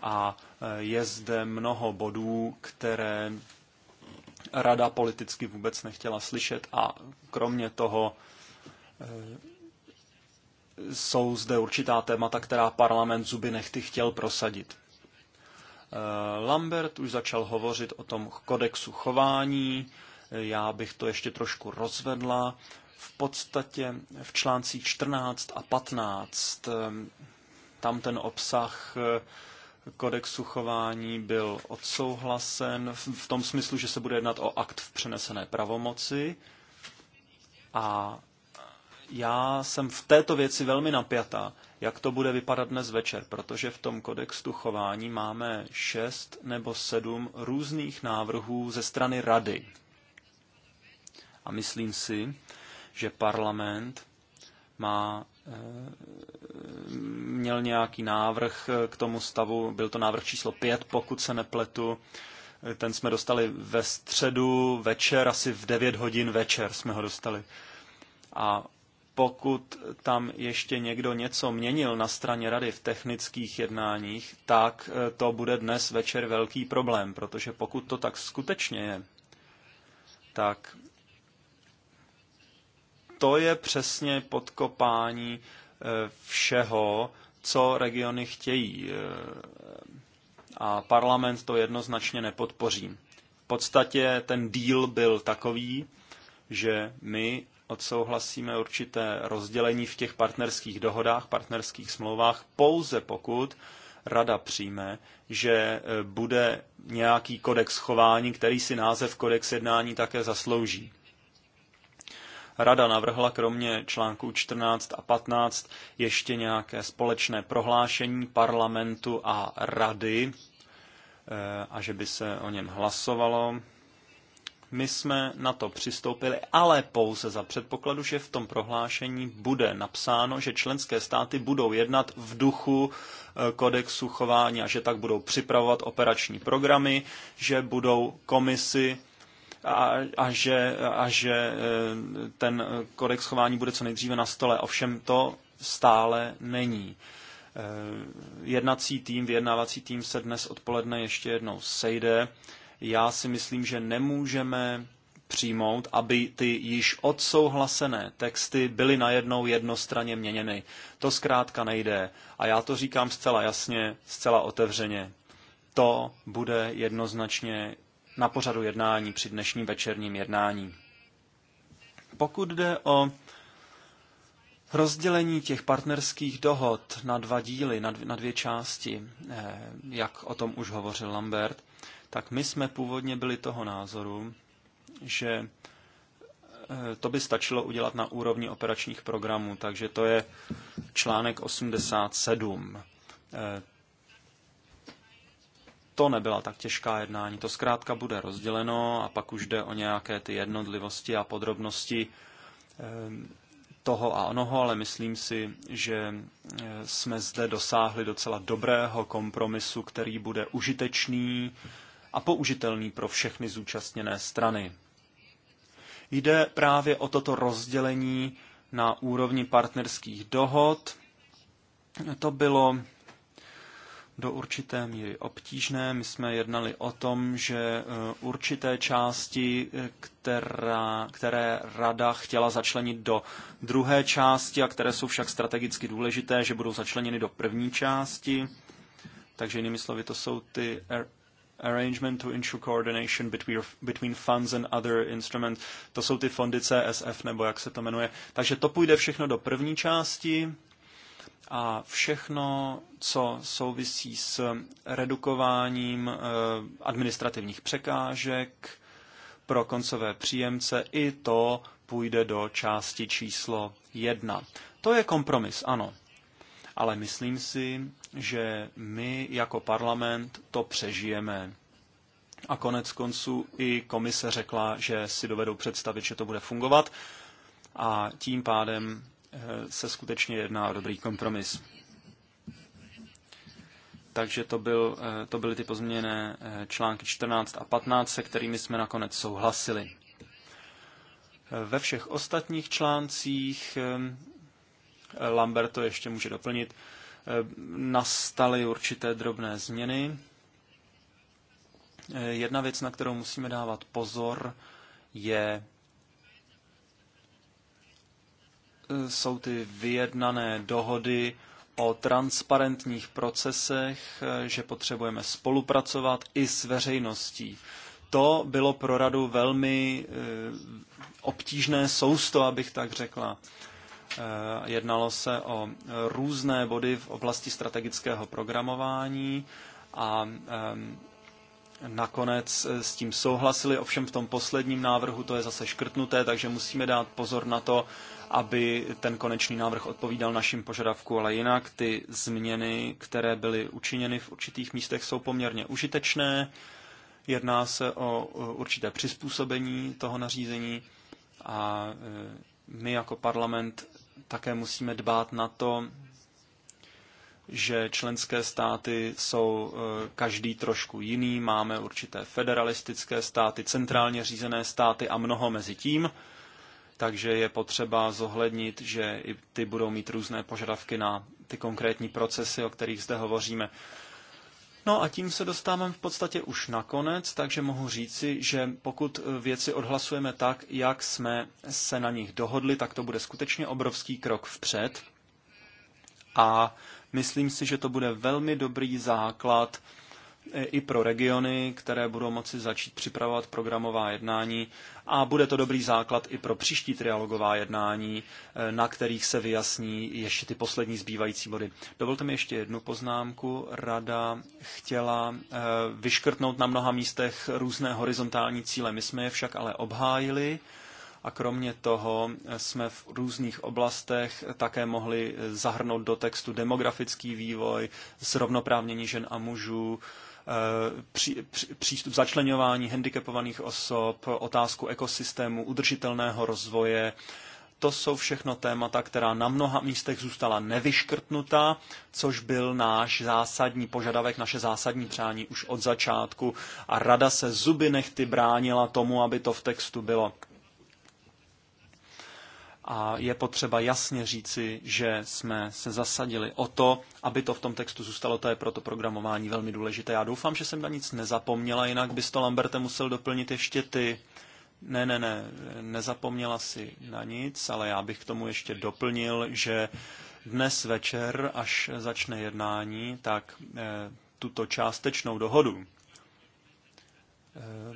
a eh, je zde mnoho bodů, které rada politicky vůbec nechtěla slyšet a kromě toho eh, jsou zde určitá témata, která parlament zuby nechty chtěl prosadit. Eh, Lambert už začal hovořit o tom kodexu chování, eh, já bych to ještě trošku rozvedla. V podstatě v článcích 14 a 15 tam ten obsah kodexu chování byl odsouhlasen v tom smyslu, že se bude jednat o akt v přenesené pravomoci. A já jsem v této věci velmi napjatá, jak to bude vypadat dnes večer, protože v tom kodexu chování máme šest nebo sedm různých návrhů ze strany rady. A myslím si, že parlament má eh, měl nějaký návrh eh, k tomu stavu, byl to návrh číslo 5, pokud se nepletu. Eh, ten jsme dostali ve středu večer, asi v 9 hodin večer jsme ho dostali. A pokud tam ještě někdo něco měnil na straně rady v technických jednáních, tak eh, to bude dnes večer velký problém, protože pokud to tak skutečně je, tak to je přesně podkopání všeho, co regiony chtějí. Eh, a parlament to jednoznačně nepodpoří. V podstatě ten díl byl takový, že my odsouhlasíme určité rozdělení v těch partnerských dohodách, partnerských smlouvách, pouze pokud rada přijme, že eh, bude nějaký kodex chování, který si název kodex jednání také zaslouží. Rada navrhla kromě článků 14 a 15 ještě nějaké společné prohlášení parlamentu a rady eh, a že by se o něm hlasovalo. My jsme na to přistoupili, ale pouze za předpokladu, že v tom prohlášení bude napsáno, že členské státy budou jednat v duchu eh, kodexu chování a že tak budou připravovat operační programy, že budou komisi a, a, že, a že eh, ten kodex chování bude co nejdříve na stole. Ovšem to stále není. Eh, jednací tým, vyjednávací tým se dnes odpoledne ještě jednou sejde. Já si myslím, že nemůžeme přijmout, aby ty již odsouhlasené texty byly najednou jednostranně měněny. To zkrátka nejde. A já to říkám zcela jasně, zcela otevřeně. To bude jednoznačně na pořadu jednání při dnešním večerním jednání. Pokud jde o rozdělení těch partnerských dohod na dva díly, na dvě, na dvě části, eh, jak o tom už hovořil Lambert, tak my jsme původně byli toho názoru, že eh, to by stačilo udělat na úrovni operačních programů, takže to je článek 87 to nebyla tak těžká jednání. To zkrátka bude rozděleno a pak už jde o nějaké ty jednotlivosti a podrobnosti eh, toho a onoho, ale myslím si, že eh, jsme zde dosáhli docela dobrého kompromisu, který bude užitečný a použitelný pro všechny zúčastněné strany. Jde právě o toto rozdělení na úrovni partnerských dohod. To bylo do určité míry obtížné. My jsme jednali o tom, že eh, určité části, eh, která, které rada chtěla začlenit do druhé části a které jsou však strategicky důležité, že budou začleněny do první části. Takže jinými slovy, to jsou ty Arrangement to Ensure Coordination between, between Funds and Other Instruments. To jsou ty fondy CSF, nebo jak se to jmenuje. Takže to půjde všechno do první části a všechno, co souvisí s redukováním eh, administrativních překážek pro koncové příjemce, i to půjde do části číslo jedna. To je kompromis, ano. Ale myslím si, že my jako parlament to přežijeme. A konec konců i komise řekla, že si dovedou představit, že to bude fungovat. A tím pádem se skutečně jedná o dobrý kompromis. Takže to, byl, eh, to byly ty pozměněné eh, články 14 a 15, se kterými jsme nakonec souhlasili. Eh, ve všech ostatních článcích Lambert to ještě může doplnit, nastaly určité drobné změny. Jedna věc, na kterou musíme dávat pozor, je Eh, jsou ty vyjednané dohody o transparentních procesech, eh, že potřebujeme spolupracovat i s veřejností. To bylo pro radu velmi eh, obtížné sousto, abych tak řekla. Jednalo se o různé body v oblasti strategického programování a ehm, nakonec s tím souhlasili, ovšem v tom posledním návrhu to je zase škrtnuté, takže musíme dát pozor na to, aby ten konečný návrh odpovídal našim požadavkům, ale jinak ty změny, které byly učiněny v určitých místech, jsou poměrně užitečné. Jedná se o určité přizpůsobení toho nařízení a e, my jako parlament také musíme dbát na to, že členské státy jsou e, každý trošku jiný. Máme určité federalistické státy, centrálně řízené státy a mnoho mezi tím takže je potřeba zohlednit, že i ty budou mít různé požadavky na ty konkrétní procesy, o kterých zde hovoříme. No a tím se dostávám v podstatě už na konec, takže mohu říci, že pokud věci odhlasujeme tak, jak jsme se na nich dohodli, tak to bude skutečně obrovský krok vpřed. A myslím si, že to bude velmi dobrý základ i pro regiony, které budou moci začít připravovat programová jednání a bude to dobrý základ i pro příští trialogová jednání, eh, na kterých se vyjasní ještě ty poslední zbývající body. Dovolte mi ještě jednu poznámku. Rada chtěla eh, vyškrtnout na mnoha místech různé horizontální cíle. My jsme je však ale obhájili a kromě toho eh, jsme v různých oblastech také mohli zahrnout do textu demografický vývoj, zrovnoprávnění žen a mužů, Eh, pří, přístup začlenování handicapovaných osob, otázku ekosystému, udržitelného rozvoje. To jsou všechno témata, která na mnoha místech zůstala nevyškrtnutá, což byl náš zásadní požadavek, naše zásadní přání už od začátku a rada se zuby nechty bránila tomu, aby to v textu bylo a je potřeba jasně říci, že jsme se zasadili o to, aby to v tom textu zůstalo, to je pro to programování velmi důležité. Já doufám, že jsem na nic nezapomněla, jinak bys to, Lamberte, musel doplnit ještě ty. Ne, ne, ne, nezapomněla si na nic, ale já bych k tomu ještě doplnil, že dnes večer, až začne jednání, tak e, tuto částečnou dohodu e,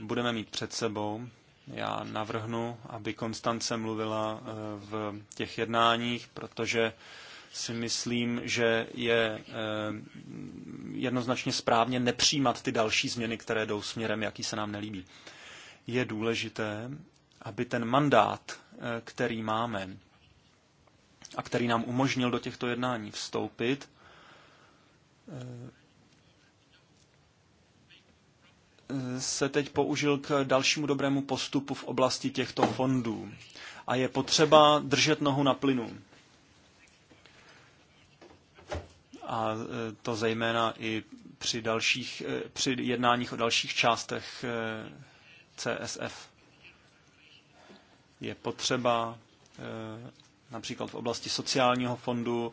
budeme mít před sebou já navrhnu, aby Konstance mluvila eh, v těch jednáních, protože si myslím, že je eh, jednoznačně správně nepřijímat ty další změny, které jdou směrem, jaký se nám nelíbí. Je důležité, aby ten mandát, eh, který máme a který nám umožnil do těchto jednání vstoupit, se teď použil k dalšímu dobrému postupu v oblasti těchto fondů. A je potřeba držet nohu na plynu. A e, to zejména i při, dalších, e, při jednáních o dalších částech e, CSF. Je potřeba například v oblasti sociálního fondu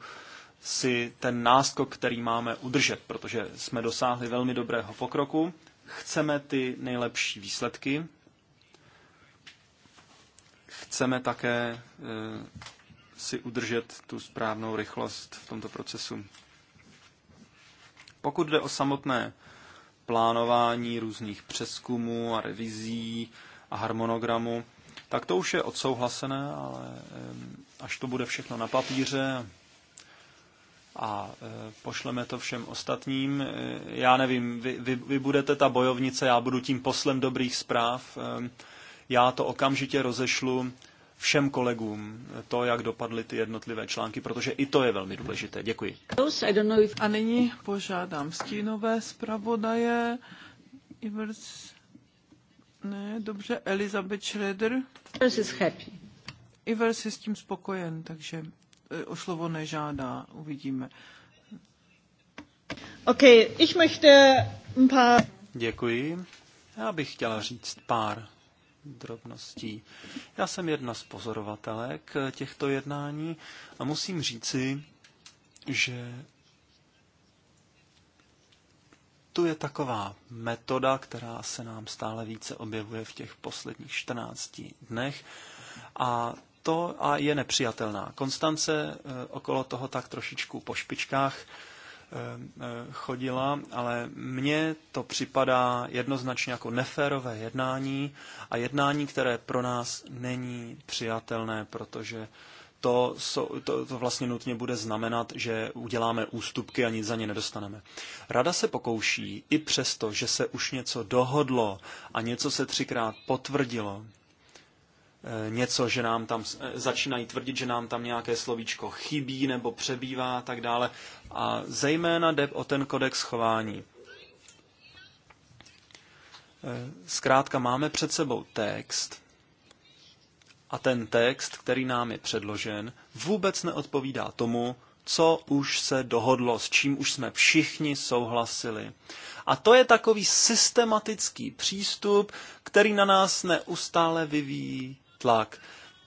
si ten náskok, který máme, udržet, protože jsme dosáhli velmi dobrého pokroku Chceme ty nejlepší výsledky. Chceme také eh, si udržet tu správnou rychlost v tomto procesu. Pokud jde o samotné plánování různých přeskumů a revizí a harmonogramu, tak to už je odsouhlasené, ale eh, až to bude všechno na papíře, a e, pošleme to všem ostatním. E, já nevím, vy, vy, vy budete ta bojovnice, já budu tím poslem dobrých zpráv. E, já to okamžitě rozešlu všem kolegům, to, jak dopadly ty jednotlivé články, protože i to je velmi důležité. Děkuji. A nyní požádám stínové zpravodaje. Ivers... Ne, dobře, Elizabeth Schroeder. Ivers je s tím spokojen, takže o slovo nežádá. Uvidíme. OK, ich möchte ein paar... Děkuji. Já bych chtěla říct pár drobností. Já jsem jedna z pozorovatelek těchto jednání a musím říci, že tu je taková metoda, která se nám stále více objevuje v těch posledních 14 dnech a to a je nepřijatelná. Konstance eh, okolo toho tak trošičku po špičkách eh, eh, chodila, ale mně to připadá jednoznačně jako neférové jednání a jednání, které pro nás není přijatelné, protože to, to, to vlastně nutně bude znamenat, že uděláme ústupky a nic za ně nedostaneme. Rada se pokouší, i přesto, že se už něco dohodlo a něco se třikrát potvrdilo, Eh, něco, že nám tam eh, začínají tvrdit, že nám tam nějaké slovíčko chybí nebo přebývá a tak dále. A zejména jde o ten kodex chování. Eh, zkrátka máme před sebou text a ten text, který nám je předložen, vůbec neodpovídá tomu, co už se dohodlo, s čím už jsme všichni souhlasili. A to je takový systematický přístup, který na nás neustále vyvíjí tlak.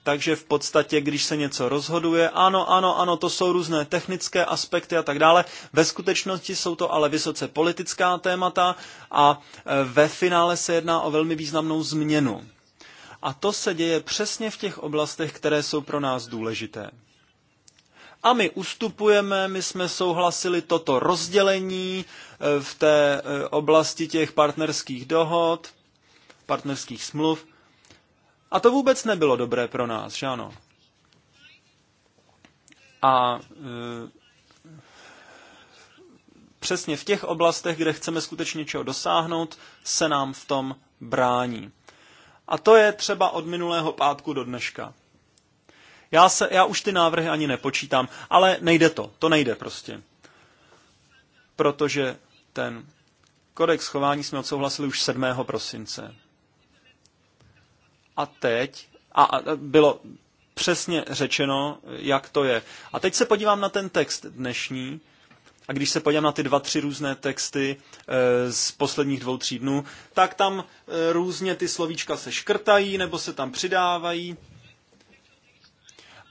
Takže v podstatě, když se něco rozhoduje, ano, ano, ano, to jsou různé technické aspekty a tak dále. Ve skutečnosti jsou to ale vysoce politická témata a e, ve finále se jedná o velmi významnou změnu. A to se děje přesně v těch oblastech, které jsou pro nás důležité. A my ustupujeme, my jsme souhlasili toto rozdělení e, v té e, oblasti těch partnerských dohod, partnerských smluv, a to vůbec nebylo dobré pro nás, že ano? A e, přesně v těch oblastech, kde chceme skutečně čeho dosáhnout, se nám v tom brání. A to je třeba od minulého pátku do dneška. Já, se, já už ty návrhy ani nepočítám, ale nejde to, to nejde prostě. Protože ten kodex chování jsme odsouhlasili už 7. prosince a teď, a, bylo přesně řečeno, jak to je. A teď se podívám na ten text dnešní, a když se podívám na ty dva, tři různé texty e, z posledních dvou, tří dnů, tak tam e, různě ty slovíčka se škrtají nebo se tam přidávají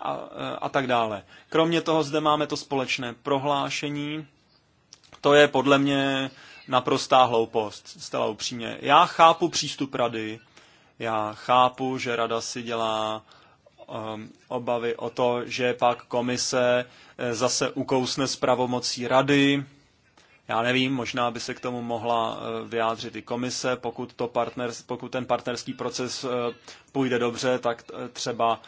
a, eh, a tak dále. Kromě toho zde máme to společné prohlášení. To je podle mě naprostá hloupost, zcela upřímně. Já chápu přístup rady, já chápu, že rada si dělá um, obavy o to, že pak komise eh, zase ukousne s pravomocí rady. Já nevím, možná by se k tomu mohla eh, vyjádřit i komise. Pokud, to partner, pokud ten partnerský proces eh, půjde dobře, tak třeba,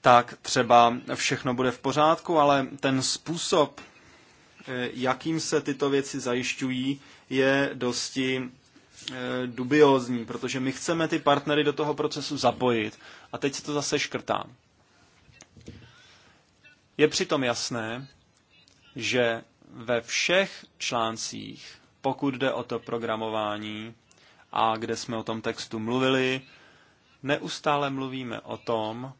tak třeba všechno bude v pořádku, ale ten způsob, jakým se tyto věci zajišťují, je dosti Eh, dubiozní, protože my chceme ty partnery do toho procesu zapojit a teď se to zase škrtá. Je přitom jasné, že ve všech článcích, pokud jde o to programování a kde jsme o tom textu mluvili, neustále mluvíme o tom,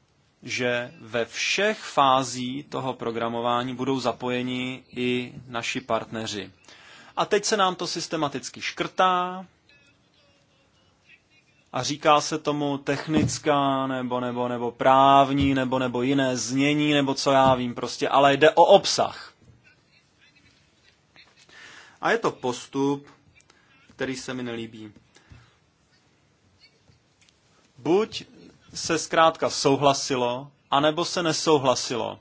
že ve všech fází toho programování budou zapojeni i naši partneři. A teď se nám to systematicky škrtá, a říká se tomu technická nebo, nebo, nebo právní nebo, nebo jiné znění nebo co já vím prostě, ale jde o obsah. A je to postup, který se mi nelíbí. Buď se zkrátka souhlasilo, anebo se nesouhlasilo.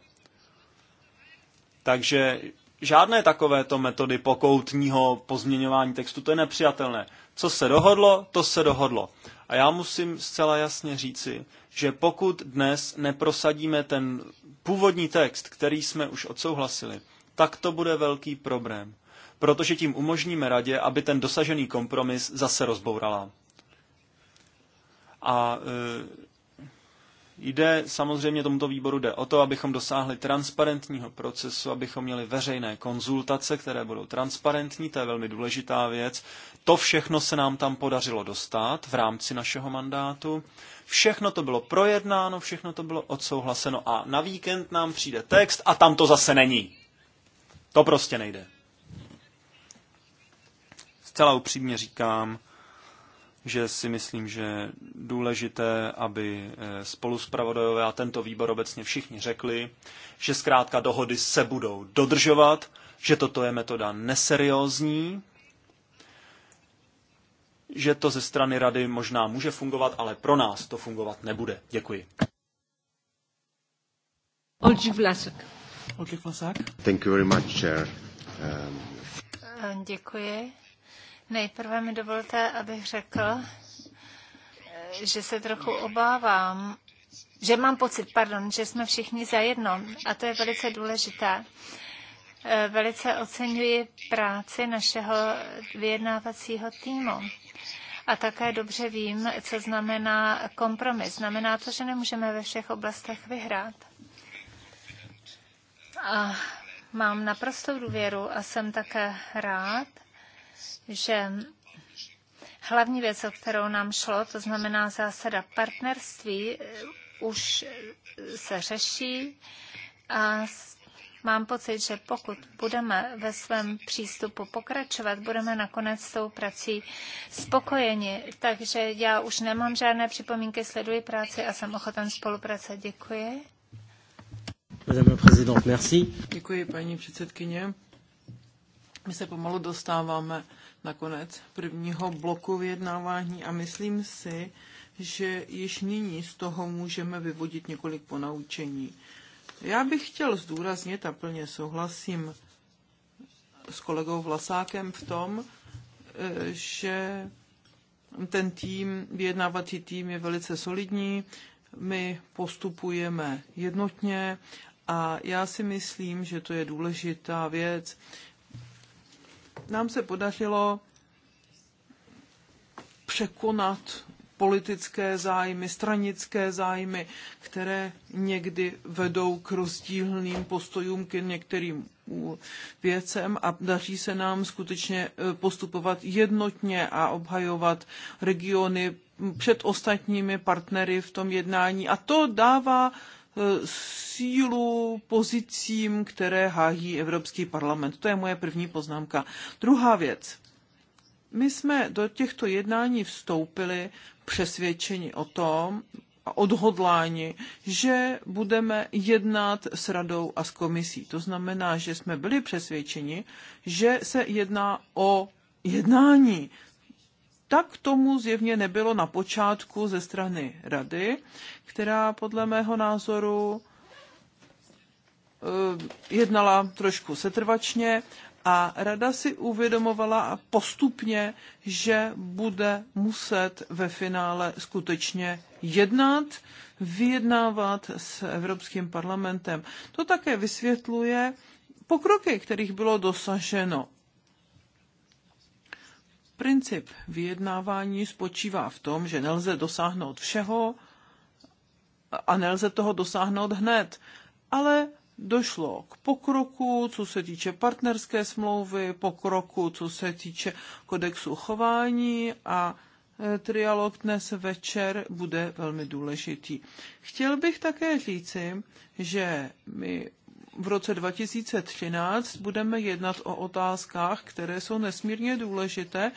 Takže žádné takovéto metody pokoutního pozměňování textu, to je nepřijatelné. Co se dohodlo, to se dohodlo. A já musím zcela jasně říci, že pokud dnes neprosadíme ten původní text, který jsme už odsouhlasili, tak to bude velký problém, protože tím umožníme radě, aby ten dosažený kompromis zase rozbourala. A e, Jde samozřejmě tomuto výboru jde o to, abychom dosáhli transparentního procesu, abychom měli veřejné konzultace, které budou transparentní, to je velmi důležitá věc. To všechno se nám tam podařilo dostat v rámci našeho mandátu. Všechno to bylo projednáno, všechno to bylo odsouhlaseno a na víkend nám přijde text a tam to zase není. To prostě nejde. Zcela upřímně říkám, že si myslím, že důležité, aby eh, spoluspravodajové a tento výbor obecně všichni řekli, že zkrátka dohody se budou dodržovat, že toto je metoda neseriózní, že to ze strany rady možná může fungovat, ale pro nás to fungovat nebude. Děkuji. Olži Vlasek. Olži Vlasek. Thank you very much, Chair. Um... Děkuji. Nejprve mi dovolte, abych řekl, že se trochu obávám, že mám pocit, pardon, že jsme všichni zajedno a to je velice důležité. E, velice oceňuji práci našeho vyjednávacího týmu. A také dobře vím, co znamená kompromis. Znamená to, že nemůžeme ve všech oblastech vyhrát. A mám naprostou důvěru a jsem také rád, že hlavní věc, o kterou nám šlo, to znamená zásada partnerství, eh, už se řeší a mám pocit, že pokud budeme ve svém přístupu pokračovat, budeme nakonec s tou prací spokojeni. Takže já už nemám žádné připomínky, sleduji práci a jsem ochoten spolupracovat. Děkuji. Madame la Présidente, merci. Děkuji, paní předsedkyně. My se pomalu dostáváme na konec prvního bloku vyjednávání a myslím si, že již nyní z toho můžeme vyvodit několik ponaučení. Já bych chtěl zdůraznit a plně souhlasím s kolegou Vlasákem v tom, e, že ten tým, vyjednávací tým je velice solidní, my postupujeme jednotně a já si myslím, že to je důležitá věc, nám se podařilo překonat politické zájmy, stranické zájmy, které někdy vedou k rozdílným postojům k některým věcem a daří se nám skutečně eh, postupovat jednotně a obhajovat regiony před ostatními partnery v tom jednání. A to dává E, sílu pozicím, které hájí Evropský parlament. To je moje první poznámka. Druhá věc. My jsme do těchto jednání vstoupili přesvědčeni o tom, a odhodláni, že budeme jednat s radou a s komisí. To znamená, že jsme byli přesvědčeni, že se jedná o jednání tak tomu zjevně nebylo na počátku ze strany rady, která podle mého názoru eh, jednala trošku setrvačně a rada si uvědomovala postupně, že bude muset ve finále skutečně jednat, vyjednávat s Evropským parlamentem. To také vysvětluje pokroky, kterých bylo dosaženo Princip vyjednávání spočívá v tom, že nelze dosáhnout všeho a nelze toho dosáhnout hned, ale došlo k pokroku, co se týče partnerské smlouvy, pokroku, co se týče kodexu chování a e, trialog dnes večer bude velmi důležitý. Chtěl bych také říci, že my v roce 2013 budeme jednat o otázkách, které jsou nesmírně důležité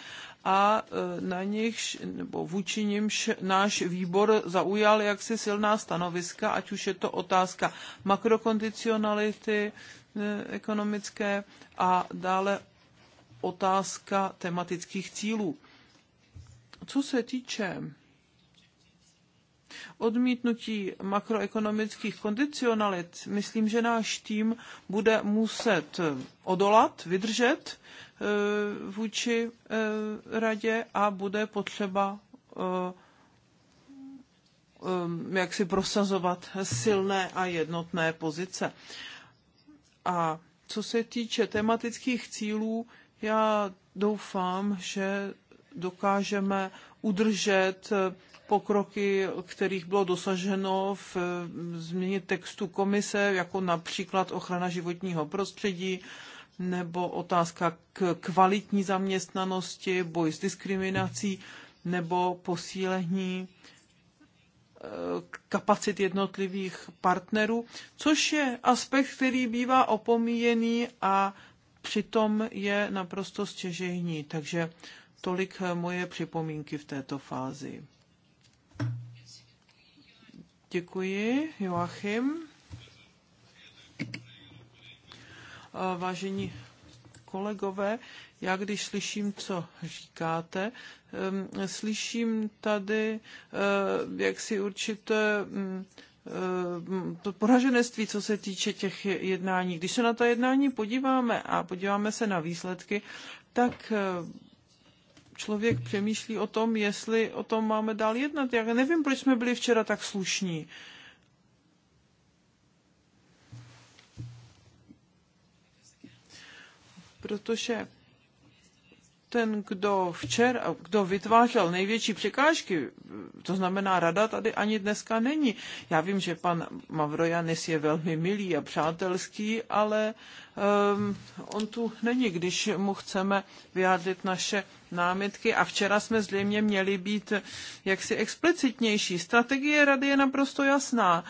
a e, na nich, nebo vůči nimž náš výbor zaujal jaksi silná stanoviska, ať už je to otázka makrokondicionality e, ekonomické a dále otázka tematických cílů. Co se týče odmítnutí makroekonomických kondicionalit, myslím, že náš tým bude muset odolat, vydržet eh, vůči eh, radě a bude potřeba eh, jak si prosazovat silné a jednotné pozice. A co se týče tematických cílů, já doufám, že dokážeme udržet pokroky, kterých bylo dosaženo v eh, změně textu komise, jako například ochrana životního prostředí nebo otázka k kvalitní zaměstnanosti, boj s diskriminací nebo posílení eh, kapacit jednotlivých partnerů, což je aspekt, který bývá opomíjený a přitom je naprosto stěžejní. Takže tolik eh, moje připomínky v této fázi. Děkuji, Joachim. Vážení kolegové, já když slyším, co říkáte, slyším tady eh, jaksi určité mm, eh, to poraženství, co se týče těch jednání. Když se na ta jednání podíváme a podíváme se na výsledky, tak eh, člověk přemýšlí o tom, jestli o tom máme dál jednat. Já nevím, proč jsme byli včera tak slušní. Protože ten, kdo včer, kdo vytvářel největší překážky, to znamená rada, tady ani dneska není. Já vím, že pan Mavrojanis je velmi milý a přátelský, ale um, on tu není, když mu chceme vyjádřit naše námitky a včera jsme zřejmě měli být jaksi explicitnější. Strategie rady je naprosto jasná.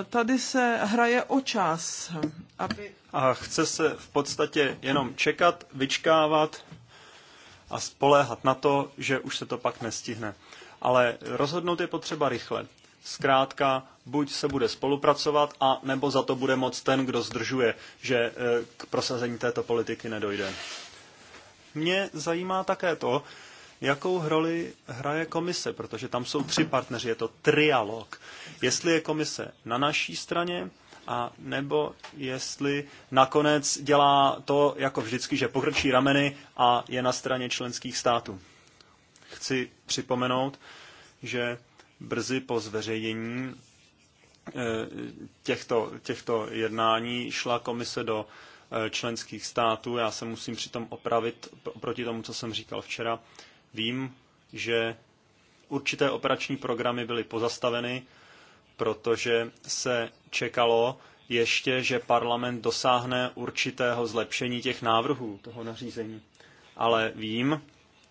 E, tady se hraje o čas. Aby... A chce se v podstatě jenom čekat, vyčkávat, a spoléhat na to, že už se to pak nestihne. Ale rozhodnout je potřeba rychle. Zkrátka, buď se bude spolupracovat, a nebo za to bude moc ten, kdo zdržuje, že eh, k prosazení této politiky nedojde. Mě zajímá také to, jakou roli hraje komise, protože tam jsou tři partneři, je to trialog. Jestli je komise na naší straně, a nebo jestli nakonec dělá to jako vždycky, že pokrčí rameny a je na straně členských států. Chci připomenout, že brzy po zveřejnění eh, těchto, těchto jednání šla komise do eh, členských států. Já se musím přitom opravit proti tomu, co jsem říkal včera. Vím, že určité operační programy byly pozastaveny protože se čekalo ještě, že parlament dosáhne určitého zlepšení těch návrhů toho nařízení. Ale vím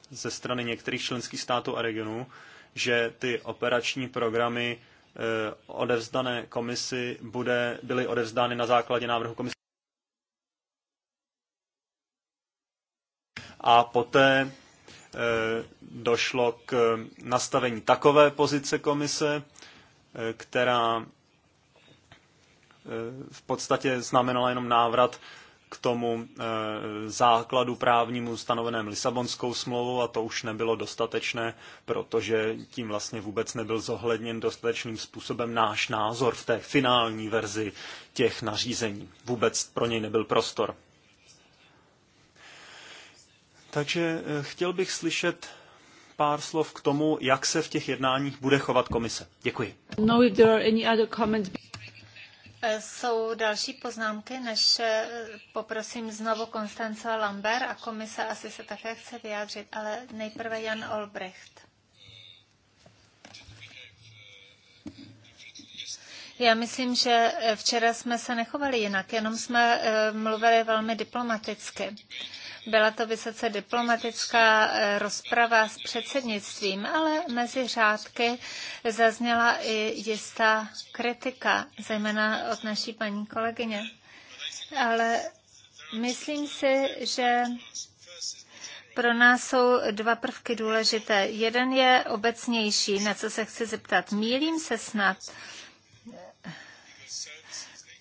ze strany některých členských států a regionů, že ty operační programy eh, odevzdané komisi bude, byly odevzdány na základě návrhu komise. A poté eh, došlo k nastavení takové pozice komise, Eh, která eh, v podstatě znamenala jenom návrat k tomu eh, základu právnímu stanoveném Lisabonskou smlouvou a to už nebylo dostatečné, protože tím vlastně vůbec nebyl zohledněn dostatečným způsobem náš názor v té finální verzi těch nařízení. Vůbec pro něj nebyl prostor. Takže chtěl bych slyšet pár slov k tomu, jak se v těch jednáních bude chovat komise. Děkuji. No, if there are any other comments. Jsou další poznámky, než eh, poprosím znovu Konstance Lambert a komise asi se také chce vyjádřit, ale nejprve Jan Olbrecht. Já myslím, že eh, včera jsme se nechovali jinak, jenom jsme eh, mluvili velmi diplomaticky. Byla to vysoce diplomatická eh, rozprava s předsednictvím, ale mezi řádky zazněla i jistá kritika, zejména od naší paní kolegyně. Ale myslím si, že pro nás jsou dva prvky důležité. Jeden je obecnější, na co se chci zeptat. Mílím se snad,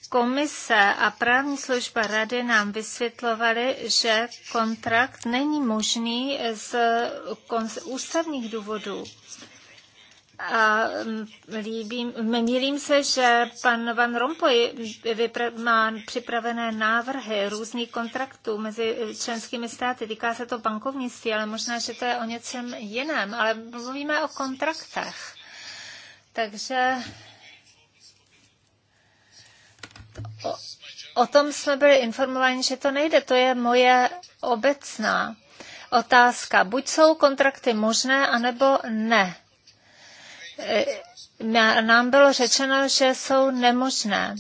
Komise a právní služba rady nám vysvětlovaly, že kontrakt není možný z ústavních důvodů. A líbím, mělím se, že pan Van Rompuy má připravené návrhy různých kontraktů mezi členskými státy. Týká se to bankovnictví, ale možná, že to je o něčem jiném. Ale mluvíme o kontraktech. Takže O, o tom jsme byli informováni, že to nejde. To je moje obecná otázka. Buď jsou kontrakty možné, anebo ne. E, nám bylo řečeno, že jsou nemožné.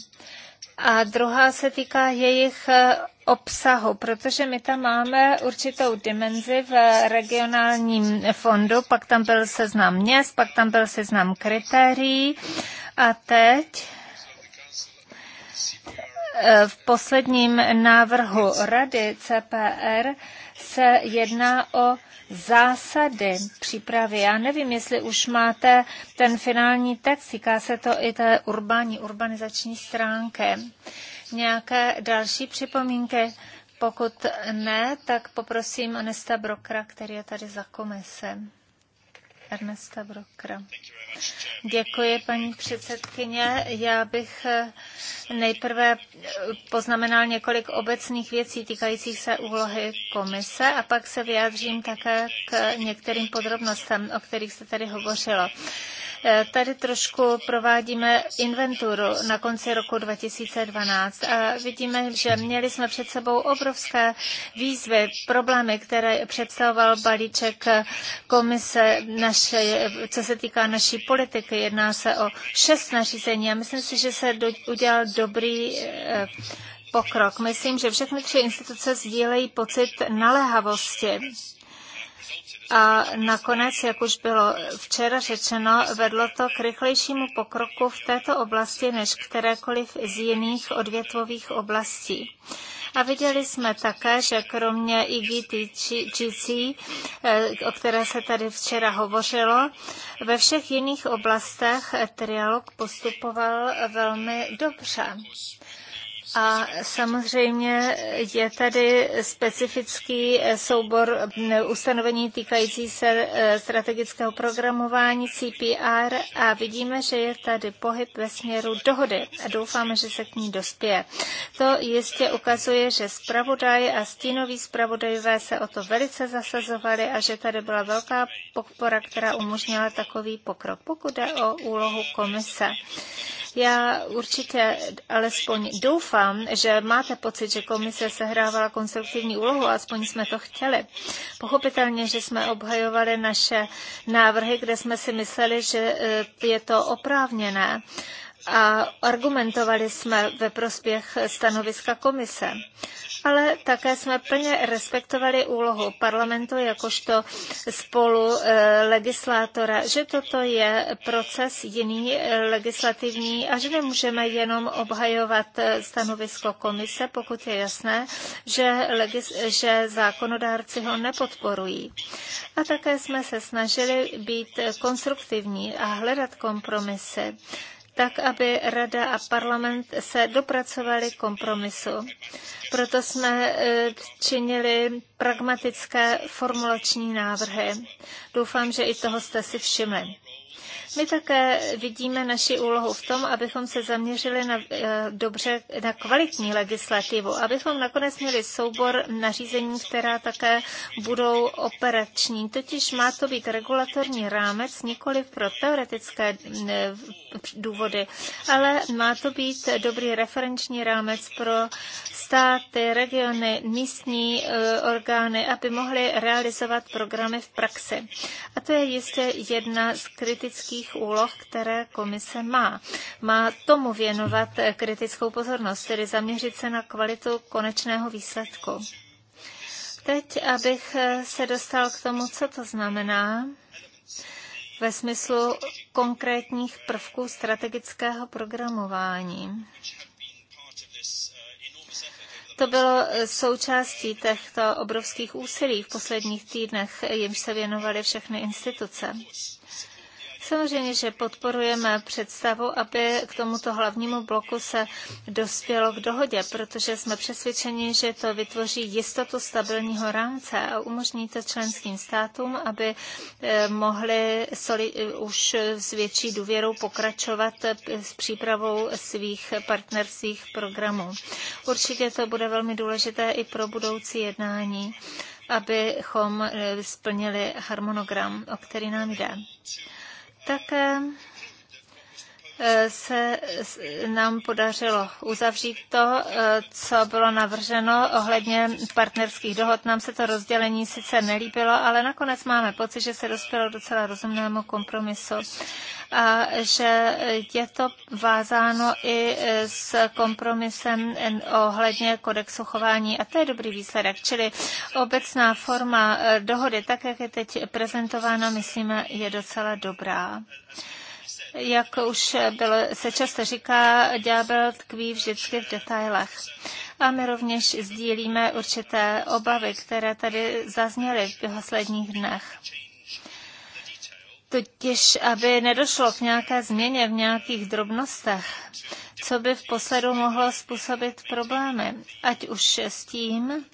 A druhá se týká jejich e, obsahu, protože my tam máme určitou dimenzi v regionálním fondu, pak tam byl seznam měst, pak tam byl seznam kritérií a teď v posledním návrhu Rady CPR se jedná o zásady přípravy. Já nevím, jestli už máte ten finální text, týká se to i té urbání, urbanizační stránky. Nějaké další připomínky? Pokud ne, tak poprosím Anesta Brokra, který je tady za komisem. Ernesta Brokra. Děkuji, paní předsedkyně. Já bych eh, nejprve eh, poznamenal několik obecných věcí týkajících se úlohy komise a pak se vyjádřím také k některým podrobnostem, o kterých se tady hovořilo. Eh, tady trošku provádíme inventuru na konci roku 2012 a vidíme, že měli jsme před sebou obrovské výzvy, problémy, které představoval balíček komise, naše, co se týká naší politiky. Jedná se o šest nařízení a myslím si, že se do, udělal dobrý eh, pokrok. Myslím, že všechny tři instituce sdílejí pocit naléhavosti a nakonec, jak už bylo včera řečeno, vedlo to k rychlejšímu pokroku v této oblasti než kterékoliv z jiných odvětvových oblastí. A viděli jsme také, že kromě IGTGC, eh, o které se tady včera hovořilo, ve všech jiných oblastech trialog postupoval velmi dobře. A samozřejmě je tady specifický eh, soubor ustanovení týkající se eh, strategického programování CPR a vidíme, že je tady pohyb ve směru dohody a doufáme, že se k ní dospěje. To jistě ukazuje, že zpravodaj a stínoví zpravodajové se o to velice zasazovali a že tady byla velká podpora, která umožnila takový pokrok, pokud jde o úlohu komise. Já určitě alespoň doufám, že máte pocit, že komise sehrávala konstruktivní úlohu, aspoň jsme to chtěli. Pochopitelně, že jsme obhajovali naše návrhy, kde jsme si mysleli, že eh, je to oprávněné a argumentovali jsme ve prospěch stanoviska komise ale také jsme plně respektovali úlohu parlamentu jakožto spolu eh, legislátora, že toto je proces jiný legislativní a že nemůžeme jenom obhajovat eh, stanovisko komise, pokud je jasné, že, legis- že zákonodárci ho nepodporují. A také jsme se snažili být konstruktivní a hledat kompromisy tak aby Rada a parlament se dopracovali kompromisu. Proto jsme e, činili pragmatické formulační návrhy. Doufám, že i toho jste si všimli. My také vidíme naši úlohu v tom, abychom se zaměřili na, eh, dobře na kvalitní legislativu, abychom nakonec měli soubor nařízení, která také budou operační. Totiž má to být regulatorní rámec nikoli pro teoretické eh, důvody, ale má to být dobrý referenční rámec pro státy, regiony, místní eh, orgány, aby mohly realizovat programy v praxi. A to je jistě jedna z kritických dalších úloh, které komise má. Má tomu věnovat kritickou pozornost, tedy zaměřit se na kvalitu konečného výsledku. Teď, abych se dostal k tomu, co to znamená ve smyslu konkrétních prvků strategického programování. To bylo součástí těchto obrovských úsilí v posledních týdnech, jimž se věnovaly všechny instituce. Samozřejmě, že podporujeme představu, aby k tomuto hlavnímu bloku se dospělo k dohodě, protože jsme přesvědčeni, že to vytvoří jistotu stabilního rámce a umožní to členským státům, aby eh, mohli už s větší důvěrou pokračovat s přípravou svých partnerských programů. Určitě to bude velmi důležité i pro budoucí jednání abychom eh, splnili harmonogram, o který nám jde. Tak se nám podařilo uzavřít to, eh, co bylo navrženo ohledně partnerských dohod. Nám se to rozdělení sice nelíbilo, ale nakonec máme pocit, že se dospělo docela rozumnému kompromisu a že je to vázáno i eh, s kompromisem ohledně kodexu chování a to je dobrý výsledek. Čili obecná forma eh, dohody, tak jak je teď prezentována, myslíme, je docela dobrá jak už bylo, se často říká, ďábel tkví vždycky v detailech. A my rovněž sdílíme určité obavy, které tady zazněly v posledních dnech. Totiž, aby nedošlo k nějaké změně v nějakých drobnostech, co by v posledu mohlo způsobit problémy, ať už s tím,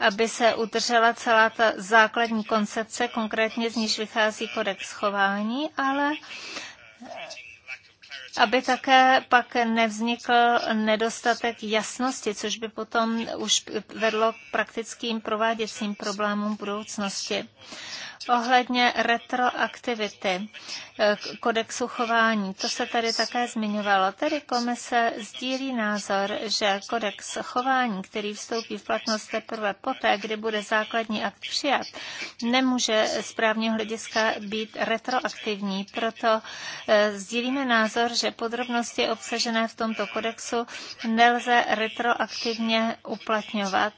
aby se udržela celá ta základní koncepce, konkrétně z níž vychází kodex chování, ale aby také pak nevznikl nedostatek jasnosti, což by potom už vedlo k praktickým prováděcím problémům v budoucnosti ohledně retroaktivity eh, kodexu chování. To se tady také zmiňovalo. Tedy komise sdílí názor, že kodex chování, který vstoupí v platnost teprve poté, kdy bude základní akt přijat, nemůže z právního hlediska být retroaktivní. Proto eh, sdílíme názor, že podrobnosti obsažené v tomto kodexu nelze retroaktivně uplatňovat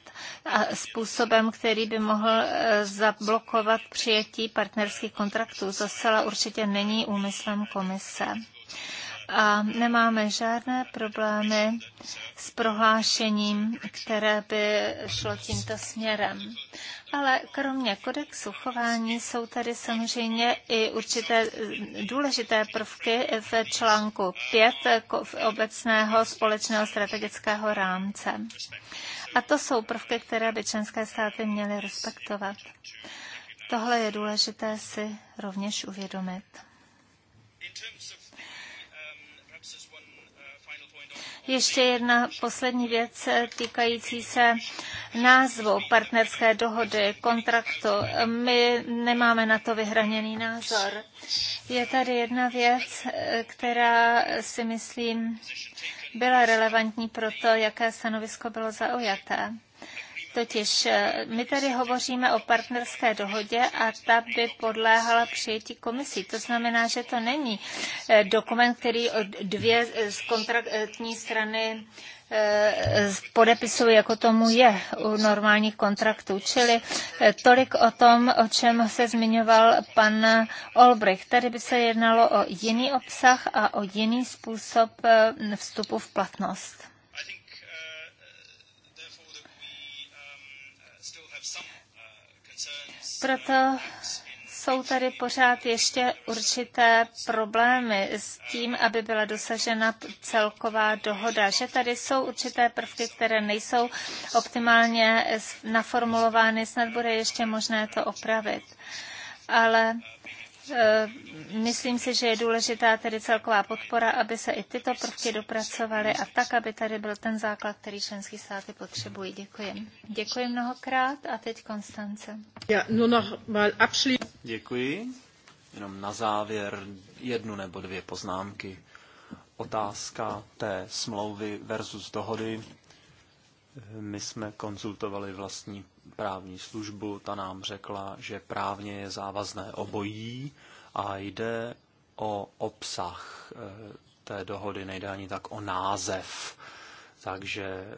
a způsobem, který by mohl eh, zablokovat při přijetí partnerských kontraktů. To zcela určitě není úmyslem komise. A nemáme žádné problémy s prohlášením, které by šlo tímto směrem. Ale kromě kodexu chování jsou tady samozřejmě i určité důležité prvky v článku 5 obecného společného strategického rámce. A to jsou prvky, které by členské státy měly respektovat. Tohle je důležité si rovněž uvědomit. Ještě jedna poslední věc týkající se názvu partnerské dohody, kontraktu. My nemáme na to vyhraněný názor. Je tady jedna věc, která si myslím byla relevantní pro to, jaké stanovisko bylo zaujaté. Totiž eh, my tady hovoříme o partnerské dohodě a ta by podléhala přijetí komisí. To znamená, že to není eh, dokument, který dvě eh, z kontraktní strany podepisují jako tomu je u normálních kontraktů. Čili tolik o tom, o čem se zmiňoval pan Olbrich. Tady by se jednalo o jiný obsah a o jiný způsob vstupu v platnost. Proto jsou tady pořád ještě určité problémy s tím, aby byla dosažena celková dohoda, že tady jsou určité prvky, které nejsou optimálně naformulovány, snad bude ještě možné to opravit. Ale Eh, myslím si, že je důležitá tedy celková podpora, aby se i tyto prvky dopracovaly a tak, aby tady byl ten základ, který členské státy potřebují. Děkuji. Děkuji mnohokrát a teď Konstance. Já, nur noch mal Děkuji. Jenom na závěr jednu nebo dvě poznámky. Otázka té smlouvy versus dohody. My jsme konzultovali vlastní právní službu, ta nám řekla, že právně je závazné obojí a jde o obsah eh, té dohody, nejde ani tak o název. Takže eh,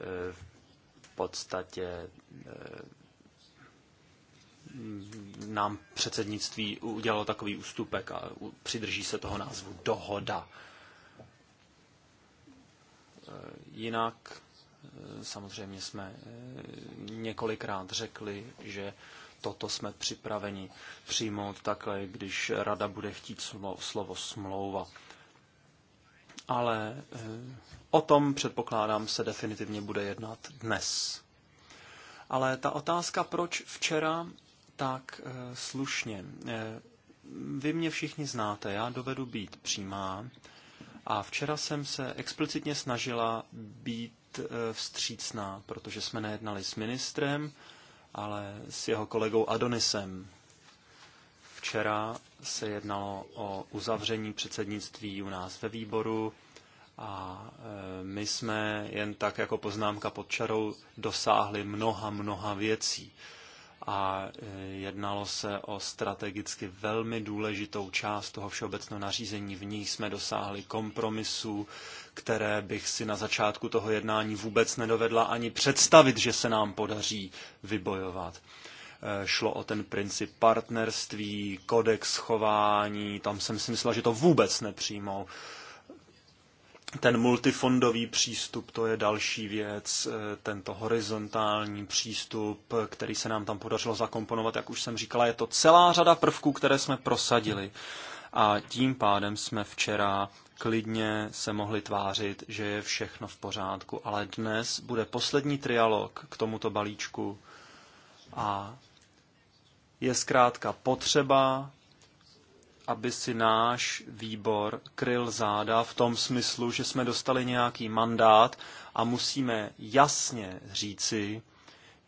v podstatě eh, nám předsednictví udělalo takový ústupek a přidrží se toho názvu dohoda. Jinak Samozřejmě jsme eh, několikrát řekli, že toto jsme připraveni přijmout takhle, když rada bude chtít slovo, slovo smlouva. Ale eh, o tom, předpokládám, se definitivně bude jednat dnes. Ale ta otázka, proč včera tak eh, slušně. Vy mě všichni znáte, já dovedu být přímá. A včera jsem se explicitně snažila být Eh, vstřícná, protože jsme nejednali s ministrem, ale s jeho kolegou Adonisem. Včera se jednalo o uzavření předsednictví u nás ve výboru a eh, my jsme jen tak jako poznámka pod čarou dosáhli mnoha, mnoha věcí a e, jednalo se o strategicky velmi důležitou část toho všeobecného nařízení. V ní jsme dosáhli kompromisů, které bych si na začátku toho jednání vůbec nedovedla ani představit, že se nám podaří vybojovat. E, šlo o ten princip partnerství, kodex chování, tam jsem si myslela, že to vůbec nepřijmou. Ten multifondový přístup, to je další věc, eh, tento horizontální přístup, který se nám tam podařilo zakomponovat, jak už jsem říkala, je to celá řada prvků, které jsme prosadili. A tím pádem jsme včera klidně se mohli tvářit, že je všechno v pořádku, ale dnes bude poslední trialog k tomuto balíčku a je zkrátka potřeba aby si náš výbor kryl záda v tom smyslu, že jsme dostali nějaký mandát a musíme jasně říci,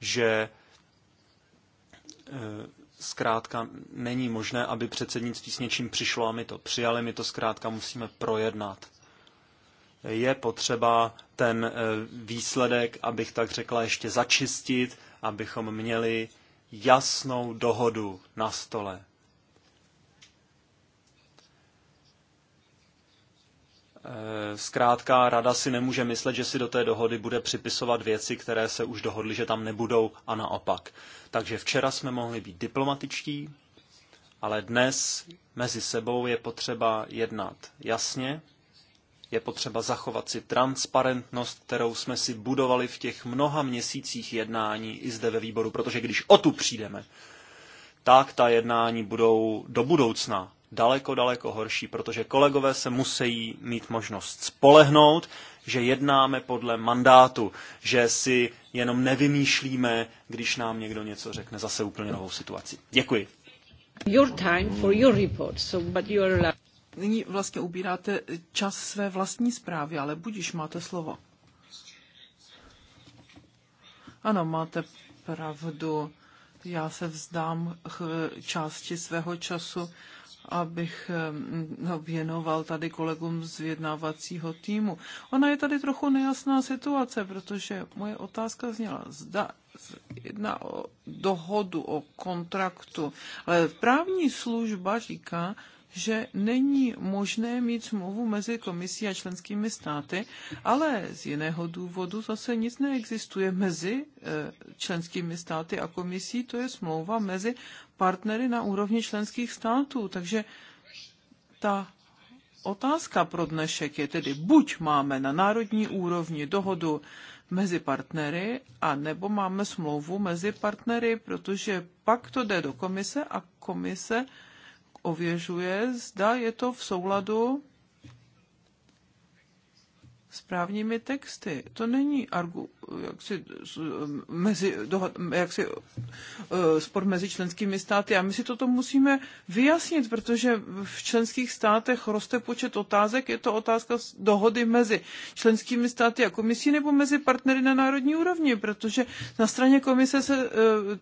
že eh, zkrátka není možné, aby předsednictví s něčím přišlo a my to přijali, my to zkrátka musíme projednat. Je potřeba ten eh, výsledek, abych tak řekla, ještě začistit, abychom měli jasnou dohodu na stole. Eh, zkrátka, rada si nemůže myslet, že si do té dohody bude připisovat věci, které se už dohodly, že tam nebudou a naopak. Takže včera jsme mohli být diplomatičtí, ale dnes mezi sebou je potřeba jednat jasně, je potřeba zachovat si transparentnost, kterou jsme si budovali v těch mnoha měsících jednání i zde ve výboru, protože když o tu přijdeme, tak ta jednání budou do budoucna daleko, daleko horší, protože kolegové se musí mít možnost spolehnout, že jednáme podle mandátu, že si jenom nevymýšlíme, když nám někdo něco řekne, zase úplně novou situaci. Děkuji. Your time for your report, so, but you're allowed... Nyní vlastně ubíráte čas své vlastní zprávy, ale budíš, máte slovo. Ano, máte pravdu. Já se vzdám části svého času abych eh, no, věnoval tady kolegům z vyjednávacího týmu. Ona je tady trochu nejasná situace, protože moje otázka zněla, zda jedna o dohodu o kontraktu, ale právní služba říká, že není možné mít smlouvu mezi komisí a členskými státy, ale z jiného důvodu zase nic neexistuje mezi eh, členskými státy a komisí, to je smlouva mezi partnery na úrovni členských států. Takže ta otázka pro dnešek je tedy, buď máme na národní úrovni dohodu mezi partnery, a nebo máme smlouvu mezi partnery, protože pak to jde do komise a komise ověřuje, zda je to v souladu správnými texty. To není argu, jaksi, mezi, dohod, jaksi, e, spor mezi členskými státy a my si toto musíme vyjasnit, protože v členských státech roste počet otázek. Je to otázka dohody mezi členskými státy a komisí nebo mezi partnery na národní úrovni, protože na straně komise se e,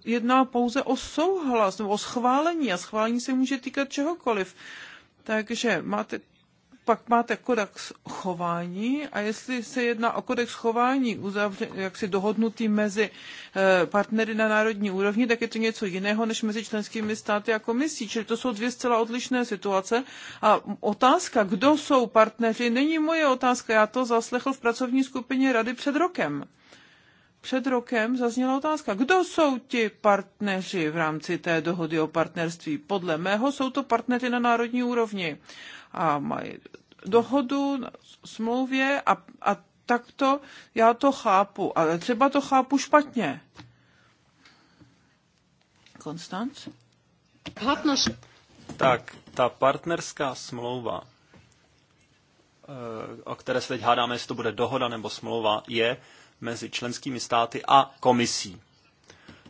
jedná pouze o souhlas nebo o schválení a schválení se může týkat čehokoliv. Takže máte pak máte kodex chování a jestli se jedná o kodex chování uzavře, jaksi dohodnutý mezi eh, partnery na národní úrovni, tak je to něco jiného než mezi členskými státy a komisí. Čili to jsou dvě zcela odlišné situace. A otázka, kdo jsou partneři, není moje otázka. Já to zaslechl v pracovní skupině rady před rokem před rokem zazněla otázka, kdo jsou ti partneři v rámci té dohody o partnerství. Podle mého jsou to partneři na národní úrovni a mají dohodu, smlouvě a, a takto já to chápu, ale třeba to chápu špatně. Konstanc? Tak, ta partnerská smlouva, eh, o které se teď hádáme, jestli to bude dohoda nebo smlouva, je, mezi členskými státy a komisí.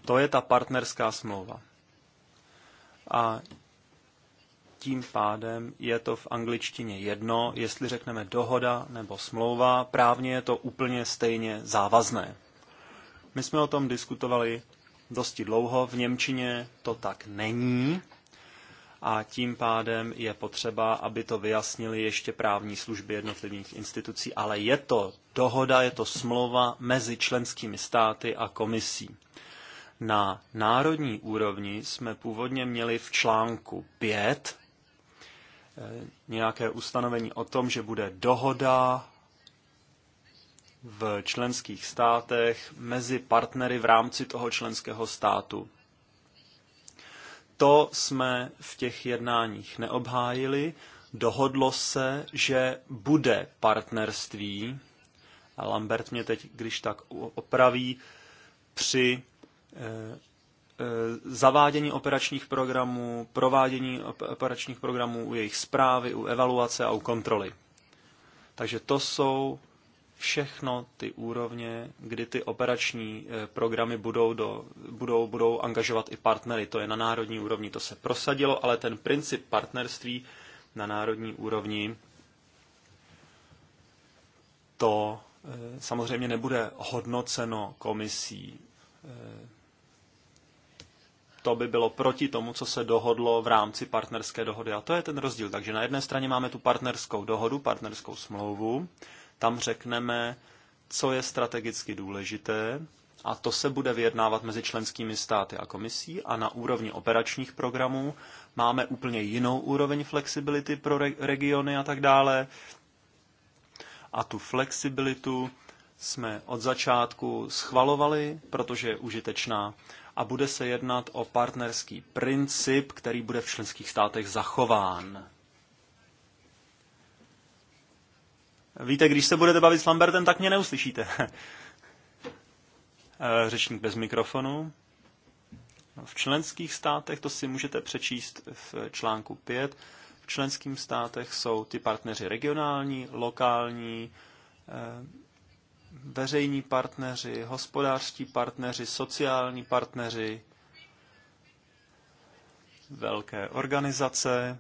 To je ta partnerská smlouva. A tím pádem je to v angličtině jedno, jestli řekneme dohoda nebo smlouva, právně je to úplně stejně závazné. My jsme o tom diskutovali dosti dlouho, v Němčině to tak není, a tím pádem je potřeba, aby to vyjasnili ještě právní služby jednotlivých institucí, ale je to dohoda, je to smlouva mezi členskými státy a komisí. Na národní úrovni jsme původně měli v článku 5 eh, nějaké ustanovení o tom, že bude dohoda v členských státech mezi partnery v rámci toho členského státu. To jsme v těch jednáních neobhájili. Dohodlo se, že bude partnerství, a Lambert mě teď, když tak opraví, při eh, eh, zavádění operačních programů, provádění operačních programů u jejich zprávy, u evaluace a u kontroly. Takže to jsou všechno ty úrovně, kdy ty operační eh, programy budou, do, budou, budou angažovat i partnery. To je na národní úrovni, to se prosadilo, ale ten princip partnerství na národní úrovni, to eh, samozřejmě nebude hodnoceno komisí. Eh, to by bylo proti tomu, co se dohodlo v rámci partnerské dohody. A to je ten rozdíl. Takže na jedné straně máme tu partnerskou dohodu, partnerskou smlouvu, tam řekneme, co je strategicky důležité, a to se bude vyjednávat mezi členskými státy a komisí a na úrovni operačních programů máme úplně jinou úroveň flexibility pro regiony a tak dále. A tu flexibilitu jsme od začátku schvalovali, protože je užitečná a bude se jednat o partnerský princip, který bude v členských státech zachován. Víte, když se budete bavit s Lambertem, tak mě neuslyšíte. Eh, řečník bez mikrofonu. V členských státech, to si můžete přečíst v článku 5, v členských státech jsou ty partneři regionální, lokální, eh, veřejní partneři, hospodářští partneři, sociální partneři, velké organizace.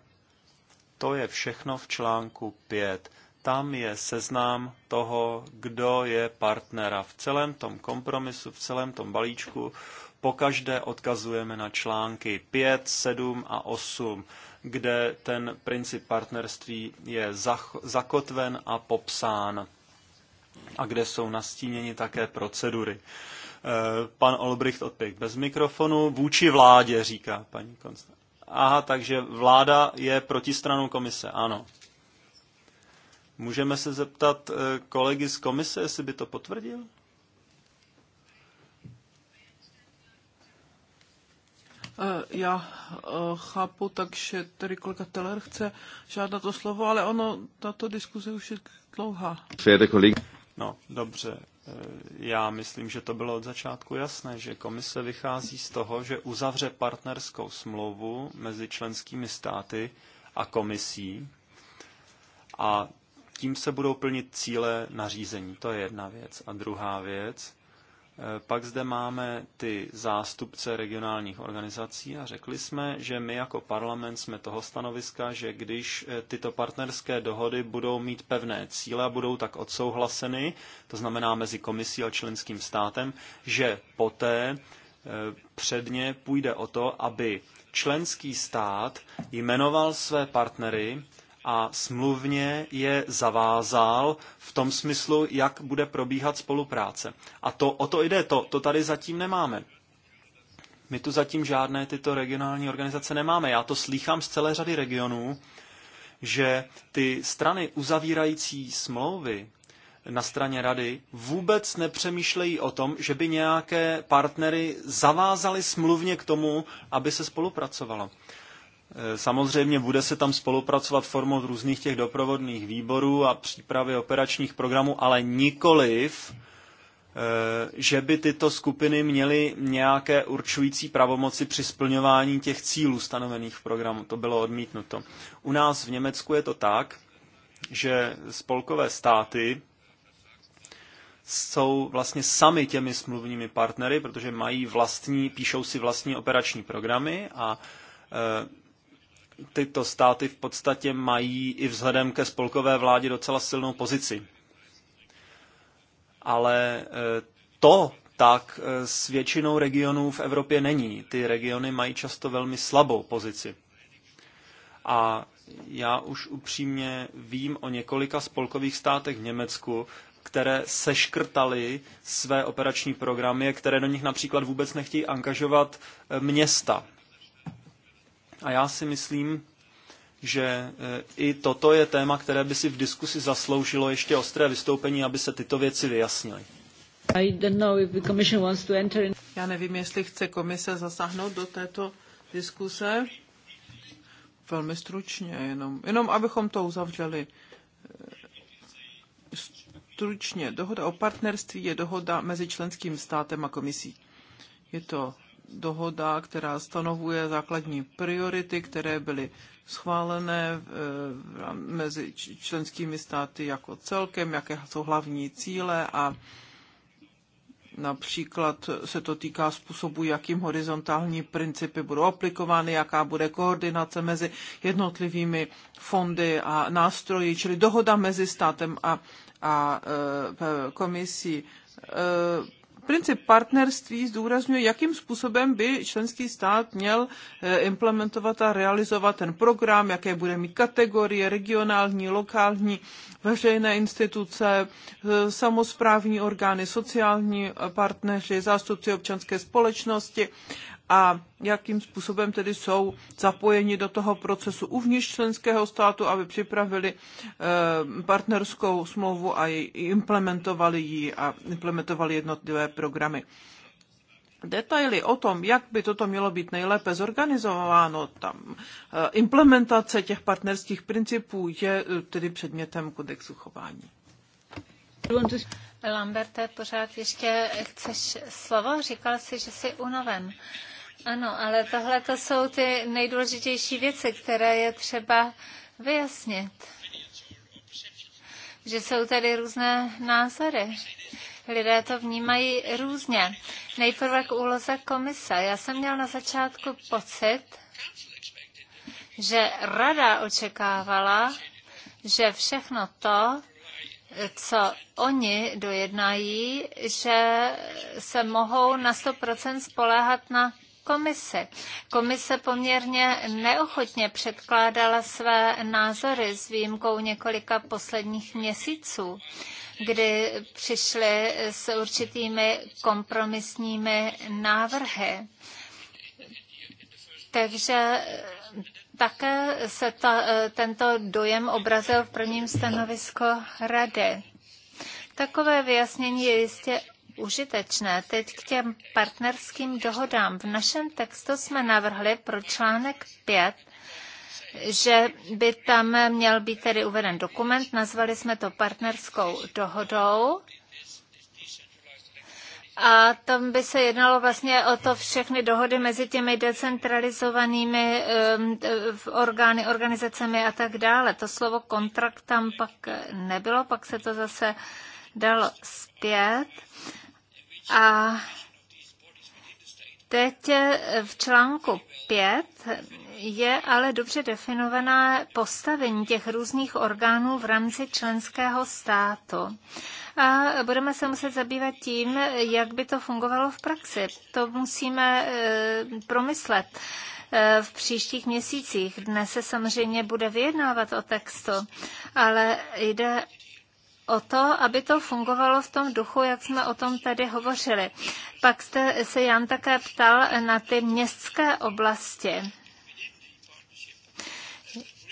To je všechno v článku 5 tam je seznám toho, kdo je partnera. V celém tom kompromisu, v celém tom balíčku pokaždé odkazujeme na články 5, 7 a 8, kde ten princip partnerství je zakotven a popsán a kde jsou nastíněny také procedury. E, pan Olbricht odpěk bez mikrofonu, vůči vládě, říká paní Konstant. Aha, takže vláda je protistranou komise, ano. Můžeme se zeptat eh, kolegy z komise, jestli by to potvrdil? Eh, já eh, chápu, takže tady kolega Teller chce žádat to slovo, ale ono, tato diskuze už je dlouhá. No, dobře. Já myslím, že to bylo od začátku jasné, že komise vychází z toho, že uzavře partnerskou smlouvu mezi členskými státy a komisí a tím se budou plnit cíle nařízení. To je jedna věc. A druhá věc, eh, pak zde máme ty zástupce regionálních organizací a řekli jsme, že my jako parlament jsme toho stanoviska, že když eh, tyto partnerské dohody budou mít pevné cíle a budou tak odsouhlaseny, to znamená mezi komisí a členským státem, že poté eh, předně půjde o to, aby členský stát jmenoval své partnery a smluvně je zavázal v tom smyslu, jak bude probíhat spolupráce. A to, o to jde, to, to tady zatím nemáme. My tu zatím žádné tyto regionální organizace nemáme. Já to slýchám z celé řady regionů, že ty strany uzavírající smlouvy na straně rady vůbec nepřemýšlejí o tom, že by nějaké partnery zavázali smluvně k tomu, aby se spolupracovalo. Eh, samozřejmě bude se tam spolupracovat formou různých těch doprovodných výborů a přípravy operačních programů, ale nikoliv, eh, že by tyto skupiny měly nějaké určující pravomoci při splňování těch cílů stanovených v programu. To bylo odmítnuto. U nás v Německu je to tak, že spolkové státy jsou vlastně sami těmi smluvními partnery, protože mají vlastní, píšou si vlastní operační programy a eh, tyto státy v podstatě mají i vzhledem ke spolkové vládě docela silnou pozici. Ale e, to tak e, s většinou regionů v Evropě není. Ty regiony mají často velmi slabou pozici. A já už upřímně vím o několika spolkových státech v Německu, které seškrtaly své operační programy, které do nich například vůbec nechtějí angažovat e, města. A já si myslím, že e, i toto je téma, které by si v diskusi zasloužilo ještě ostré vystoupení, aby se tyto věci vyjasnily. Já nevím, jestli chce komise zasáhnout do této diskuse. Velmi stručně, jenom, jenom abychom to uzavřeli. E, stručně, dohoda o partnerství je dohoda mezi členským státem a komisí. Je to dohoda, která stanovuje základní priority, které byly schválené eh, mezi členskými státy jako celkem, jaké jsou hlavní cíle a Například se to týká způsobu, jakým horizontální principy budou aplikovány, jaká bude koordinace mezi jednotlivými fondy a nástroji, čili dohoda mezi státem a, a eh, komisí. Eh, Princip partnerství zdůrazňuje, jakým způsobem by členský stát měl eh, implementovat a realizovat ten program, jaké bude mít kategorie, regionální, lokální, veřejné instituce, eh, samozprávní orgány, sociální eh, partneři, zástupci občanské společnosti a jakým způsobem tedy jsou zapojeni do toho procesu uvnitř členského státu, aby připravili eh, partnerskou smlouvu a implementovali ji a implementovali jednotlivé programy. Detaily o tom, jak by toto mělo být nejlépe zorganizováno, tam eh, implementace těch partnerských principů je eh, tedy předmětem kodexu chování. Lamberte, pořád ještě chceš slovo? Říkal jsi, že jsi unaven. Ano, ale tohle to jsou ty nejdůležitější věci, které je třeba vyjasnit. Že jsou tady různé názory. Lidé to vnímají různě. Nejprve k úloze komise. Já jsem měl na začátku pocit, že rada očekávala, že všechno to, co oni dojednají, že se mohou na 100% spoléhat na komisi. Komise poměrně neochotně předkládala své názory s výjimkou několika posledních měsíců kdy přišly s určitými kompromisními návrhy. Takže také se ta, tento dojem obrazil v prvním stanovisko Rady. Takové vyjasnění je jistě užitečné. Teď k těm partnerským dohodám. V našem textu jsme navrhli pro článek 5 že by tam měl být tedy uveden dokument, nazvali jsme to partnerskou dohodou. A tam by se jednalo vlastně o to všechny dohody mezi těmi decentralizovanými um, orgány, organizacemi a tak dále. To slovo kontrakt tam pak nebylo, pak se to zase dalo zpět. A teď eh, v článku 5 je ale dobře definované postavení těch různých orgánů v rámci členského státu. A budeme se muset zabývat tím, jak by to fungovalo v praxi. To musíme eh, promyslet eh, v příštích měsících. Dnes se samozřejmě bude vyjednávat o textu, ale jde o to, aby to fungovalo v tom duchu, jak jsme o tom tady hovořili. Pak jste se Jan také ptal na ty městské oblasti.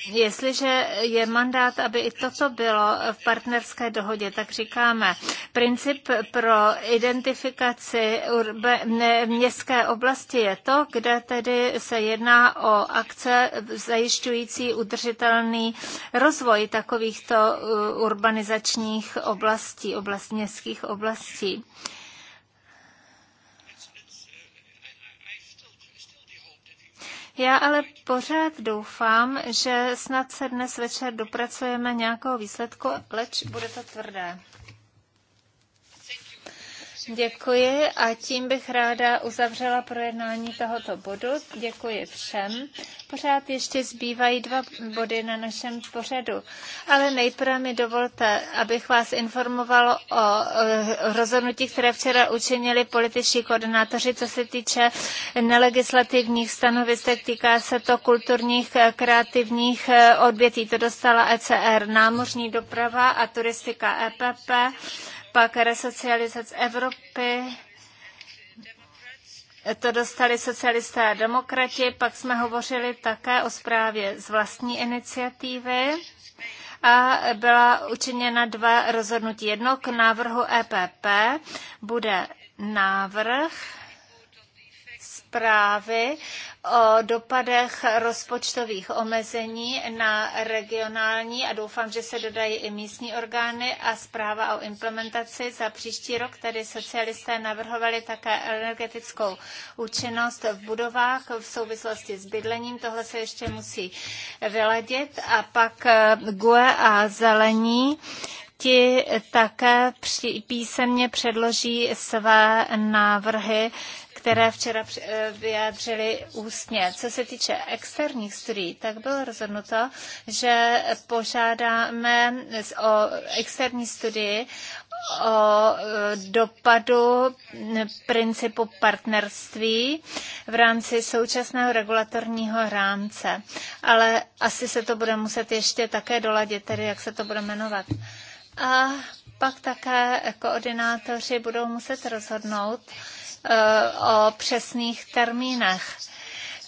Jestliže je mandát, aby i toto bylo v partnerské dohodě, tak říkáme, princip pro identifikaci urbe, městské oblasti je to, kde tedy se jedná o akce zajišťující udržitelný rozvoj takovýchto uh, urbanizačních oblastí, oblast městských oblastí. Já ale pořád doufám, že snad se dnes večer dopracujeme nějakého výsledku, leč bude to tvrdé. Děkuji a tím bych ráda uzavřela projednání tohoto bodu. Děkuji všem. Pořád ještě zbývají dva body na našem pořadu, ale nejprve mi dovolte, abych vás informoval o rozhodnutí, které včera učinili političní koordinátoři, co se týče nelegislativních stanovisek. Týká se to kulturních eh, kreativních eh, odvětví. To dostala ECR, námořní doprava a turistika EPP pak resocializace Evropy, to dostali socialisté a demokrati, pak jsme hovořili také o zprávě z vlastní iniciativy a byla učiněna dva rozhodnutí. Jedno k návrhu EPP bude návrh zprávy o dopadech rozpočtových omezení na regionální a doufám, že se dodají i místní orgány a zpráva o implementaci za příští rok. Tady socialisté navrhovali také energetickou účinnost v budovách v souvislosti s bydlením. Tohle se ještě musí vyladit a pak eh, GUE a zelení ti také písemně předloží své návrhy které včera eh, vyjádřili ústně. Co se týče externích studií, tak bylo rozhodnuto, že požádáme o externí studii o eh, dopadu principu partnerství v rámci současného regulatorního rámce. Ale asi se to bude muset ještě také doladit, tedy jak se to bude jmenovat. A pak také koordinátoři budou muset rozhodnout, Eh, o přesných termínech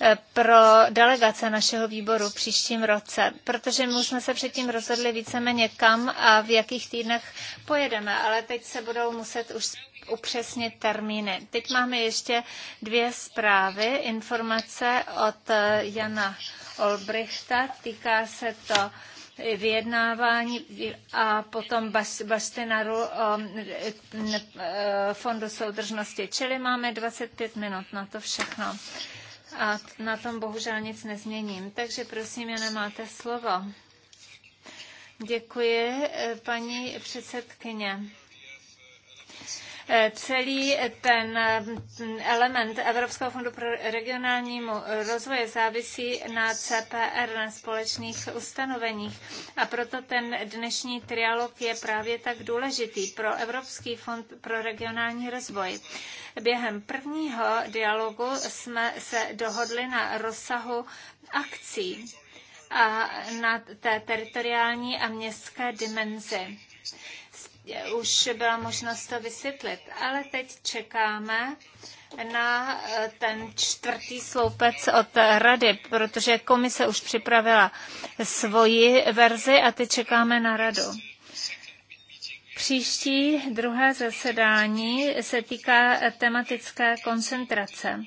eh, pro delegace našeho výboru příštím roce, protože my jsme se předtím rozhodli víceméně kam a v jakých týdnech pojedeme, ale teď se budou muset už upřesnit termíny. Teď máme ještě dvě zprávy, informace od eh, Jana Olbrichta, týká se to vyjednávání a potom Bastinaru e, fondu soudržnosti. Čili máme 25 minut na to všechno. A na tom bohužel nic nezměním. Takže prosím, já máte slovo. Děkuji, e, paní předsedkyně. Celý ten mm, element Evropského fondu pro regionálnímu rozvoje závisí na CPR, na společných ustanoveních. A proto ten dnešní trialog je právě tak důležitý pro Evropský fond pro regionální rozvoj. Během prvního dialogu jsme se dohodli na rozsahu akcí a na té teritoriální a městské dimenzi už byla možnost to vysvětlit, ale teď čekáme na eh, ten čtvrtý sloupec od rady, protože komise už připravila svoji verzi a teď čekáme na radu. Příští druhé zasedání se týká tematické koncentrace.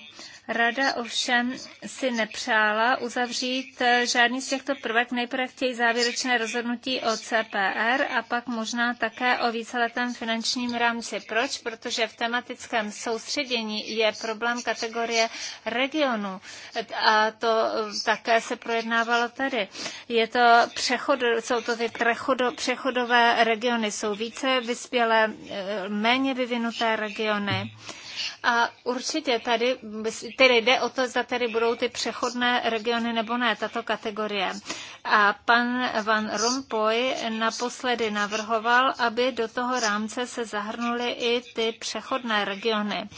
Rada ovšem si nepřála uzavřít eh, žádný z těchto prvek. Nejprve chtějí závěrečné rozhodnutí o CPR a pak možná také o víceletém finančním rámci. Proč? Protože v tematickém soustředění je problém kategorie regionu a to eh, také se projednávalo tady. Je to přechod, jsou to ty prechodo, přechodové regiony, jsou více vyspělé, eh, méně vyvinuté regiony. A určitě tady, tedy jde o to, zda tady budou ty přechodné regiony nebo ne, tato kategorie. A pan Van Rompuy naposledy navrhoval, aby do toho rámce se zahrnuly i ty přechodné regiony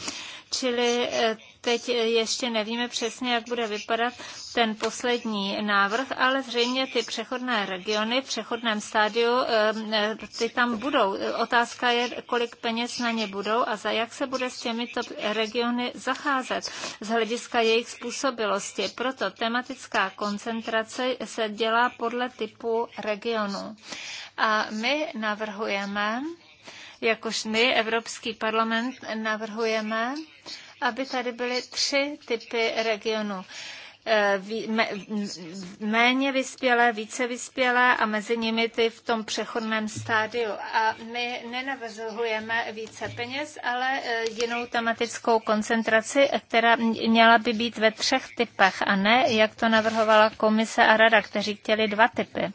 čili eh, teď eh, ještě nevíme přesně, jak bude vypadat ten poslední návrh, ale zřejmě ty přechodné regiony v přechodném stádiu, eh, ty tam budou. Otázka je, kolik peněz na ně budou a za jak se bude s těmito regiony zacházet z hlediska jejich způsobilosti. Proto tematická koncentrace se dělá podle typu regionu. A my navrhujeme, jakož my, Evropský parlament, navrhujeme, aby tady byly tři typy regionů eh, méně vyspělé, více vyspělé a mezi nimi ty v tom přechodném stádiu. A my nenavazujeme více peněz, ale eh, jinou tematickou koncentraci, která měla by být ve třech typech a ne, jak to navrhovala komise a rada, kteří chtěli dva typy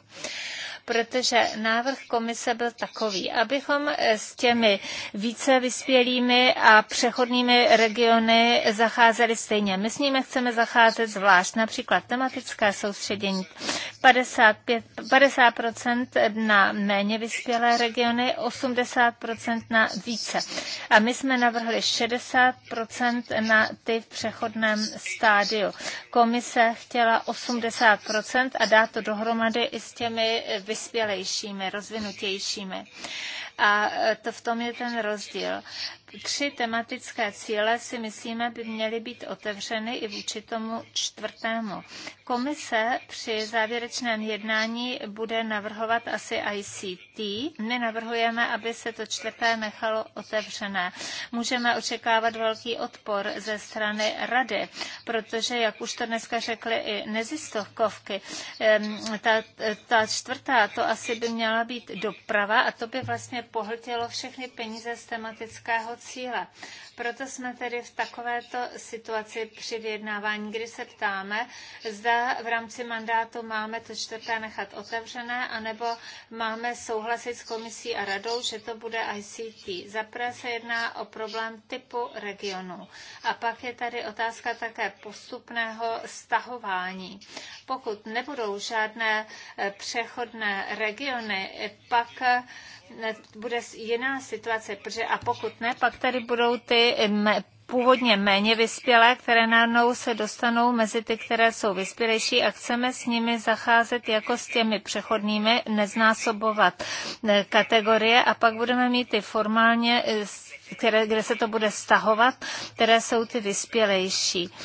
protože návrh komise byl takový, abychom s těmi více vyspělými a přechodnými regiony zacházeli stejně. My s nimi chceme zacházet zvlášť, například tematická soustředění 55, 50% na méně vyspělé regiony, 80% na více. A my jsme navrhli 60% na ty v přechodném stádiu. Komise chtěla 80% a dá to dohromady i s těmi vyspělými vyspělejšími, rozvinutějšími. A to v tom je ten rozdíl tři tematické cíle si myslíme by měly být otevřeny i vůči tomu čtvrtému. Komise při závěrečném jednání bude navrhovat asi ICT. My navrhujeme, aby se to čtvrté nechalo otevřené. Můžeme očekávat velký odpor ze strany rady, protože, jak už to dneska řekly i nezistovkovky, ta, ta čtvrtá, to asi by měla být doprava a to by vlastně pohltilo všechny peníze z tematického cíle. Proto jsme tedy v takovéto situaci při vyjednávání, kdy se ptáme, zda v rámci mandátu máme to čtvrté nechat otevřené, anebo máme souhlasit s komisí a radou, že to bude ICT. Zaprvé se jedná o problém typu regionu. A pak je tady otázka také postupného stahování. Pokud nebudou žádné eh, přechodné regiony, pak bude jiná situace, protože a pokud ne, pak tady budou ty původně méně vyspělé, které najednou se dostanou mezi ty, které jsou vyspělejší a chceme s nimi zacházet jako s těmi přechodnými, neznásobovat kategorie a pak budeme mít ty formálně, eh, které, kde se to bude stahovat, které jsou ty vyspělejší. Uh,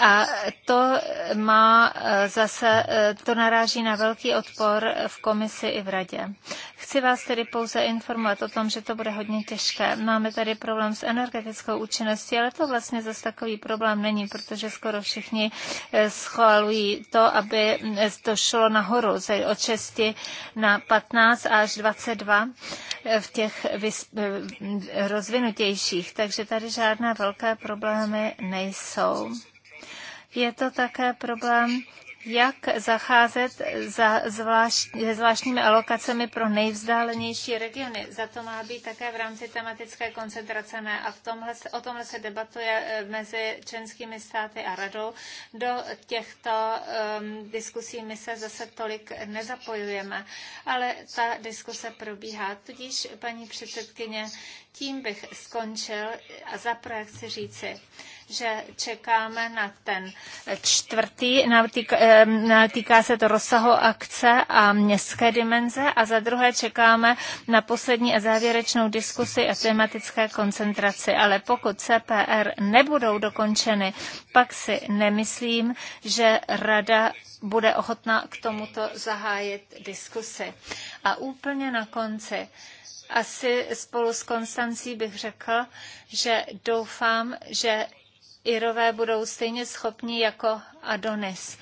a to má eh, zase, eh, to naráží na velký odpor v komisi i v radě. Chci vás tedy pouze informovat o tom, že to bude hodně těžké. Máme tady problém s energetickou účinností, ale to vlastně zase takový problém není, protože skoro všichni eh, schvalují to, aby to šlo nahoru od 6 na 15 až 22 v těch rozvinutějších. Takže tady žádné velké problémy nejsou je to také problém, jak zacházet za zvláštní, se zvláštními alokacemi pro nejvzdálenější regiony. Za to má být také v rámci tematické koncentrace ne. A v tomhle, o tomhle se debatuje eh, mezi členskými státy a radou. Do těchto um, diskusí my se zase tolik nezapojujeme, ale ta diskuse probíhá. Tudíž, paní předsedkyně, tím bych skončil a za projekci říci, že čekáme na ten čtvrtý návrh, týká, eh, týká se to rozsahu akce a městské dimenze a za druhé čekáme na poslední a závěrečnou diskusi a tematické koncentraci. Ale pokud CPR nebudou dokončeny, pak si nemyslím, že rada bude ochotná k tomuto zahájit diskusy. A úplně na konci asi spolu s Konstancí bych řekl, že doufám, že Irové budou stejně schopni jako Adonis.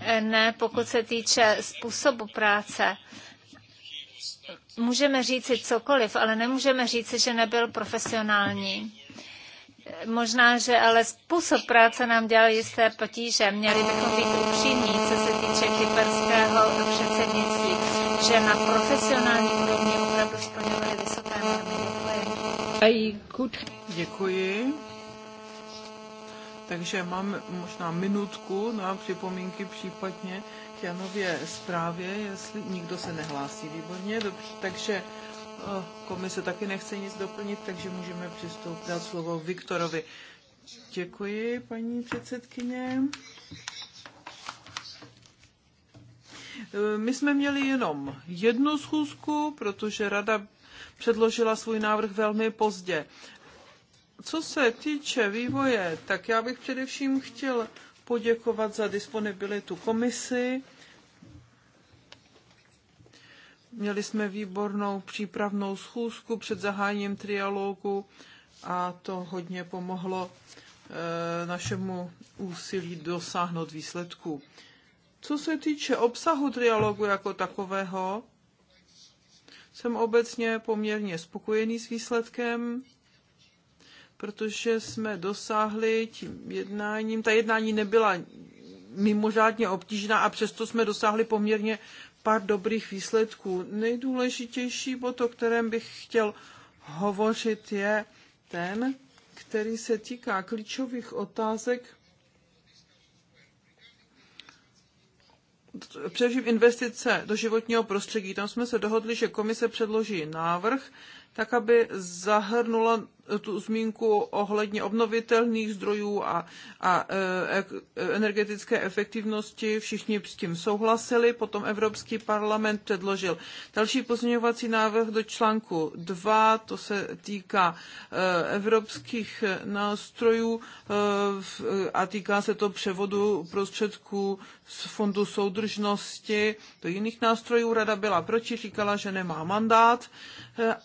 Eh, ne, pokud se týče způsobu práce. Můžeme říci cokoliv, ale nemůžeme říci, že nebyl profesionální. Eh, možná, že ale způsob práce nám dělal jisté potíže. Měli bychom být upřímní, co se týče kyperského předsednictví, že na profesionální úrovni opravdu splňovali vysoké normy. Děkuji. Děkuji. Takže mám možná minutku na připomínky případně k Janově zprávě, jestli nikdo se nehlásí. Výborně, dobře, takže eh, komise taky nechce nic doplnit, takže můžeme přistoupit dát slovo Viktorovi. Děkuji, paní předsedkyně. Eh, my jsme měli jenom jednu schůzku, protože rada předložila svůj návrh velmi pozdě. Co se týče vývoje, tak já bych především chtěl poděkovat za disponibilitu komisi. Měli jsme výbornou přípravnou schůzku před zahájením trialogu a to hodně pomohlo e, našemu úsilí dosáhnout výsledků. Co se týče obsahu trialogu jako takového, jsem obecně poměrně spokojený s výsledkem protože jsme dosáhli tím jednáním, ta jednání nebyla mimořádně obtížná a přesto jsme dosáhli poměrně pár dobrých výsledků. Nejdůležitější bod, o kterém bych chtěl hovořit, je ten, který se týká klíčových otázek především investice do životního prostředí. Tam jsme se dohodli, že komise předloží návrh, tak aby zahrnula tu zmínku ohledně obnovitelných zdrojů a, a e, energetické efektivnosti. Všichni s tím souhlasili. Potom Evropský parlament předložil další pozměňovací návrh do článku 2. To se týká e, evropských nástrojů e, a týká se to převodu prostředků z Fondu soudržnosti do jiných nástrojů. Rada byla proti, říkala, že nemá mandát,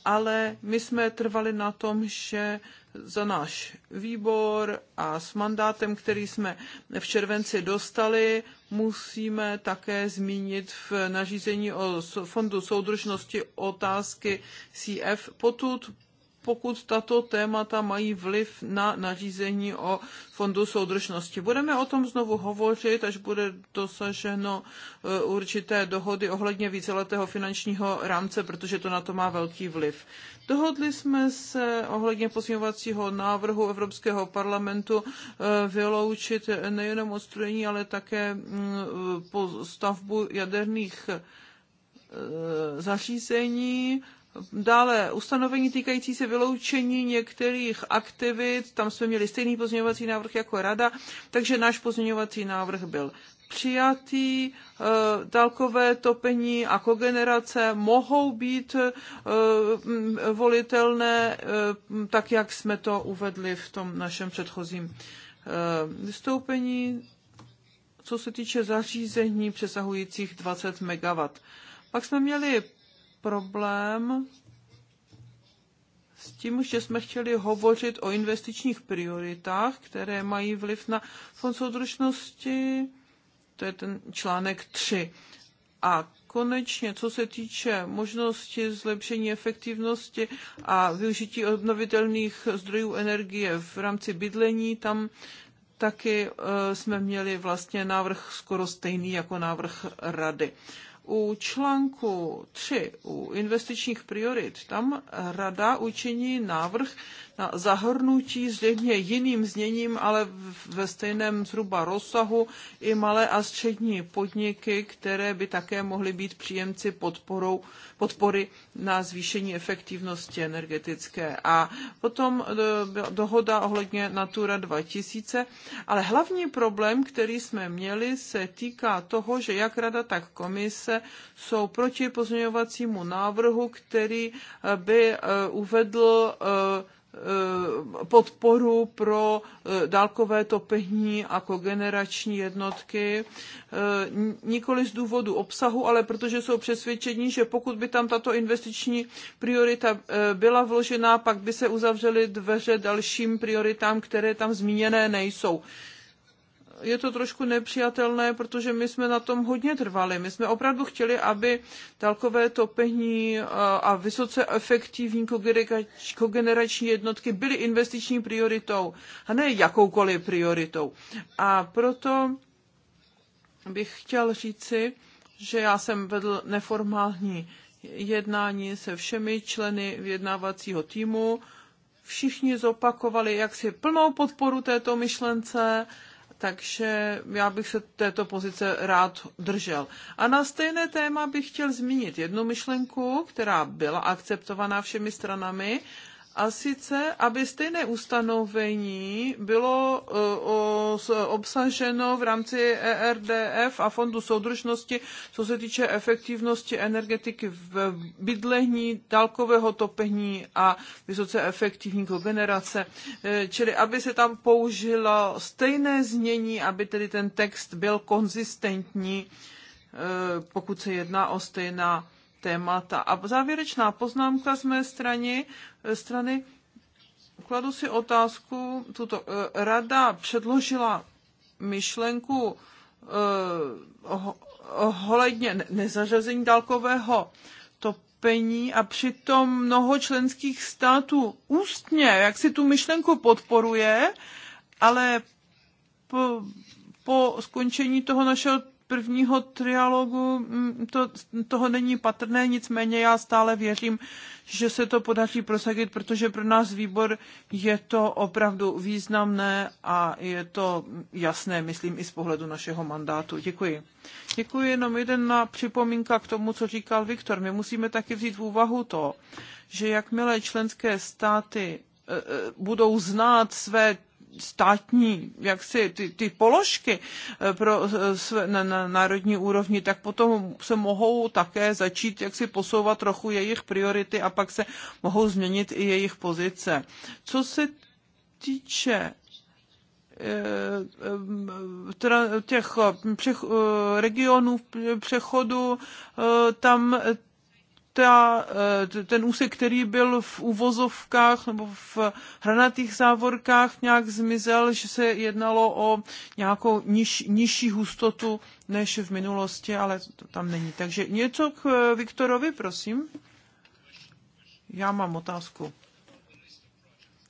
ale my jsme trvali na tom, že že za náš výbor a s mandátem, který jsme v červenci dostali, musíme také zmínit v nařízení o Fondu soudržnosti otázky CF, potud pokud tato témata mají vliv na nařízení o fondu soudržnosti. Budeme o tom znovu hovořit, až bude dosaženo e, určité dohody ohledně víceletého finančního rámce, protože to na to má velký vliv. Dohodli jsme se ohledně posměvacího návrhu Evropského parlamentu e, vyloučit nejenom odstrojení, ale také mm, e, stavbu jaderných zařízení Dále ustanovení týkající se vyloučení některých aktivit, tam jsme měli stejný pozměňovací návrh jako rada, takže náš pozměňovací návrh byl přijatý, e, dálkové topení a kogenerace mohou být e, volitelné, e, tak jak jsme to uvedli v tom našem předchozím vystoupení, co se týče zařízení přesahujících 20 MW. Pak jsme měli problém s tím, že jsme chtěli hovořit o investičních prioritách, které mají vliv na fond soudržnosti, to je ten článek 3. A konečně, co se týče možnosti zlepšení efektivnosti a využití obnovitelných zdrojů energie v rámci bydlení, tam taky eh, jsme měli vlastně návrh skoro stejný jako návrh rady. U článku 3, u investičních priorit, tam rada učiní návrh na zahrnutí zřejmě jiným zněním, ale ve stejném zhruba rozsahu i malé a střední podniky, které by také mohly být příjemci podporou, podpory na zvýšení efektivnosti energetické. A potom e, dohoda ohledně Natura 2000, ale hlavní problém, který jsme měli, se týká toho, že jak rada, tak komise jsou proti pozměňovacímu návrhu, který e, by e, uvedl Eh, podporu pro eh, dálkové topení a kogenerační jednotky, eh, nikoli z důvodu obsahu, ale protože jsou přesvědčení, že pokud by tam tato investiční priorita byla vložena, pak by se uzavřely dveře dalším prioritám, které tam zmíněné nejsou je to trošku nepřijatelné, protože my jsme na tom hodně trvali. My jsme opravdu chtěli, aby dálkové topení eh, a vysoce efektivní kogenerační jednotky byly investiční prioritou a ne jakoukoliv prioritou. A proto bych chtěl říci, že já jsem vedl neformální jednání se všemi členy vyjednávacího týmu. Všichni zopakovali jaksi plnou podporu této myšlence takže já bych se této pozice rád držel. A na stejné téma bych chtěl zmínit jednu myšlenku, která byla akceptovaná všemi stranami a sice, aby stejné ustanovení bylo e, obsaženo v rámci ERDF a Fondu soudržnosti, co se týče efektivnosti energetiky v bydlení, dálkového topení a vysoce efektivní kogenerace. E, čili aby se tam použilo stejné znění, aby tedy ten text byl konzistentní, e, pokud se jedná o stejná témata. A závěrečná poznámka z mé strany, eh, strany kladu si otázku, tuto eh, rada předložila myšlenku eh, ohledně nezařazení dálkového topení a přitom mnoho členských států ústně, jak si tu myšlenku podporuje, ale po, po skončení toho našeho prvního trialogu mm, to, toho není patrné, nicméně já stále věřím, že se to podaří prosadit, protože pro nás výbor je to opravdu významné a je to jasné, myslím, i z pohledu našeho mandátu. Děkuji. Děkuji, jenom jeden na připomínka k tomu, co říkal Viktor. My musíme taky vzít v úvahu to, že jakmile členské státy e, e, budou znát své státní, jak si ty, ty položky eh, pro, eh, na, na národní úrovni, tak potom se mohou také začít jak si posouvat trochu jejich priority a pak se mohou změnit i jejich pozice. Co se týče eh, těch regionů přechodu, tam ta, eh, ten úsek, který byl v uvozovkách nebo v hranatých závorkách nějak zmizel, že se jednalo o nějakou niž, nižší hustotu než v minulosti, ale to tam není. Takže něco k eh, Viktorovi, prosím. Já mám otázku.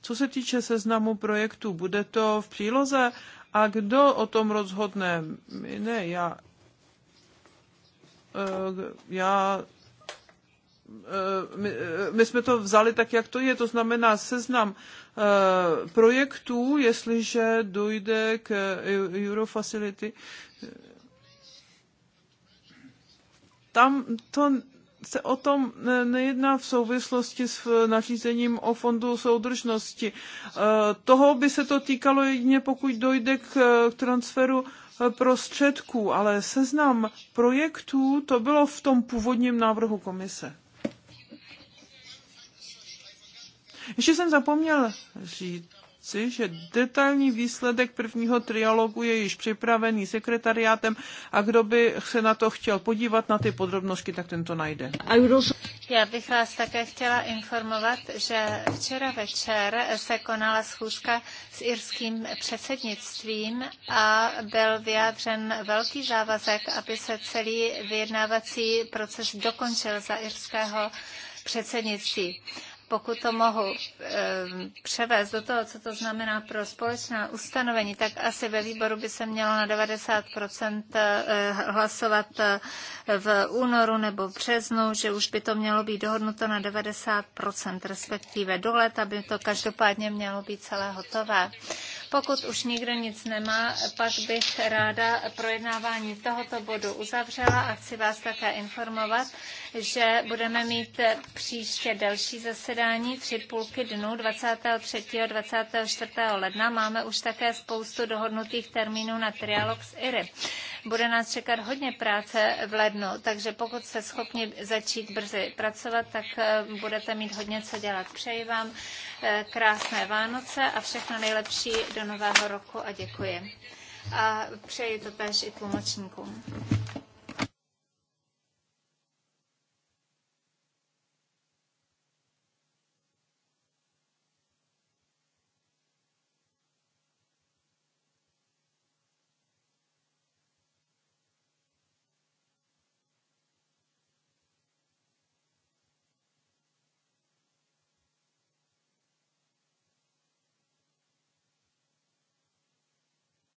Co se týče seznamu projektu, bude to v příloze? A kdo o tom rozhodne? Ne, já, eh, já Eh, my, eh, my jsme to vzali tak, jak to je, to znamená seznam eh, projektů, jestliže dojde k Eurofacility. Tam to se o tom nejedná v souvislosti s nařízením o fondu soudržnosti. Toho by se to týkalo jedině, pokud dojde k transferu prostředků, ale seznam projektů to bylo v tom původním návrhu komise. Ještě jsem zapomněl říci, že detailní výsledek prvního trialogu je již připravený sekretariátem a kdo by se na to chtěl podívat, na ty podrobnosti, tak ten to najde. Já bych vás také chtěla informovat, že včera večer se konala schůzka s irským předsednictvím a byl vyjádřen velký závazek, aby se celý vyjednávací proces dokončil za irského předsednictví pokud to mohu ehm, převést do toho, co to znamená pro společná ustanovení, tak asi ve výboru by se mělo na 90 eh, hlasovat eh, v únoru nebo v březnu, že už by to mělo být dohodnuto na 90 respektive do let, aby to každopádně mělo být celé hotové. Pokud už nikdo nic nemá, pak bych ráda projednávání tohoto bodu uzavřela a chci vás také informovat, že budeme mít příště delší zasedání, tři půlky dnu, 23. a 24. ledna. Máme už také spoustu dohodnutých termínů na trialog s IRI. Bude nás čekat hodně práce v lednu, takže pokud jste schopni začít brzy pracovat, tak eh, budete mít hodně co dělat. Přeji vám krásné Vánoce a všechno nejlepší do nového roku a děkuji. A přeji to též i tlumočníkům.